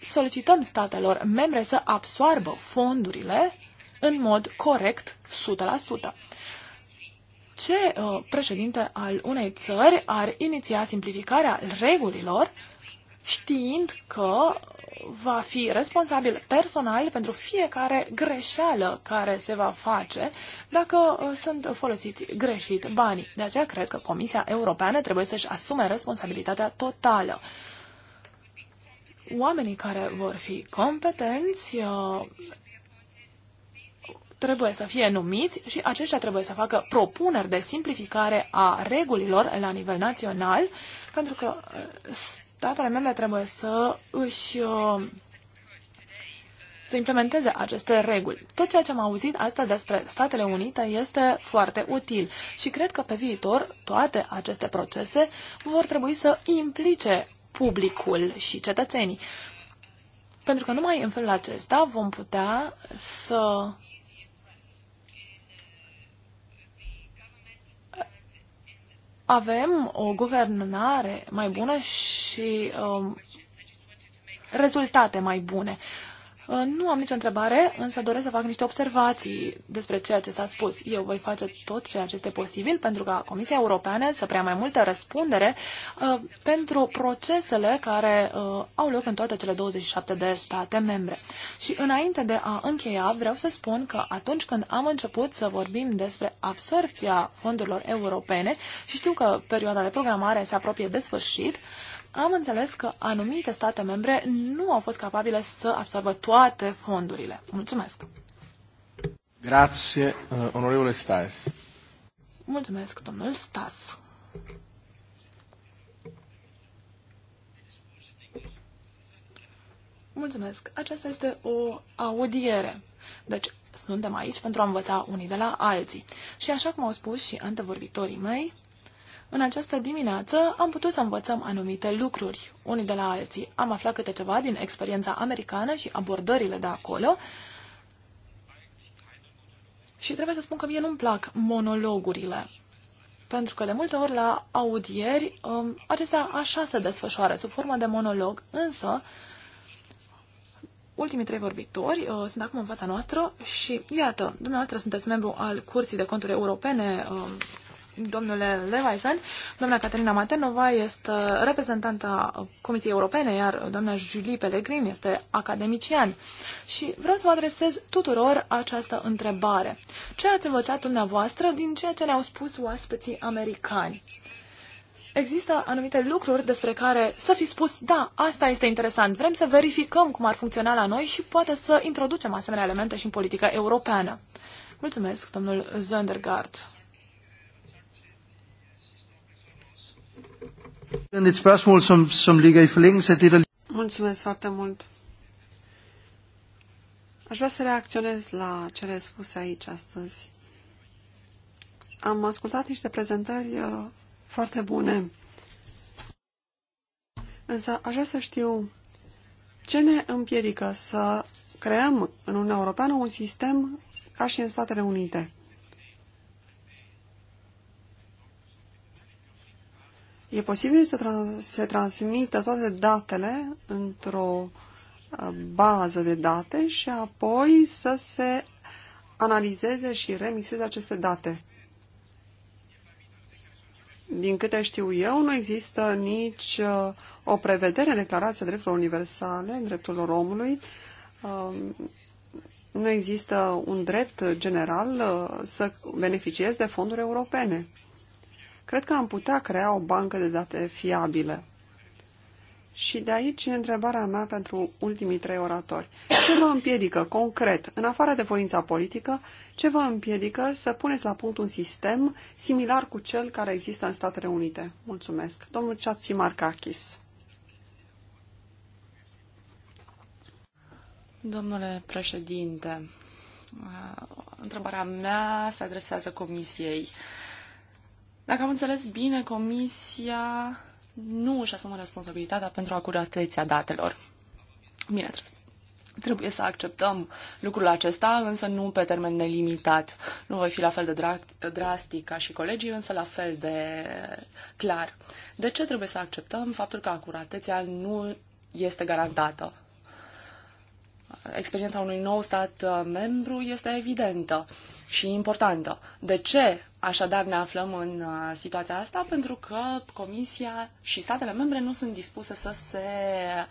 solicităm statelor membre să absoarbă fondurile în mod corect 100%. Ce uh, președinte al unei țări ar iniția simplificarea regulilor știind că va fi responsabil personal pentru fiecare greșeală care se va face dacă uh, sunt folosiți greșit banii. De aceea cred că Comisia Europeană trebuie să-și asume responsabilitatea totală. Oamenii care vor fi competenți uh, trebuie să fie numiți și aceștia trebuie să facă propuneri de simplificare a regulilor la nivel național, pentru că uh, statele membre trebuie să își uh, să implementeze aceste reguli. Tot ceea ce am auzit astăzi despre Statele Unite este foarte util și cred că pe viitor toate aceste procese vor trebui să implice publicul și cetățenii. Pentru că numai în felul acesta vom putea să avem o guvernare mai bună și um, rezultate mai bune. Uh, nu am nicio întrebare, însă doresc să fac niște observații despre ceea ce s-a spus. Eu voi face tot ceea ce este posibil pentru ca Comisia Europeană să preia mai multă răspundere uh, pentru procesele care uh, au loc în toate cele 27 de state membre. Și înainte de a încheia, vreau să spun că atunci când am început să vorbim despre absorpția fondurilor europene și știu că perioada de programare se apropie de sfârșit, am înțeles că anumite state membre nu au fost capabile să absorbă toate fondurile. Mulțumesc! Grazie, eh, onorevole Stas. Mulțumesc, domnul Stas. Mulțumesc. Aceasta este o audiere. Deci, suntem aici pentru a învăța unii de la alții. Și așa cum au spus și antevorbitorii mei, în această dimineață am putut să învățăm anumite lucruri unii de la alții. Am aflat câte ceva din experiența americană și abordările de acolo. Și trebuie să spun că mie nu-mi plac monologurile. Pentru că de multe ori la audieri um, acestea așa se desfășoară, sub formă de monolog, însă ultimii trei vorbitori uh, sunt acum în fața noastră și, iată, dumneavoastră sunteți membru al Curții de Conturi Europene, um, domnule Levaison. Doamna Caterina Matenova este reprezentanta Comisiei Europene, iar doamna Julie Pellegrin este academician. Și vreau să vă adresez tuturor această întrebare. Ce ați învățat dumneavoastră din ceea ce ne-au spus oaspeții americani? Există anumite lucruri despre care să fi spus, da, asta este interesant, vrem să verificăm cum ar funcționa la noi și poate să introducem asemenea elemente și în politica europeană. Mulțumesc, domnul Zöndergaard. Mulțumesc foarte mult. Aș vrea să reacționez la cele spuse aici astăzi. Am ascultat niște prezentări uh, foarte bune. Însă aș vrea să știu ce ne împiedică să creăm în Uniunea Europeană un sistem ca și în Statele Unite. e posibil să tra- se transmită toate datele într-o uh, bază de date și apoi să se analizeze și remixeze aceste date. Din câte știu eu, nu există nici uh, o prevedere în Declarația Drepturilor Universale, în drepturilor omului. Um, nu există un drept general uh, să beneficiezi de fonduri europene. Cred că am putea crea o bancă de date fiabilă. Și de aici întrebarea mea pentru ultimii trei oratori. Ce vă împiedică, concret, în afară de voința politică, ce vă împiedică să puneți la punct un sistem similar cu cel care există în Statele Unite? Mulțumesc. Domnul Chatsi Marcachis. Domnule președinte, întrebarea mea se adresează Comisiei. Uh, dacă am înțeles bine, Comisia nu își asumă responsabilitatea pentru acuratețea datelor. Bine, trebuie să acceptăm lucrul acesta, însă nu pe termen nelimitat. Nu voi fi la fel de drastic ca și colegii, însă la fel de clar. De ce trebuie să acceptăm faptul că acuratețea nu este garantată? experiența unui nou stat uh, membru este evidentă și importantă. De ce așadar ne aflăm în uh, situația asta? Pentru că Comisia și statele membre nu sunt dispuse să se uh,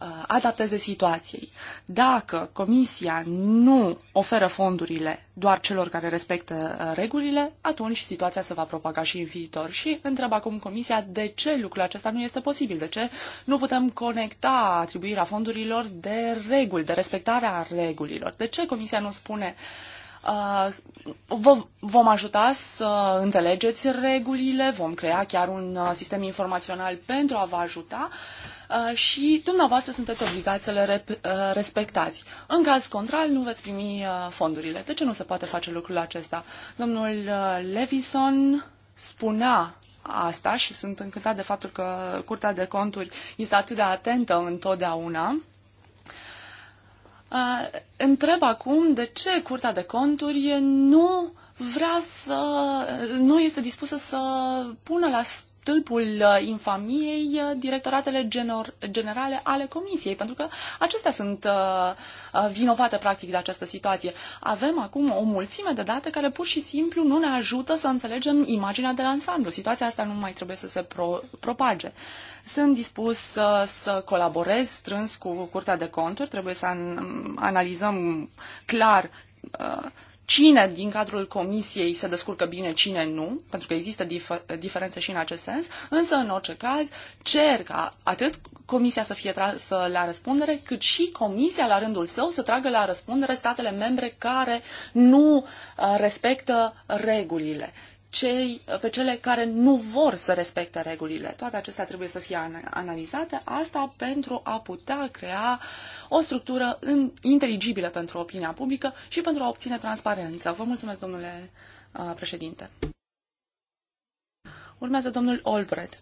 Uh, adapteze situației. Dacă Comisia nu oferă fondurile doar celor care respectă uh, regulile, atunci situația se va propaga și în viitor. Și întreb acum Comisia de ce lucrul acesta nu este posibil, de ce nu putem conecta atribuirea fondurilor de reguli, de respectarea regulilor. De ce Comisia nu spune uh, Vă vom ajuta să înțelegeți regulile, vom crea chiar un sistem informațional pentru a vă ajuta. Uh, Uh, și dumneavoastră sunteți obligați să le uh, respectați. În caz contrar, nu veți primi uh, fondurile. De ce nu se poate face lucrul acesta? Domnul Levison spunea asta și sunt încântat de faptul că Curtea de Conturi este atât de atentă întotdeauna. Întreb acum de ce Curtea de Conturi nu vrea să, nu este dispusă să pună la stâlpul uh, infamiei uh, directoratele generale ale Comisiei, pentru că acestea sunt uh, vinovate practic de această situație. Avem acum o mulțime de date care pur și simplu nu ne ajută să înțelegem imaginea de ansamblu. Situația asta nu mai trebuie să se pro- propage. Sunt dispus să, să colaborez strâns cu Curtea de Conturi, trebuie să an- analizăm clar uh, cine din cadrul comisiei se descurcă bine, cine nu, pentru că există dif- diferențe și în acest sens, însă în orice caz cer ca atât comisia să fie trasă la răspundere, cât și comisia la rândul său să tragă la răspundere statele membre care nu uh, respectă regulile cei, pe cele care nu vor să respecte regulile. Toate acestea trebuie să fie analizate, asta pentru a putea crea o structură inteligibilă pentru opinia publică și pentru a obține transparență. Vă mulțumesc, domnule uh, președinte. Urmează domnul Olbret.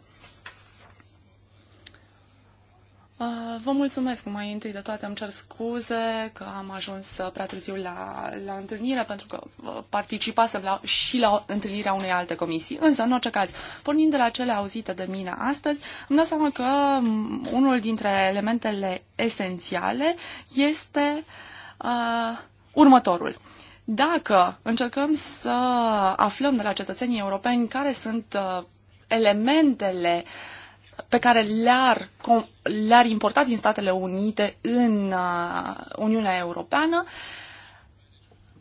Uh, vă mulțumesc mai întâi de toate. Îmi cer scuze că am ajuns uh, prea târziu la, la întâlnire, pentru că uh, participasem la, și la întâlnirea unei alte comisii. Însă, în orice caz, pornind de la cele auzite de mine astăzi, îmi dau seama că mm, unul dintre elementele esențiale este uh, următorul. Dacă încercăm să aflăm de la cetățenii europeni care sunt uh, elementele uh, pe care le-ar, le-ar importa din Statele Unite în uh, Uniunea Europeană,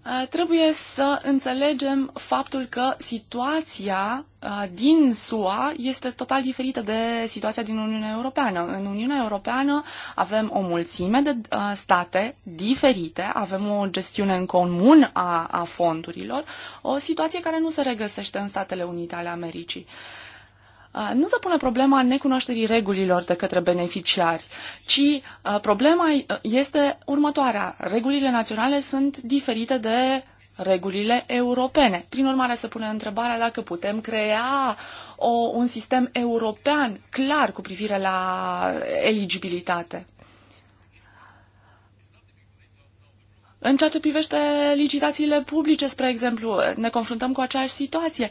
uh, trebuie să înțelegem faptul că situația uh, din SUA este total diferită de situația din Uniunea Europeană. În Uniunea Europeană avem o mulțime de state diferite, avem o gestiune în comun a, a fondurilor, o situație care nu se regăsește în Statele Unite ale Americii. Uh, nu se pune problema necunoașterii regulilor de către beneficiari, ci problema este următoarea. Regulile naționale sunt diferite de regulile europene. Prin urmare, se pune întrebarea dacă putem crea o, un sistem european clar cu privire la eligibilitate. În ceea ce privește licitațiile publice, spre exemplu, ne confruntăm cu aceeași situație.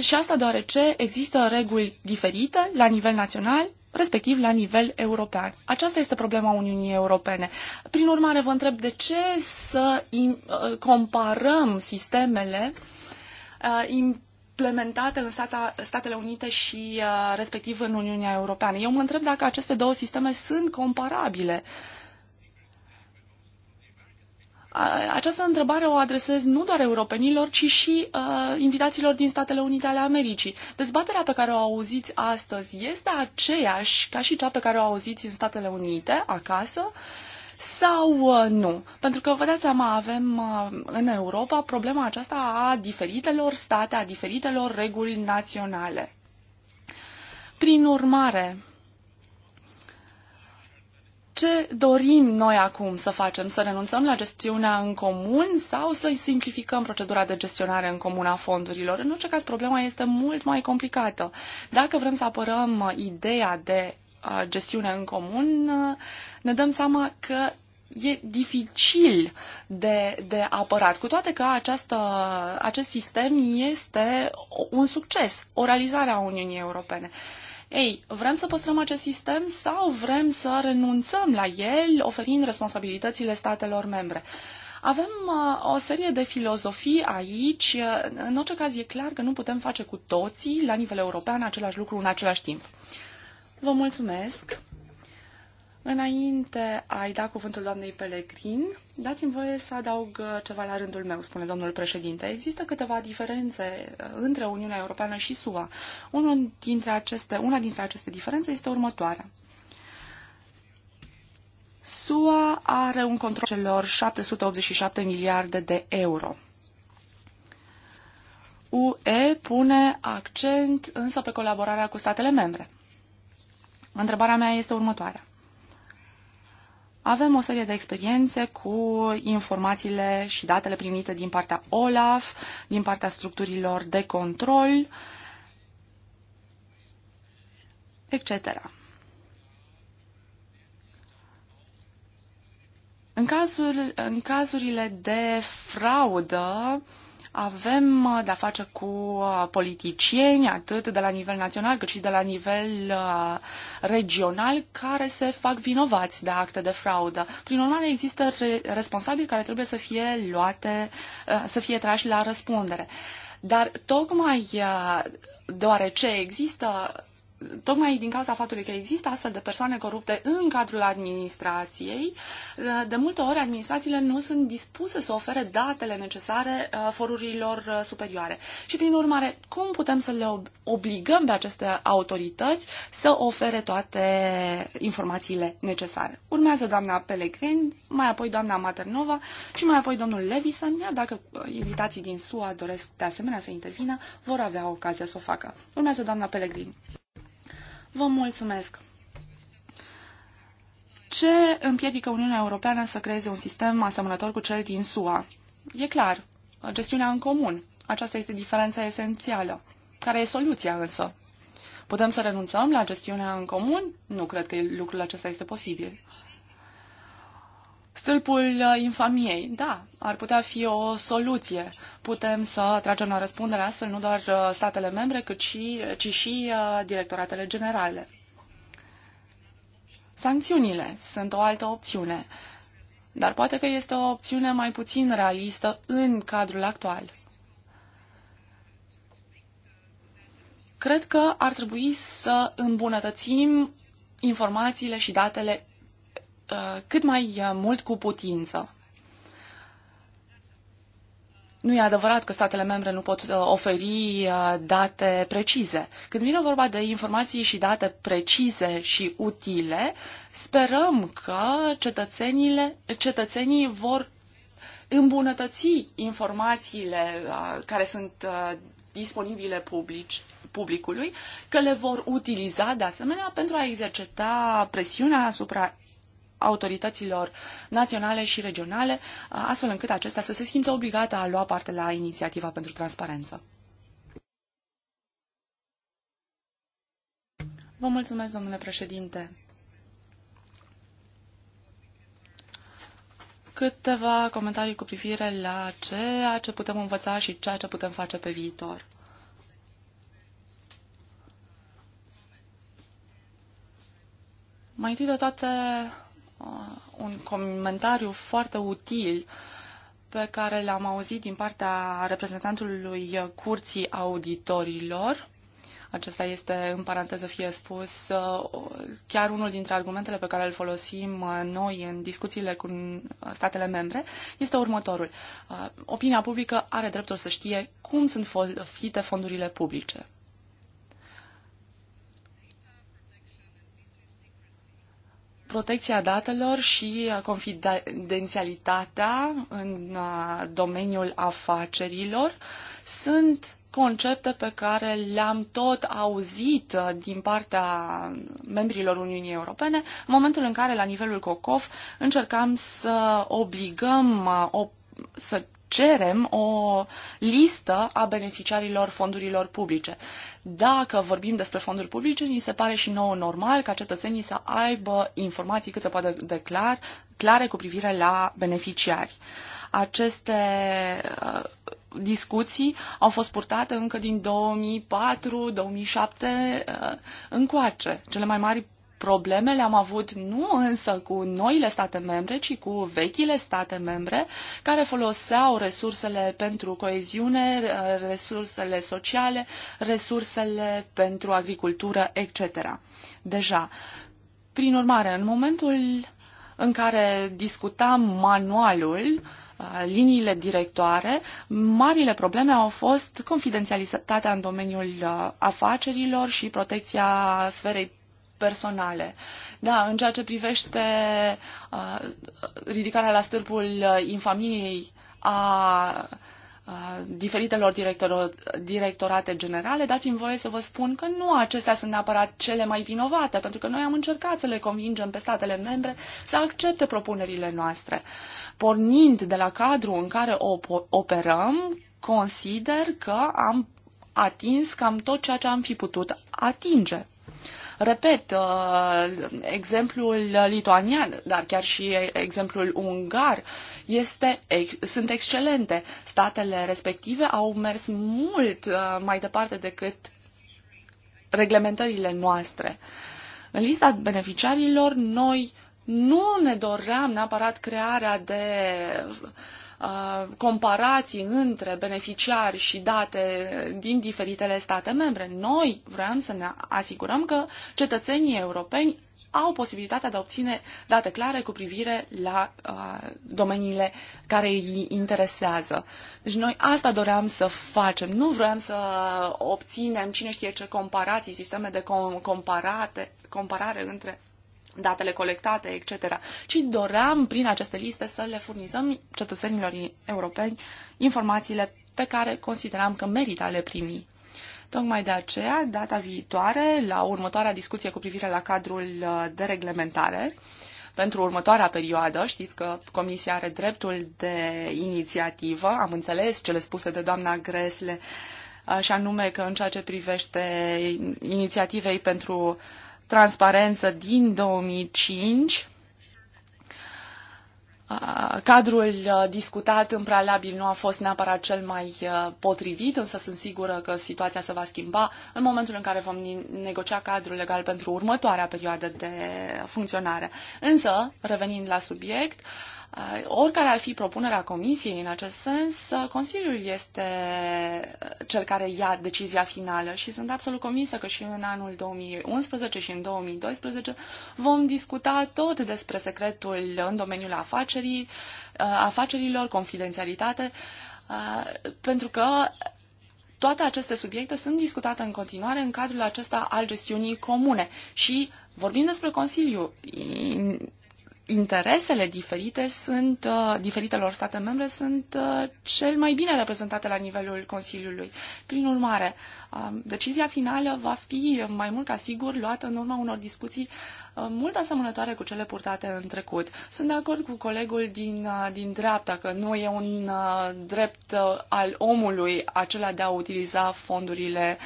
Și asta deoarece există reguli diferite la nivel național, respectiv la nivel european. Aceasta este problema Uniunii Europene. Prin urmare, vă întreb de ce să uh, comparăm sistemele uh, implementate în Stata, Statele Unite și uh, respectiv în Uniunea Europeană. Eu mă întreb dacă aceste două sisteme sunt comparabile. Uh, această întrebare o adresez nu doar europenilor, ci și uh, invitaților din Statele Unite ale Americii. Dezbaterea pe care o auziți astăzi este aceeași ca și cea pe care o auziți în Statele Unite, acasă, sau uh, nu? Pentru că, vă dați seama, avem uh, în Europa problema aceasta a diferitelor state, a diferitelor reguli naționale. Prin urmare, ce dorim noi acum să facem? Să renunțăm la gestiunea în comun sau să simplificăm procedura de gestionare în comun a fondurilor? În orice caz, problema este mult mai complicată. Dacă vrem să apărăm uh, ideea de uh, gestiune în comun, uh, ne dăm seama că e dificil de, de apărat, cu toate că această, acest sistem este un succes, o realizare a Uniunii Europene. Ei, vrem să păstrăm acest sistem sau vrem să renunțăm la el, oferind responsabilitățile statelor membre? Avem uh, o serie de filozofii aici. Uh, în orice caz, e clar că nu putem face cu toții, la nivel european, același lucru în același timp. Vă mulțumesc! Înainte ai da cuvântul doamnei Pelegrin, dați-mi voie să adaug uh, ceva la rândul meu, spune domnul președinte. Există câteva diferențe uh, între Uniunea Europeană și SUA. Unul dintre aceste, una dintre aceste diferențe este următoarea. SUA are un control celor 787 miliarde de euro. UE pune accent însă pe colaborarea cu statele membre. Întrebarea mea este următoarea. Avem o serie de experiențe cu informațiile și datele primite din partea OLAF, din partea structurilor de control, etc. În, cazul, în cazurile de fraudă, uh, avem uh, de-a face cu uh, politicieni, atât de la nivel național, cât și de la nivel uh, regional, care se fac vinovați de acte de fraudă. Prin urmare, există responsabili care trebuie să fie luate, să fie trași la răspundere. Dar tocmai deoarece există tocmai din cauza faptului că există astfel de persoane corupte în cadrul administrației, de multe ori administrațiile nu sunt dispuse să ofere datele necesare uh, forurilor uh, superioare. Și prin urmare, cum putem să le obligăm pe aceste autorități să ofere toate informațiile necesare? Urmează doamna Pelegrin, mai apoi doamna Maternova și mai apoi domnul Levison, iar dacă uh, invitații din SUA doresc de asemenea să intervină, vor avea ocazia să o facă. Urmează doamna Pelegrin. Vă mulțumesc! Ce împiedică Uniunea Europeană să creeze un sistem asemănător cu cel din SUA? E clar, gestiunea în comun. Aceasta este diferența esențială. Care e soluția însă? Putem să renunțăm la gestiunea în comun? Nu cred că lucrul acesta este posibil. Stâlpul uh, infamiei, da, ar putea fi o soluție. Putem să tragem la răspundere astfel nu doar uh, statele membre, cât și, ci și uh, directoratele generale. Sancțiunile sunt o altă opțiune, dar poate că este o opțiune mai puțin realistă în cadrul actual. Cred că ar trebui să îmbunătățim informațiile și datele Uh, cât mai uh, mult cu putință. Nu e adevărat că statele membre nu pot uh, oferi date precise. Când vine vorba de informații și date precise și utile, sperăm că cetățenile, cetățenii vor îmbunătăți informațiile care sunt disponibile publici, publicului, că le vor utiliza de asemenea pentru a exercita presiunea asupra autorităților naționale și regionale, astfel încât acestea să se simtă obligate a lua parte la inițiativa pentru transparență. Vă mulțumesc, domnule președinte. Câteva comentarii cu privire la ceea ce putem învăța și ceea ce putem face pe viitor. Mai întâi de toate, Uh, un comentariu foarte util pe care l-am auzit din partea reprezentantului Curții Auditorilor. Acesta este, în paranteză fie spus, uh, chiar unul dintre argumentele pe care îl folosim uh, noi în discuțiile cu statele membre, este următorul. Opinia publică are dreptul să știe cum sunt folosite fondurile publice. protecția datelor și uh, confidențialitatea în uh, domeniul afacerilor sunt concepte pe care le-am tot auzit uh, din partea membrilor Uniunii Europene în momentul în care, la nivelul COCOF, încercam să obligăm o să cerem o listă a beneficiarilor fondurilor publice. Dacă vorbim despre fonduri publice, ni se pare și nouă normal ca cetățenii să aibă informații cât se poate de clar, clare cu privire la beneficiari. Aceste uh, discuții au fost purtate încă din 2004-2007 uh, încoace. Cele mai mari Probleme le-am avut nu însă cu noile state membre, ci cu vechile state membre care foloseau resursele pentru coeziune, resursele sociale, resursele pentru agricultură, etc. Deja. Prin urmare, în momentul în care discutam manualul, uh, liniile directoare, marile probleme au fost confidențialitatea în domeniul uh, afacerilor și protecția sferei personale. Da, în ceea ce privește uh, ridicarea la stâlpul infamiei a diferitelor director directorate generale, dați-mi voie să vă spun că nu acestea sunt neapărat cele mai vinovate, pentru că noi am încercat să le convingem pe statele membre să accepte propunerile noastre. Pornind de la cadrul în care operăm, consider că am atins cam tot ceea ce am fi putut atinge. Repet, uh, exemplul lituanian, dar chiar și exemplul ungar este, sunt excelente. Statele respective au mers mult uh, mai departe decât reglementările noastre. În lista beneficiarilor, noi nu ne doream neapărat crearea de uh, Uh, comparații între beneficiari și date din diferitele state membre. Noi vrem să ne asigurăm că cetățenii europeni au posibilitatea de a obține date clare cu privire la uh, domeniile care îi interesează. Deci noi asta doream să facem. Nu vrem să obținem cine știe ce comparații, sisteme de com- comparate, comparare între datele colectate, etc., ci doream prin aceste liste să le furnizăm cetățenilor europeni informațiile pe care consideram că merită a le primi. Tocmai de aceea, data viitoare, la următoarea discuție cu privire la cadrul uh, de reglementare, pentru următoarea perioadă. Știți că Comisia are dreptul de inițiativă. Am înțeles cele spuse de doamna Gresle uh, și anume că în ceea ce privește inițiativei pentru transparență din 2005. Cadrul discutat în prealabil nu a fost neapărat cel mai potrivit, însă sunt sigură că situația se va schimba în momentul în care vom negocia cadrul legal pentru următoarea perioadă de funcționare. Însă, revenind la subiect, uh, Uh, oricare ar fi propunerea Comisiei în acest sens, uh, Consiliul este uh, cel care ia decizia finală și sunt absolut convinsă că și în anul 2011 și în 2012 vom discuta tot despre secretul în domeniul afacerii, afacerilor, confidențialitate, pentru că toate aceste subiecte sunt discutate în continuare în cadrul acesta al gestiunii comune și Vorbim despre Consiliu interesele diferite sunt, uh, diferitelor state membre sunt uh, cel mai bine reprezentate la nivelul Consiliului. Prin urmare, um, decizia finală va fi mai mult ca sigur luată în urma unor discuții uh, mult asemănătoare cu cele purtate în trecut. Sunt de acord cu colegul din, din dreapta că nu e un drept al omului acela de a utiliza fondurile uh,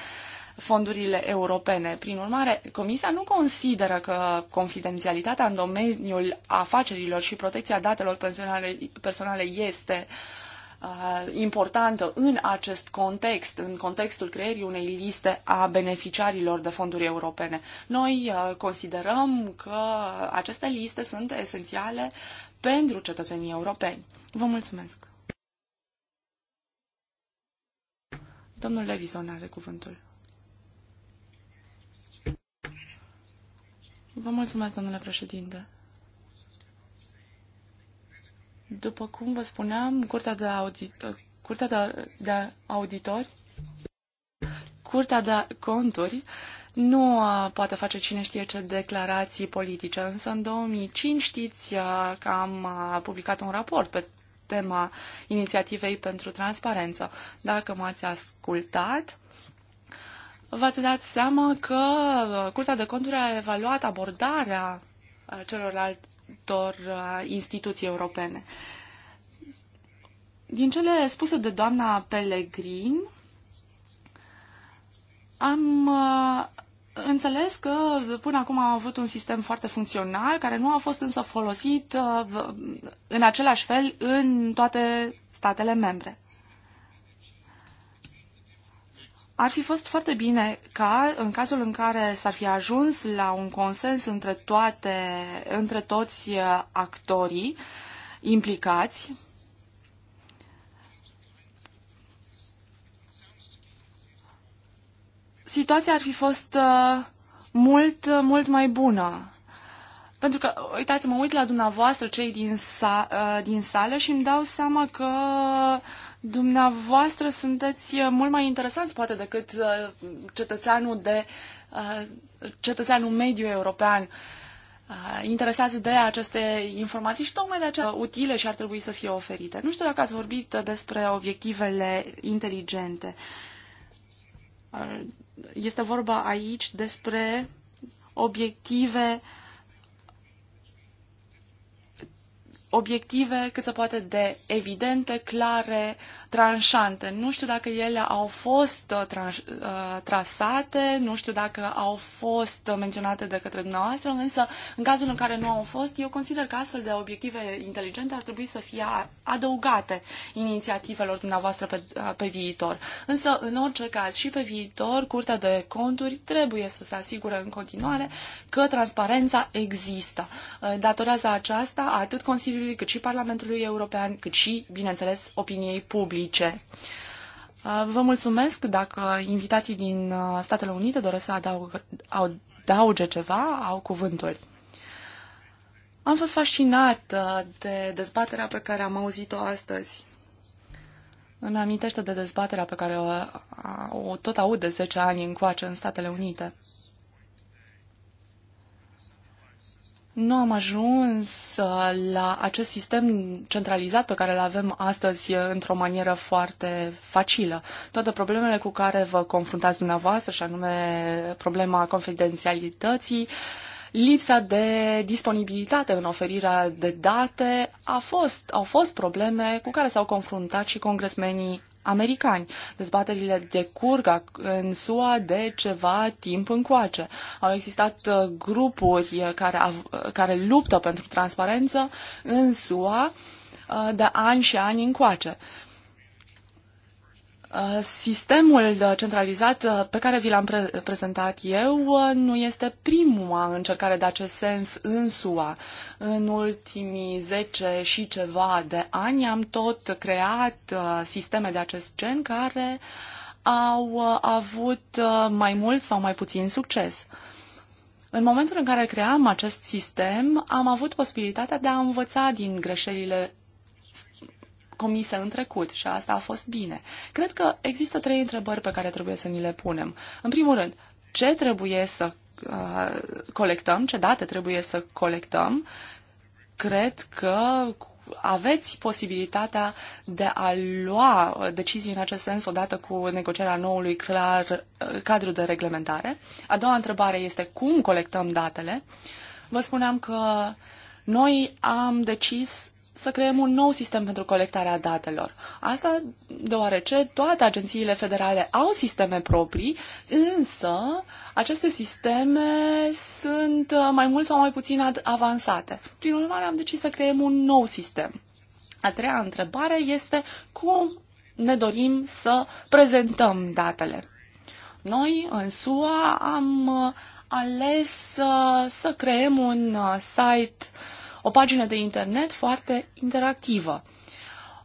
fondurile europene. Prin urmare, Comisia nu consideră că confidențialitatea în domeniul afacerilor și protecția datelor personale, personale este uh, importantă în acest context, în contextul creierii unei liste a beneficiarilor de fonduri europene. Noi uh, considerăm că aceste liste sunt esențiale pentru cetățenii europeni. Vă mulțumesc! Domnul Levison are cuvântul. Vă mulțumesc, domnule președinte. După cum vă spuneam, Curtea de, audi curtea de, de Auditori, Curtea de Conturi, nu poate face cine știe ce declarații politice, însă în 2005 știți uh, că am uh, publicat un raport pe tema inițiativei pentru transparență. Dacă m-ați ascultat, v-ați dat seama că uh, Curtea de Conturi a evaluat abordarea uh, celorlaltor uh, instituții europene. Din cele spuse de doamna Pellegrin, am înțeles că până acum am avut un sistem foarte funcțional, care nu a fost însă folosit în același fel în toate statele membre. Ar fi fost foarte bine ca, în cazul în care s-ar fi ajuns la un consens între, toate, între toți uh, actorii implicați, situația ar fi fost uh, mult, uh, mult mai bună. Pentru că, uitați, mă uit la dumneavoastră, cei din, sa, din sală, și îmi dau seama că uh, Dumneavoastră sunteți uh, mult mai interesanți, poate, decât uh, cetățeanul, de, uh, cetățeanul mediu european interesați de aceste informații și tocmai de aceea utile și ar trebui să fie oferite. Nu știu dacă ați vorbit despre obiectivele inteligente. Este vorba aici despre obiective uh, obiective cât se poate de evidente, clare, tranșante. Nu știu dacă ele au fost uh, uh, trasate, nu știu dacă au fost menționate de către dumneavoastră, însă în cazul în care nu au fost, eu consider că astfel de obiective inteligente ar trebui să fie adăugate inițiativelor dumneavoastră pe, uh, pe viitor. Însă, în orice caz, și pe viitor, Curtea de Conturi trebuie să se asigure în continuare că transparența există. Datorează aceasta atât Consiliului cât și Parlamentului European, cât și, bineînțeles, opiniei publice publice. Uh, vă mulțumesc. Dacă invitații din uh, Statele Unite doresc să adauge ceva, au cuvântul. Am fost fascinată uh, de dezbaterea pe care am auzit-o astăzi. Îmi amintește de dezbaterea pe care o, o tot aud de 10 ani încoace în Statele Unite. nu am ajuns uh, la acest sistem centralizat pe care îl avem astăzi uh, într-o manieră foarte facilă. Toate problemele cu care vă confruntați dumneavoastră, și anume problema confidențialității, uh, lipsa de disponibilitate în oferirea de date a fost, au fost probleme cu care s-au confruntat și congresmenii americani. Dezbaterile decurg în SUA de ceva timp încoace. Au existat uh, grupuri care, care luptă pentru transparență în SUA uh, de ani și ani încoace. Uh, sistemul uh, centralizat uh, pe care vi l-am pre- prezentat eu nu este prima încercare de acest sens în SUA. În ultimii 10 și ceva de ani am tot creat sisteme de acest gen care au avut mai mult sau mai puțin succes. În momentul în care cream acest sistem, am avut posibilitatea de a învăța din greșelile comise în trecut și asta a fost bine. Cred că există trei întrebări pe care trebuie să ni le punem. În primul rând, ce trebuie să uh, colectăm, ce date trebuie să colectăm? Cred că aveți posibilitatea de a lua decizii în acest sens odată cu negocierea noului clar, uh, cadru de reglementare. A doua întrebare este cum colectăm datele. Vă spuneam că noi am decis să creăm un nou sistem pentru colectarea datelor. Asta deoarece toate agențiile federale au sisteme proprii, însă aceste sisteme sunt uh, mai mult sau mai puțin avansate. Prin urmare, am decis să creăm un nou sistem. A treia întrebare este cum ne dorim să prezentăm datele. Noi, în SUA, am uh, ales uh, să creăm un site o pagină de internet foarte interactivă.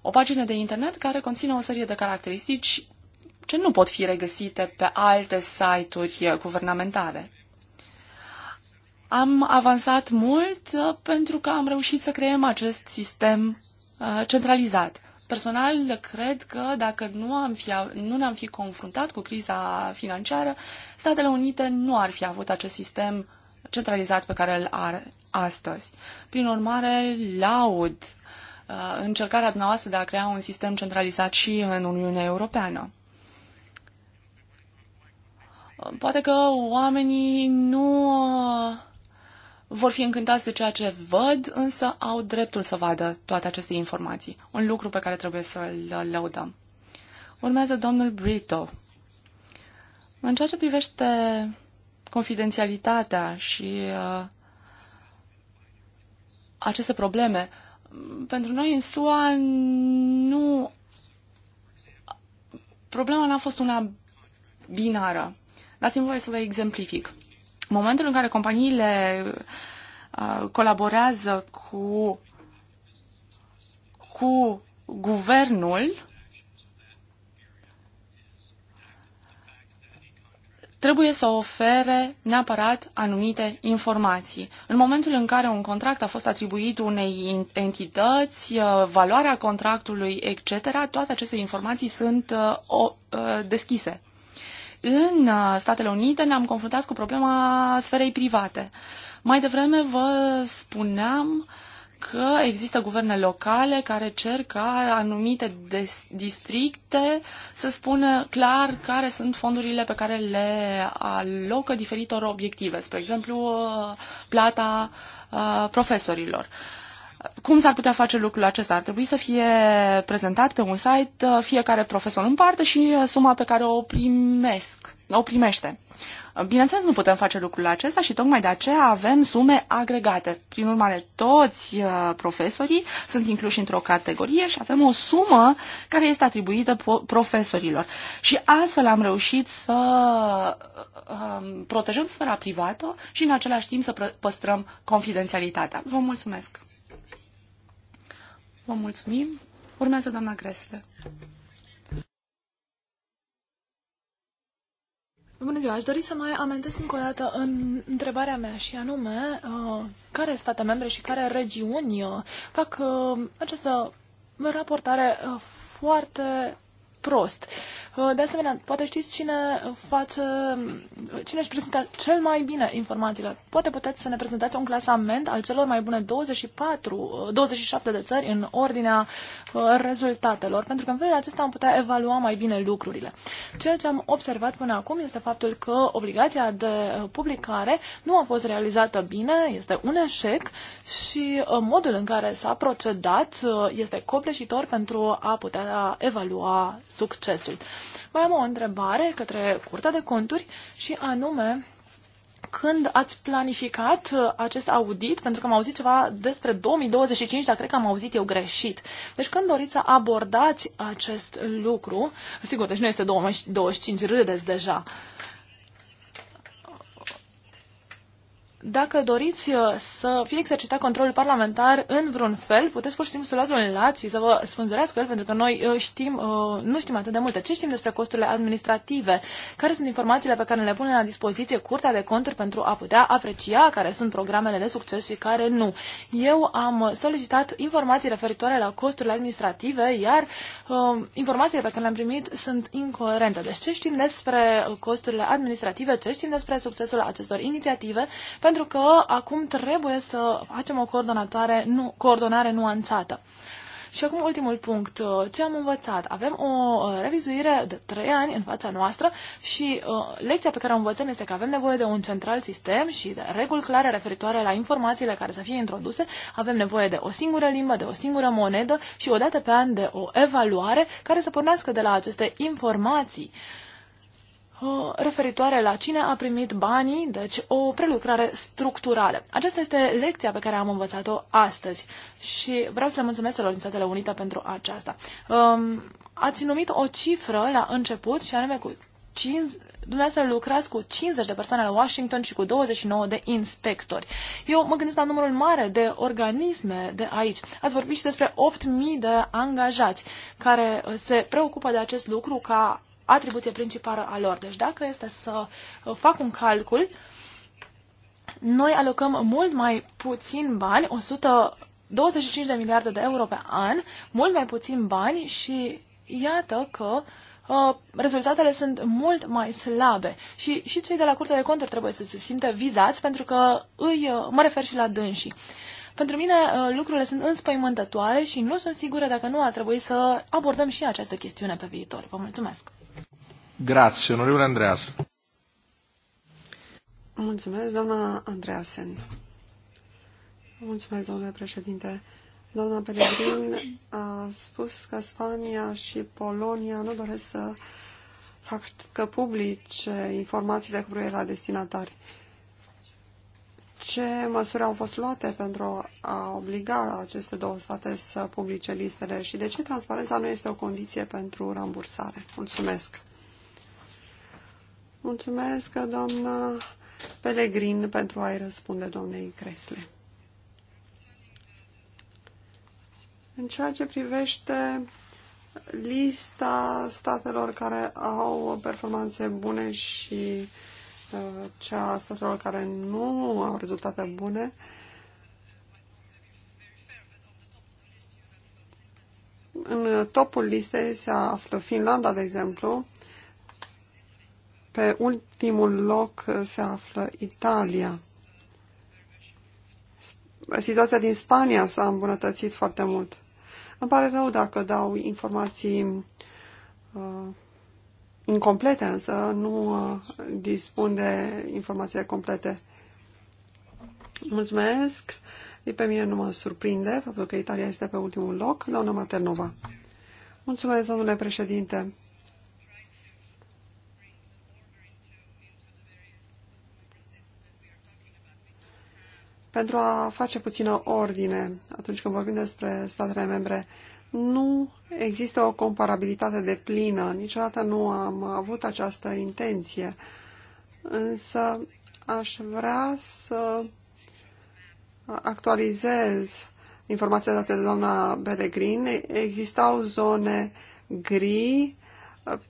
O pagină de internet care conține o serie de caracteristici ce nu pot fi regăsite pe alte site-uri guvernamentale. Am avansat mult uh, pentru că am reușit să creăm acest sistem uh, centralizat. Personal, cred că dacă nu, am fi, nu ne-am fi confruntat cu criza financiară, Statele Unite nu ar fi avut acest sistem centralizat pe care îl are astăzi. Prin urmare, laud uh, încercarea dumneavoastră de a crea un sistem centralizat și în Uniunea Europeană. Uh, poate că oamenii nu uh, vor fi încântați de ceea ce văd, însă au dreptul să vadă toate aceste informații. Un lucru pe care trebuie să-l lăudăm. Urmează domnul Brito. În ceea ce privește confidențialitatea și uh, aceste probleme. Pentru noi în SUA nu... Problema n-a fost una binară. Dați-mi voie să vă exemplific. Momentul în care companiile uh, colaborează cu, cu guvernul, trebuie să ofere neapărat anumite informații. În momentul în care un contract a fost atribuit unei entități, uh, valoarea contractului, etc., toate aceste informații sunt uh, uh, deschise. În Statele Unite ne-am confruntat cu problema sferei private. Mai devreme vă spuneam uh, că există guverne locale care cer ca anumite districte să spună clar care sunt fondurile pe care le alocă diferitor obiective, spre exemplu uh, plata uh, profesorilor. Cum s-ar putea face lucrul acesta? Ar trebui să fie prezentat pe un site uh, fiecare profesor în parte și suma pe care o primesc, o primește. Bineînțeles, nu putem face lucrul acesta și tocmai de aceea avem sume agregate. Prin urmare, toți uh, profesorii sunt incluși într-o categorie și avem o sumă care este atribuită profesorilor. Și astfel am reușit să um, protejăm sfera privată și în același timp să păstrăm confidențialitatea. Vă mulțumesc! Vă mulțumim! Urmează doamna Gresle. Bună ziua! Aș dori să mai amendez încă o dată în întrebarea mea și anume uh, care state membre și care regiuni uh, fac uh, această raportare foarte prost. Uh, de asemenea, poate știți cine face, cine își prezintă cel mai bine informațiile. Poate puteți să ne prezentați un clasament al celor mai bune 24, 27 uh, de țări în ordinea uh, rezultatelor, pentru că în felul acesta am putea evalua mai bine lucrurile. Ceea ce am observat până acum este faptul că obligația de publicare nu a fost realizată bine, este un eșec și modul în care s-a procedat este copleșitor pentru a putea evalua succesul. Mai am o întrebare către Curtea de Conturi și anume când ați planificat uh, acest audit, pentru că am auzit ceva despre 2025, dar cred că am auzit eu greșit. Deci când doriți să abordați acest lucru, sigur, deci nu este 2025, râdeți deja, uh, dacă doriți uh, să fie exercitat controlul parlamentar în vreun fel, puteți pur și simplu să luați un lat și să vă spânzurați cu el, pentru că noi uh, știm, uh, nu știm atât de multe. Ce știm despre costurile administrative? Care sunt informațiile pe care le pune la dispoziție Curtea de Conturi pentru a putea aprecia care sunt programele de succes și care nu? Eu am solicitat informații referitoare la costurile administrative, iar informațiile pe care le-am primit sunt incoerente. Deci ce știm despre costurile administrative, ce știm despre succesul acestor inițiative, pentru pentru că acum trebuie să facem o coordonare, nu, coordonare nuanțată. Și acum ultimul punct, uh, ce am învățat? Avem o uh, revizuire de 3 ani în fața noastră și uh, lecția pe care o învățăm este că avem nevoie de un central sistem și de reguli clare referitoare la informațiile care să fie introduse, avem nevoie de o singură limbă, de o singură monedă și odată pe an de o evaluare care să pornească de la aceste informații. Uh, Uh, referitoare la cine a primit banii, deci o prelucrare structurală. Aceasta este lecția pe care am învățat-o astăzi și vreau să le mulțumesc celor din Statele Unite pentru aceasta. Um, ați numit o cifră la început și anume cu 5, dumneavoastră lucrați cu 50 de persoane la Washington și cu 29 de inspectori. Eu mă gândesc la numărul mare de organisme de aici. Ați vorbit și despre 8.000 de angajați care se preocupă de acest lucru ca atribuție principală a lor. Deci dacă este să uh, fac un calcul, noi alocăm mult mai puțin bani, 125 de miliarde de euro pe an, mult mai puțin bani și iată că uh, rezultatele sunt mult mai slabe. Și, și cei de la Curtea de Conturi trebuie să se simtă vizați pentru că îi, uh, mă refer și la dânsii. Pentru mine uh, lucrurile sunt înspăimântătoare și nu sunt sigură dacă nu ar trebui să abordăm și această chestiune pe viitor. Vă mulțumesc! Grazie, onorevole Andreas. Mulțumesc, doamna Andreasen. Mulțumesc, domnule președinte. Doamna Pelegrin a spus că Spania și Polonia nu doresc să facă publice informațiile cu privire la destinatari. Ce măsuri au fost luate pentru a obliga aceste două state să publice listele și de ce transparența nu este o condiție pentru rambursare? Mulțumesc! Mulțumesc, doamna Pelegrin, pentru a-i răspunde doamnei Cresle. În ceea ce privește lista statelor care au performanțe bune și uh, cea a statelor care nu au rezultate bune, în topul listei se află Finlanda, de exemplu, pe ultimul loc uh, se află Italia. Situația din Spania s-a îmbunătățit foarte mult. Îmi pare rău dacă dau informații uh, incomplete, însă nu uh, dispun de informații complete. Mulțumesc. De pe mine nu mă surprinde faptul că Italia este pe ultimul loc, doamna Maternova. Mulțumesc, domnule președinte. pentru a face puțină ordine atunci când vorbim despre statele membre. Nu există o comparabilitate de plină, niciodată nu am avut această intenție, însă aș vrea să actualizez informația date de doamna Belegrin. Existau zone gri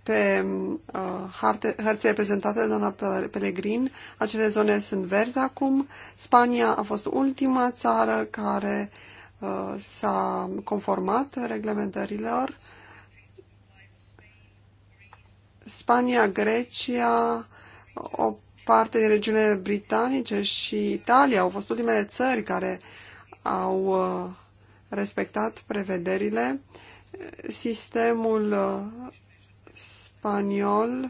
pe uh, harte, hărțile prezentate de doamna Pelegrin. Acele zone sunt verzi acum. Spania a fost ultima țară care uh, s-a conformat reglementărilor. Spania, Grecia, o parte din regiunile britanice și Italia au fost ultimele țări care au uh, respectat prevederile. Sistemul uh, spaniol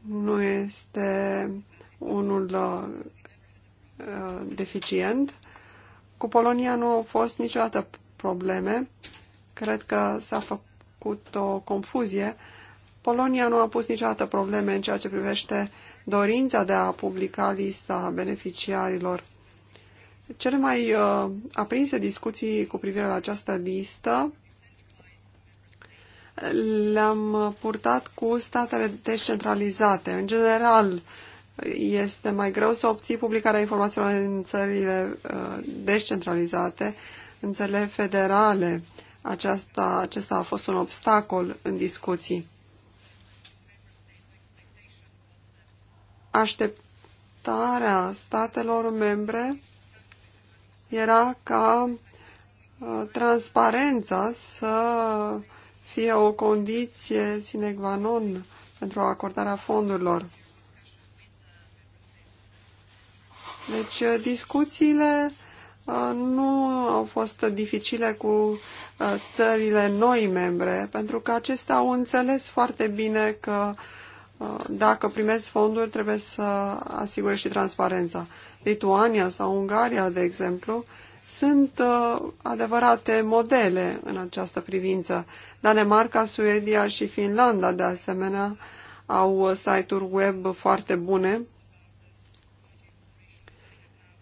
nu este unul uh, deficient. Cu Polonia nu au fost niciodată probleme. Cred că s-a făcut o confuzie. Polonia nu a pus niciodată probleme în ceea ce privește dorința de a publica lista beneficiarilor. Cele mai uh, aprinse discuții cu privire la această listă le-am purtat cu statele descentralizate. În general, este mai greu să obții publicarea informațiilor în țările uh, descentralizate, în țările federale. Aceasta, acesta a fost un obstacol în discuții. Așteptarea statelor membre era ca uh, transparența să fie o condiție sine qua non pentru acordarea fondurilor. Deci eh, discuțiile eh, nu au fost dificile cu eh, țările noi membre, pentru că acestea au înțeles foarte bine că dacă primesc fonduri trebuie să asigure și transparența. Lituania sau Ungaria, de exemplu, sunt uh, adevărate modele în această privință. Danemarca, Suedia și Finlanda, de asemenea, au site-uri web foarte bune.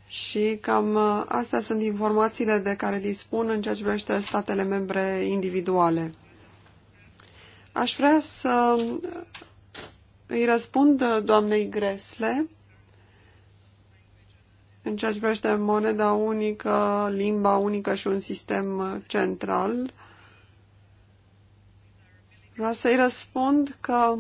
Și cam uh, astea sunt informațiile de care dispun în ceea ce privește statele membre individuale. Aș vrea să îi răspund doamnei Gresle în ceea ce privește moneda unică, limba unică și un sistem central, vreau să-i răspund că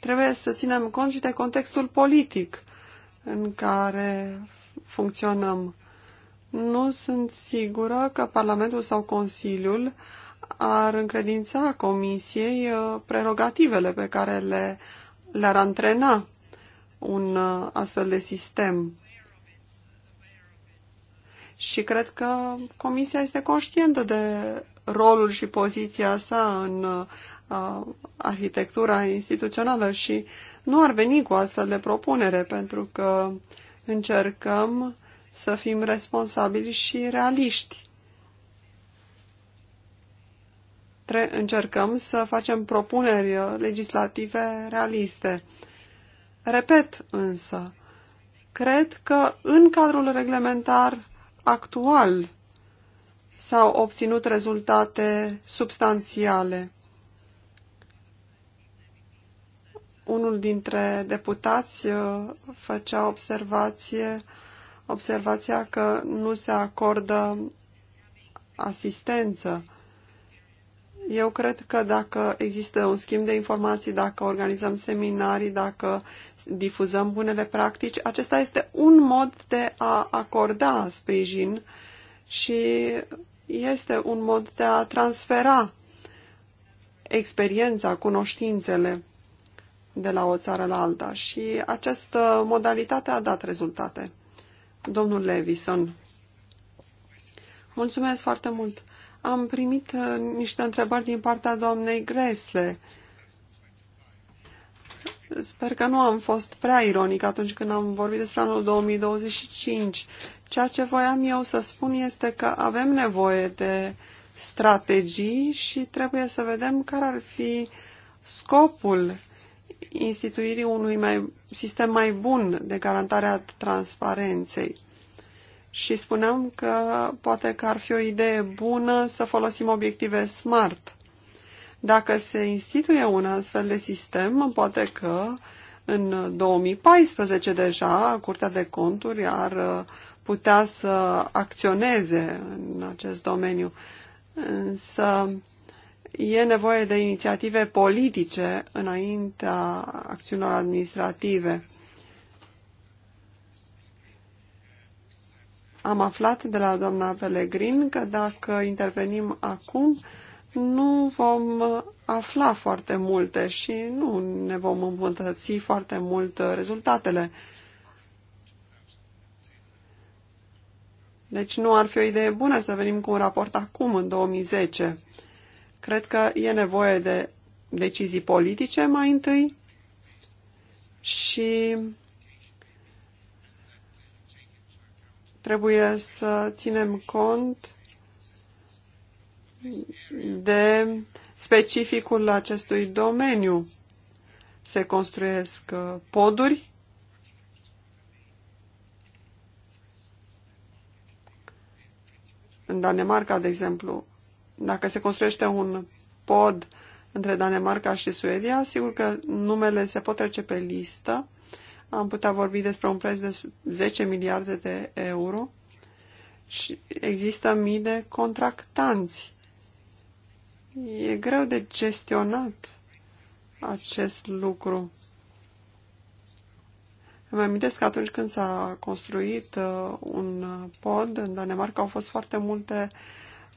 trebuie să ținem cont și de contextul politic în care funcționăm. Nu sunt sigură că Parlamentul sau Consiliul ar încredința Comisiei uh, prerogativele pe care le, le-ar antrena un uh, astfel de sistem. Și cred că Comisia este conștientă de rolul și poziția sa în uh, arhitectura instituțională și nu ar veni cu astfel de propunere, pentru că încercăm să fim responsabili și realiști. încercăm să facem propuneri legislative realiste. Repet însă, cred că în cadrul reglementar actual s-au obținut rezultate substanțiale. Unul dintre deputați uh, făcea observație, observația că nu se acordă asistență. Eu cred că dacă există un schimb de informații, dacă organizăm seminarii, dacă difuzăm bunele practici, acesta este un mod de a acorda sprijin și este un mod de a transfera experiența, cunoștințele de la o țară la alta și această modalitate a dat rezultate. Domnul Levison. Mulțumesc foarte mult am primit uh, niște întrebări din partea doamnei Gresle. Sper că nu am fost prea ironic atunci când am vorbit despre anul 2025. Ceea ce voiam eu să spun este că avem nevoie de strategii și trebuie să vedem care ar fi scopul instituirii unui mai, sistem mai bun de garantare a transparenței și spuneam că poate că ar fi o idee bună să folosim obiective SMART. Dacă se instituie un astfel de sistem, poate că în 2014 deja Curtea de Conturi ar putea să acționeze în acest domeniu. Însă e nevoie de inițiative politice înaintea acțiunilor administrative. Am aflat de la doamna Pelegrin că dacă intervenim acum, nu vom afla foarte multe și nu ne vom îmbunătăți foarte mult rezultatele. Deci nu ar fi o idee bună să venim cu un raport acum, în 2010. Cred că e nevoie de decizii politice mai întâi și Trebuie să ținem cont de specificul acestui domeniu. Se construiesc uh, poduri în Danemarca, de exemplu, dacă se construiește un pod între Danemarca și Suedia, sigur că numele se pot trece pe listă am putea vorbi despre un preț de 10 miliarde de euro și există mii de contractanți. E greu de gestionat acest lucru. Îmi amintesc că atunci când s-a construit uh, un pod în Danemarca au fost foarte multe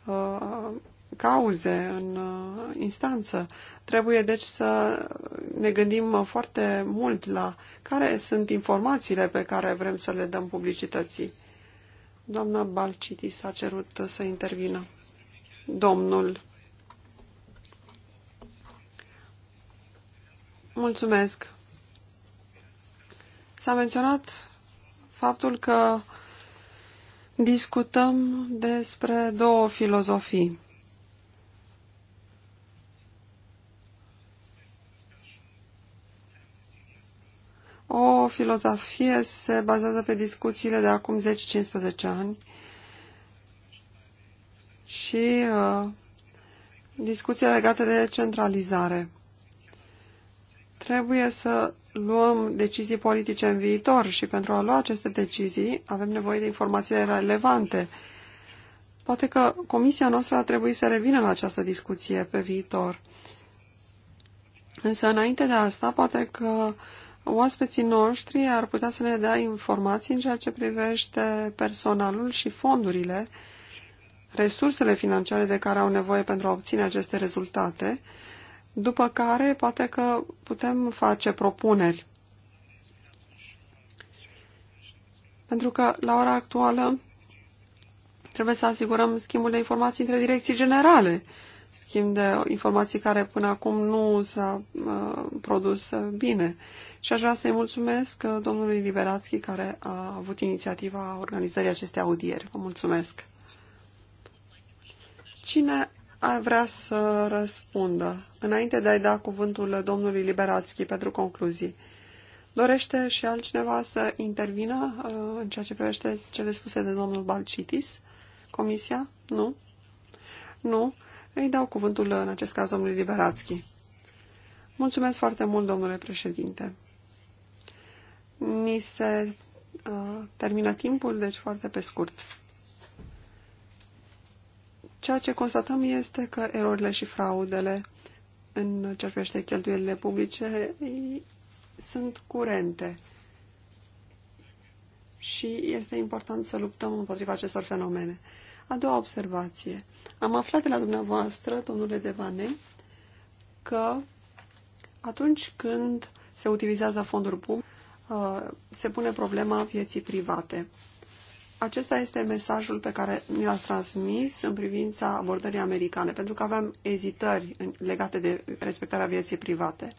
uh, cauze în uh, instanță. Trebuie deci să ne gândim foarte mult la care sunt informațiile pe care vrem să le dăm publicității. Doamna Balciti s-a cerut să intervină. Domnul. Mulțumesc. S-a menționat faptul că discutăm despre două filozofii. O filozofie se bazează pe discuțiile de acum 10-15 ani și uh, discuția discuții legate de centralizare. Trebuie să luăm decizii politice în viitor și pentru a lua aceste decizii avem nevoie de informații relevante. Poate că comisia noastră ar trebui să revină la această discuție pe viitor. Însă, înainte de asta, poate că oaspeții noștri ar putea să ne dea informații în ceea ce privește personalul și fondurile, resursele financiare de care au nevoie pentru a obține aceste rezultate, după care poate că putem face propuneri. Pentru că, la ora actuală, trebuie să asigurăm schimbul de informații între direcții generale schimb de informații care până acum nu s-a uh, produs bine. Și aș vrea să-i mulțumesc uh, domnului Liberațchi care a avut inițiativa organizării acestei audieri. Vă mulțumesc. Cine ar vrea să răspundă înainte de a-i da cuvântul domnului Liberațchi pentru concluzii? Dorește și altcineva să intervină uh, în ceea ce privește cele spuse de domnul Balcitis? Comisia? Nu? Nu. Îi dau cuvântul în acest caz domnului Liberațchi. Mulțumesc foarte mult, domnule președinte. Ni se uh, termină timpul, deci foarte pe scurt. Ceea ce constatăm este că erorile și fraudele în ce privește cheltuielile publice sunt curente și este important să luptăm împotriva acestor fenomene. A doua observație. Am aflat de la dumneavoastră, domnule Devane, că atunci când se utilizează fonduri publice, uh, se pune problema vieții private. Acesta este mesajul pe care mi l-ați transmis în privința abordării americane, pentru că aveam ezitări legate de respectarea vieții private.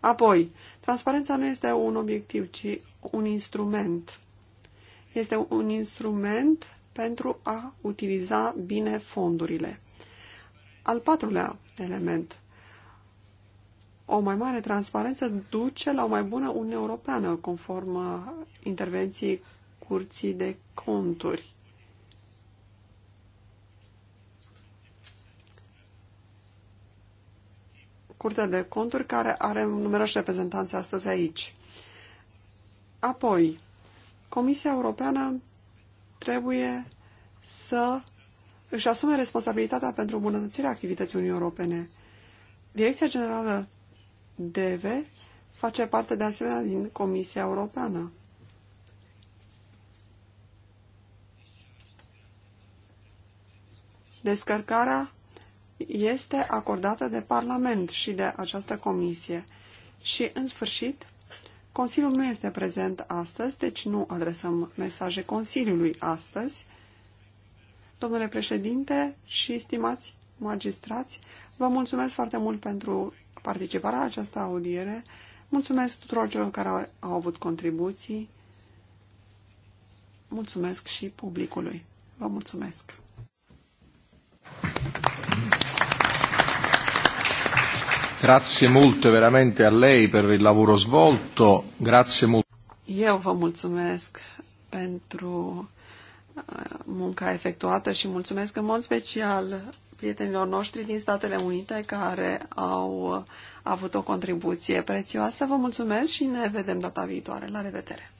Apoi, transparența nu este un obiectiv, ci un instrument. Este un instrument pentru a utiliza bine fondurile. Al patrulea element. O mai mare transparență duce la o mai bună Uniune Europeană, conform intervenției Curții de Conturi. Curtea de Conturi, care are numeroși reprezentanți astăzi aici. Apoi, Comisia Europeană trebuie să își asume responsabilitatea pentru îmbunătățirea activității Uniunii Europene. Direcția Generală DV face parte de asemenea din Comisia Europeană. Descărcarea este acordată de Parlament și de această comisie. Și, în sfârșit, Consiliul nu este prezent astăzi, deci nu adresăm mesaje Consiliului astăzi. Domnule președinte și stimați magistrați, vă mulțumesc foarte mult pentru participarea la această audiere. Mulțumesc tuturor celor care au, au avut contribuții. Mulțumesc și publicului. Vă mulțumesc! Grazie molto veramente a lei per il lavoro svolto. Grazie molto. Eu vă mulțumesc pentru uh, munca efectuată și mulțumesc în mod special prietenilor noștri din Statele Unite care au uh, avut o contribuție prețioasă. Vă mulțumesc și ne vedem data viitoare. La revedere!